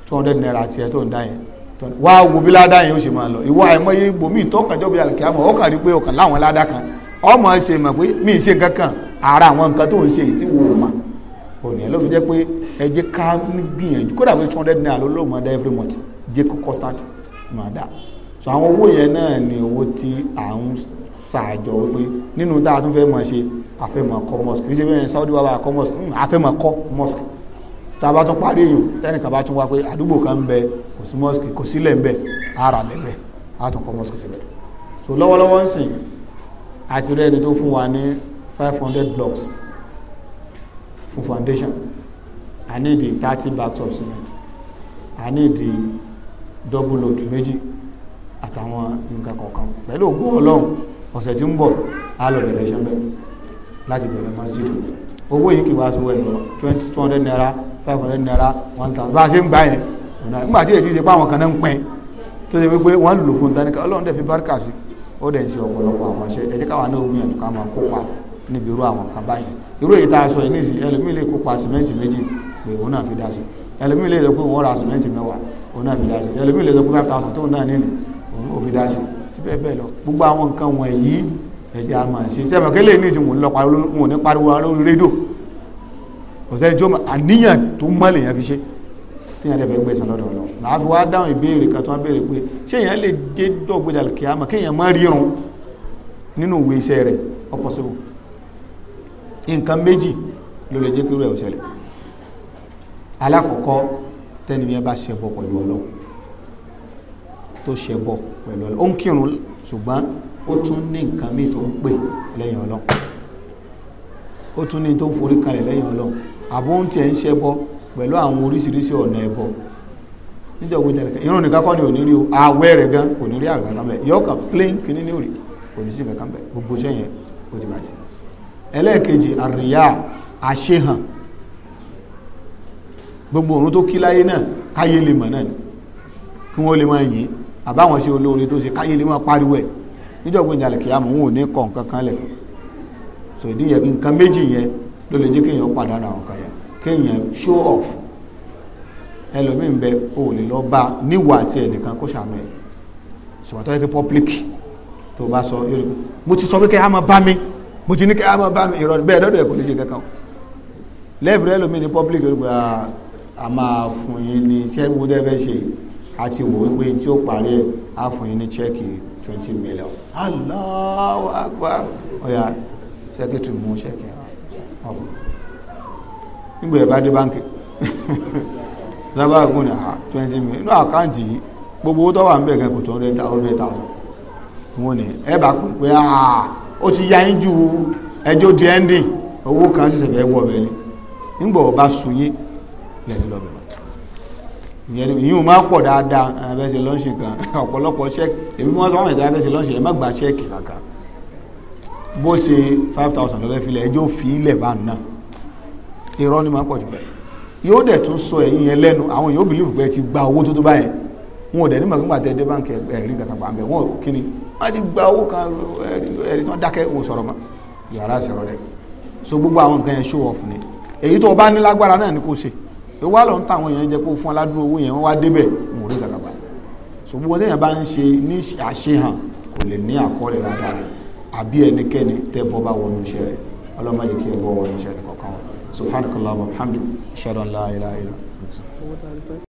two hundred naira tiẹ̀ tó ń dá yẹn wá wo bí ládá yẹn ó ṣe máa lọ ìwọ àìmọye ibòmíì tó kàjọ́ bí alẹ́ kí á mọ̀ ọ́ kàn rí pé ọ̀kan láwọn ládá kan ọmọ ṣe mọ̀ pé mi ṣe nǹkan kan ara àwọn nǹkan tó ń ṣe tí wò ó mà òní ẹ̀ ló fi jẹ́ pé ẹ jẹ́ ká gbìyànjú kódà pé two hundred naira ló lóun máa dá every month jẹ́ kó constant máa dá so àwọn owó yẹn náà ni owó tí à ń ṣàjọ wípé nínú tá a tún fẹ́ máa ṣe àfẹ́mọ̀ kọ́ mosque kì í ṣe bẹ́ẹ̀ Saudi wàhálà kọ́ mosque àfẹ́mọ̀ hmm, kọ́ mosque tá a bá tún parí èèyàn tẹ́nìkan bá tún wá pé àdúgbò kan ń bẹ kò sí mosque kò sílẹ̀ ń bẹ ara lẹ́bẹ̀ á tún kọ́ mosque síbẹ̀ so lọ́wọ́lọ́wọ́ ń sìn àti rẹ ẹni tó fún wa ní five hundred blocks for foundation i need thirty bags of cement i need double load méjì àtàwọn nǹkan kọ̀ọ̀kan pẹ̀lú ògùn ọlọ́run ọ̀sẹ̀ tí ń bọ̀ á lọ bẹ̀rẹ̀ iṣẹ́ bẹ́ẹ̀ láti bẹ̀rẹ̀ masjid owó yìí kì wá sí wẹ̀rọ twenty two hundred naira five hundred naira one thousand bá a ṣe ń gbà yẹn nígbà tí èyí ti ṣe pé àwọn kan náà ń pín tó ṣe wípé wọ́n lò fún tánìkà ọlọ́run dẹ̀ fi bárkà sí i ó dẹ̀ ń ṣe ọ̀pọ̀lọpọ̀ àwọn iṣẹ́ ẹ jẹ́ káwa náà gbìyànjú ká máa kópa níbi irú àwọn kan báyìí irú èyí tá a sọ yìí nísì ẹlòmíì lè kópa sìmẹ́ǹtì méjì pé òun náà fi dá sí ẹlòmíì lè sọ pé òun ra sìmẹ́ǹtì mẹ́wàá òun náà fi dá sí ẹlòmíì lè sọ pé five thousand tóun náà nílì òun ò fi dá sí ti bẹ́ẹ̀ bẹ́ẹ̀ lọ gbogbo àwọn nǹkan wọ̀nyí ẹ̀jẹ̀ a máa ṣe sẹ́mi ní ìsìn wọn ò ní pariwo lórí rédíò ọ̀sẹ̀ ìjọba àníyàn tó mọ́ lèèyàn fi ṣe tí yẹn dẹ̀fẹ̀ gbèsè lọ́dọ̀ ọ̀lọ́ làá fi wá dáhùn ìbéèrè kan tó wá béèrè pé ṣé èèyàn lè dé dọ̀gbẹ́dà kìámà kéèyàn má rírun nínú ìwé iṣẹ́ rẹ̀ ọ̀pọ̀sibò nǹkan méjì ló lè jẹ́ kí irú ẹ̀ ò ṣẹlẹ̀ alákọ̀ọ́kọ́ tẹ́niyẹn bá ṣẹbọ pẹ̀lú ọlọ́run tó ṣẹbọ pẹ̀lú ọlọ́run ó ń kírun ṣùgbọ́n ó tún ní nǹkan míì tó ń pè lẹ́yìn ọlọ́run ó tún ní tó ń forí kalẹ̀ lẹ́yìn ọlọ́run àbó tiẹ̀ ń ṣẹbọ pẹ̀lú àwọn oríṣiríṣi ọ̀nà ẹ̀bọ níjọ̀gbọ́n jẹ́lẹ̀kẹ́ irun nìkan kọ́ ni ò ní rí o àwẹ̀ rẹ̀ gan kò ní rí àgbà kan bẹ̀ yọkàn plain kìíní ní òrì kò ní sí nǹkan kan bẹ̀ gbogbo iṣẹ́ yẹn ó ti bàjẹ́ ẹlẹ́ẹ̀kejì àríyá àṣehàn gbogbo òun tó kí láyé náà káyé lè mọ̀ náà ni kí wọ́n lè máa yìn àbáwọn ṣe olóore tó ṣe káyé lè máa pariwo ẹ̀ níjọ̀gbọ́n jẹ́lẹ̀kẹ́ àmọ́ òun ò ní kọ̀ nǹkan kan lẹ̀ so ìdí yẹn nǹkan méjì yẹn ló lè jẹ́ kéèyàn padà àwọn kan yẹn kéèyàn show off ẹlòmíín bẹ o lè lọ bá níwà àti ẹnìkan kó sàmì ẹ sọ̀tọ́ yẹ kí public tó bá sọ yóò mo ti sọ pé kẹ́ ẹ máa bá mi mo ti ní kẹ́ ẹ máa bá mi ìrọ̀lẹ́ bẹ́ẹ̀ dọ́dọ̀ ẹ̀ kò ní ṣe kankan lẹ́ẹ̀bùrẹ́ ẹlòmíín ní public yóò gba a máa fún yín ní ṣẹ́gun dẹ́fẹ́ ṣe àti wò wípé tí ó parí ẹ̀ á fún yín ní ṣẹ́ẹ̀kì twenty million Allahu Akbar ọ̀yà ṣẹ́kì tún mú ṣẹ́kì ọ̀bùn nígbà ẹ̀ bá dé báńkì zabagun ni ah twenty million inú àkáǹtì yìí gbogbo owó tó wà ń bẹ̀ kẹ́kọ̀ọ́ tó ń rẹ̀ dáwọ́ bẹ́ẹ̀ tàwọn wọn ni ẹ bá pè pé ah ó ti ya yín ju ẹjọ́ di ending owó kan ṣẹ̀ṣẹ̀ fẹ́ wọ̀ bẹ́ẹ̀ ni nígbà ọba sùn yín lẹ́yìn lọ́bẹ̀ ìyún máa pọ̀ dáadáa abẹ́sẹ̀ lọ́ọ̀ṣì kan ọ̀pọ̀lọpọ̀ ṣẹ́ẹ̀kì èmi wọ́n sọ wọ́n ìdá abẹ́sẹ̀ lọ́ọ̀ṣì ẹ̀ má gba ṣẹ́ẹ̀kì kàkà bó ṣe five thousand lọ́fẹ́ filẹ̀ ẹjọ́ fi ilẹ̀ bá náà irọ́ ni máa pọ̀ jù bẹ́ẹ̀ yóò dẹ̀ tún sọ ẹ̀yìn yẹn lẹ́nu àwọn yóò bìlíwù pé ti gba owó tó tó báyẹn wọn ò dẹ̀ nígbà nígbà tẹ́ dé báńkì ẹ̀rí gàtà pa àbẹ̀ wọn ò kíni wọ́n ti gba owó kan ẹ̀rí tán dákẹ́ wọn sọ̀rọ̀ mọ́ yàrá sọ̀rọ̀ rẹ̀ so gbogbo àwọn nǹkan yẹn show off ni èyí tó o bá ní lágbára náà ni kò ṣe ìwà lọ ń ta àwọn èèyàn jẹ kó fún aládùn owó yẹn wọn wá débẹ̀ wọn ò rí gàtà pa so gbogbo téèyàn bá ń ṣe ní àṣehàn kò lè ní àkọọ́lẹ̀ rárá rẹ̀ àbí ẹnikẹ́ni tẹ́ bọ́ bá wọnú iṣẹ́ rẹ̀ ọlọ́mọ yìí kí ẹ bọ́ wọnú iṣẹ́ rẹ̀ subhanakallah wa bihamdik ashhadu an la ilaha illa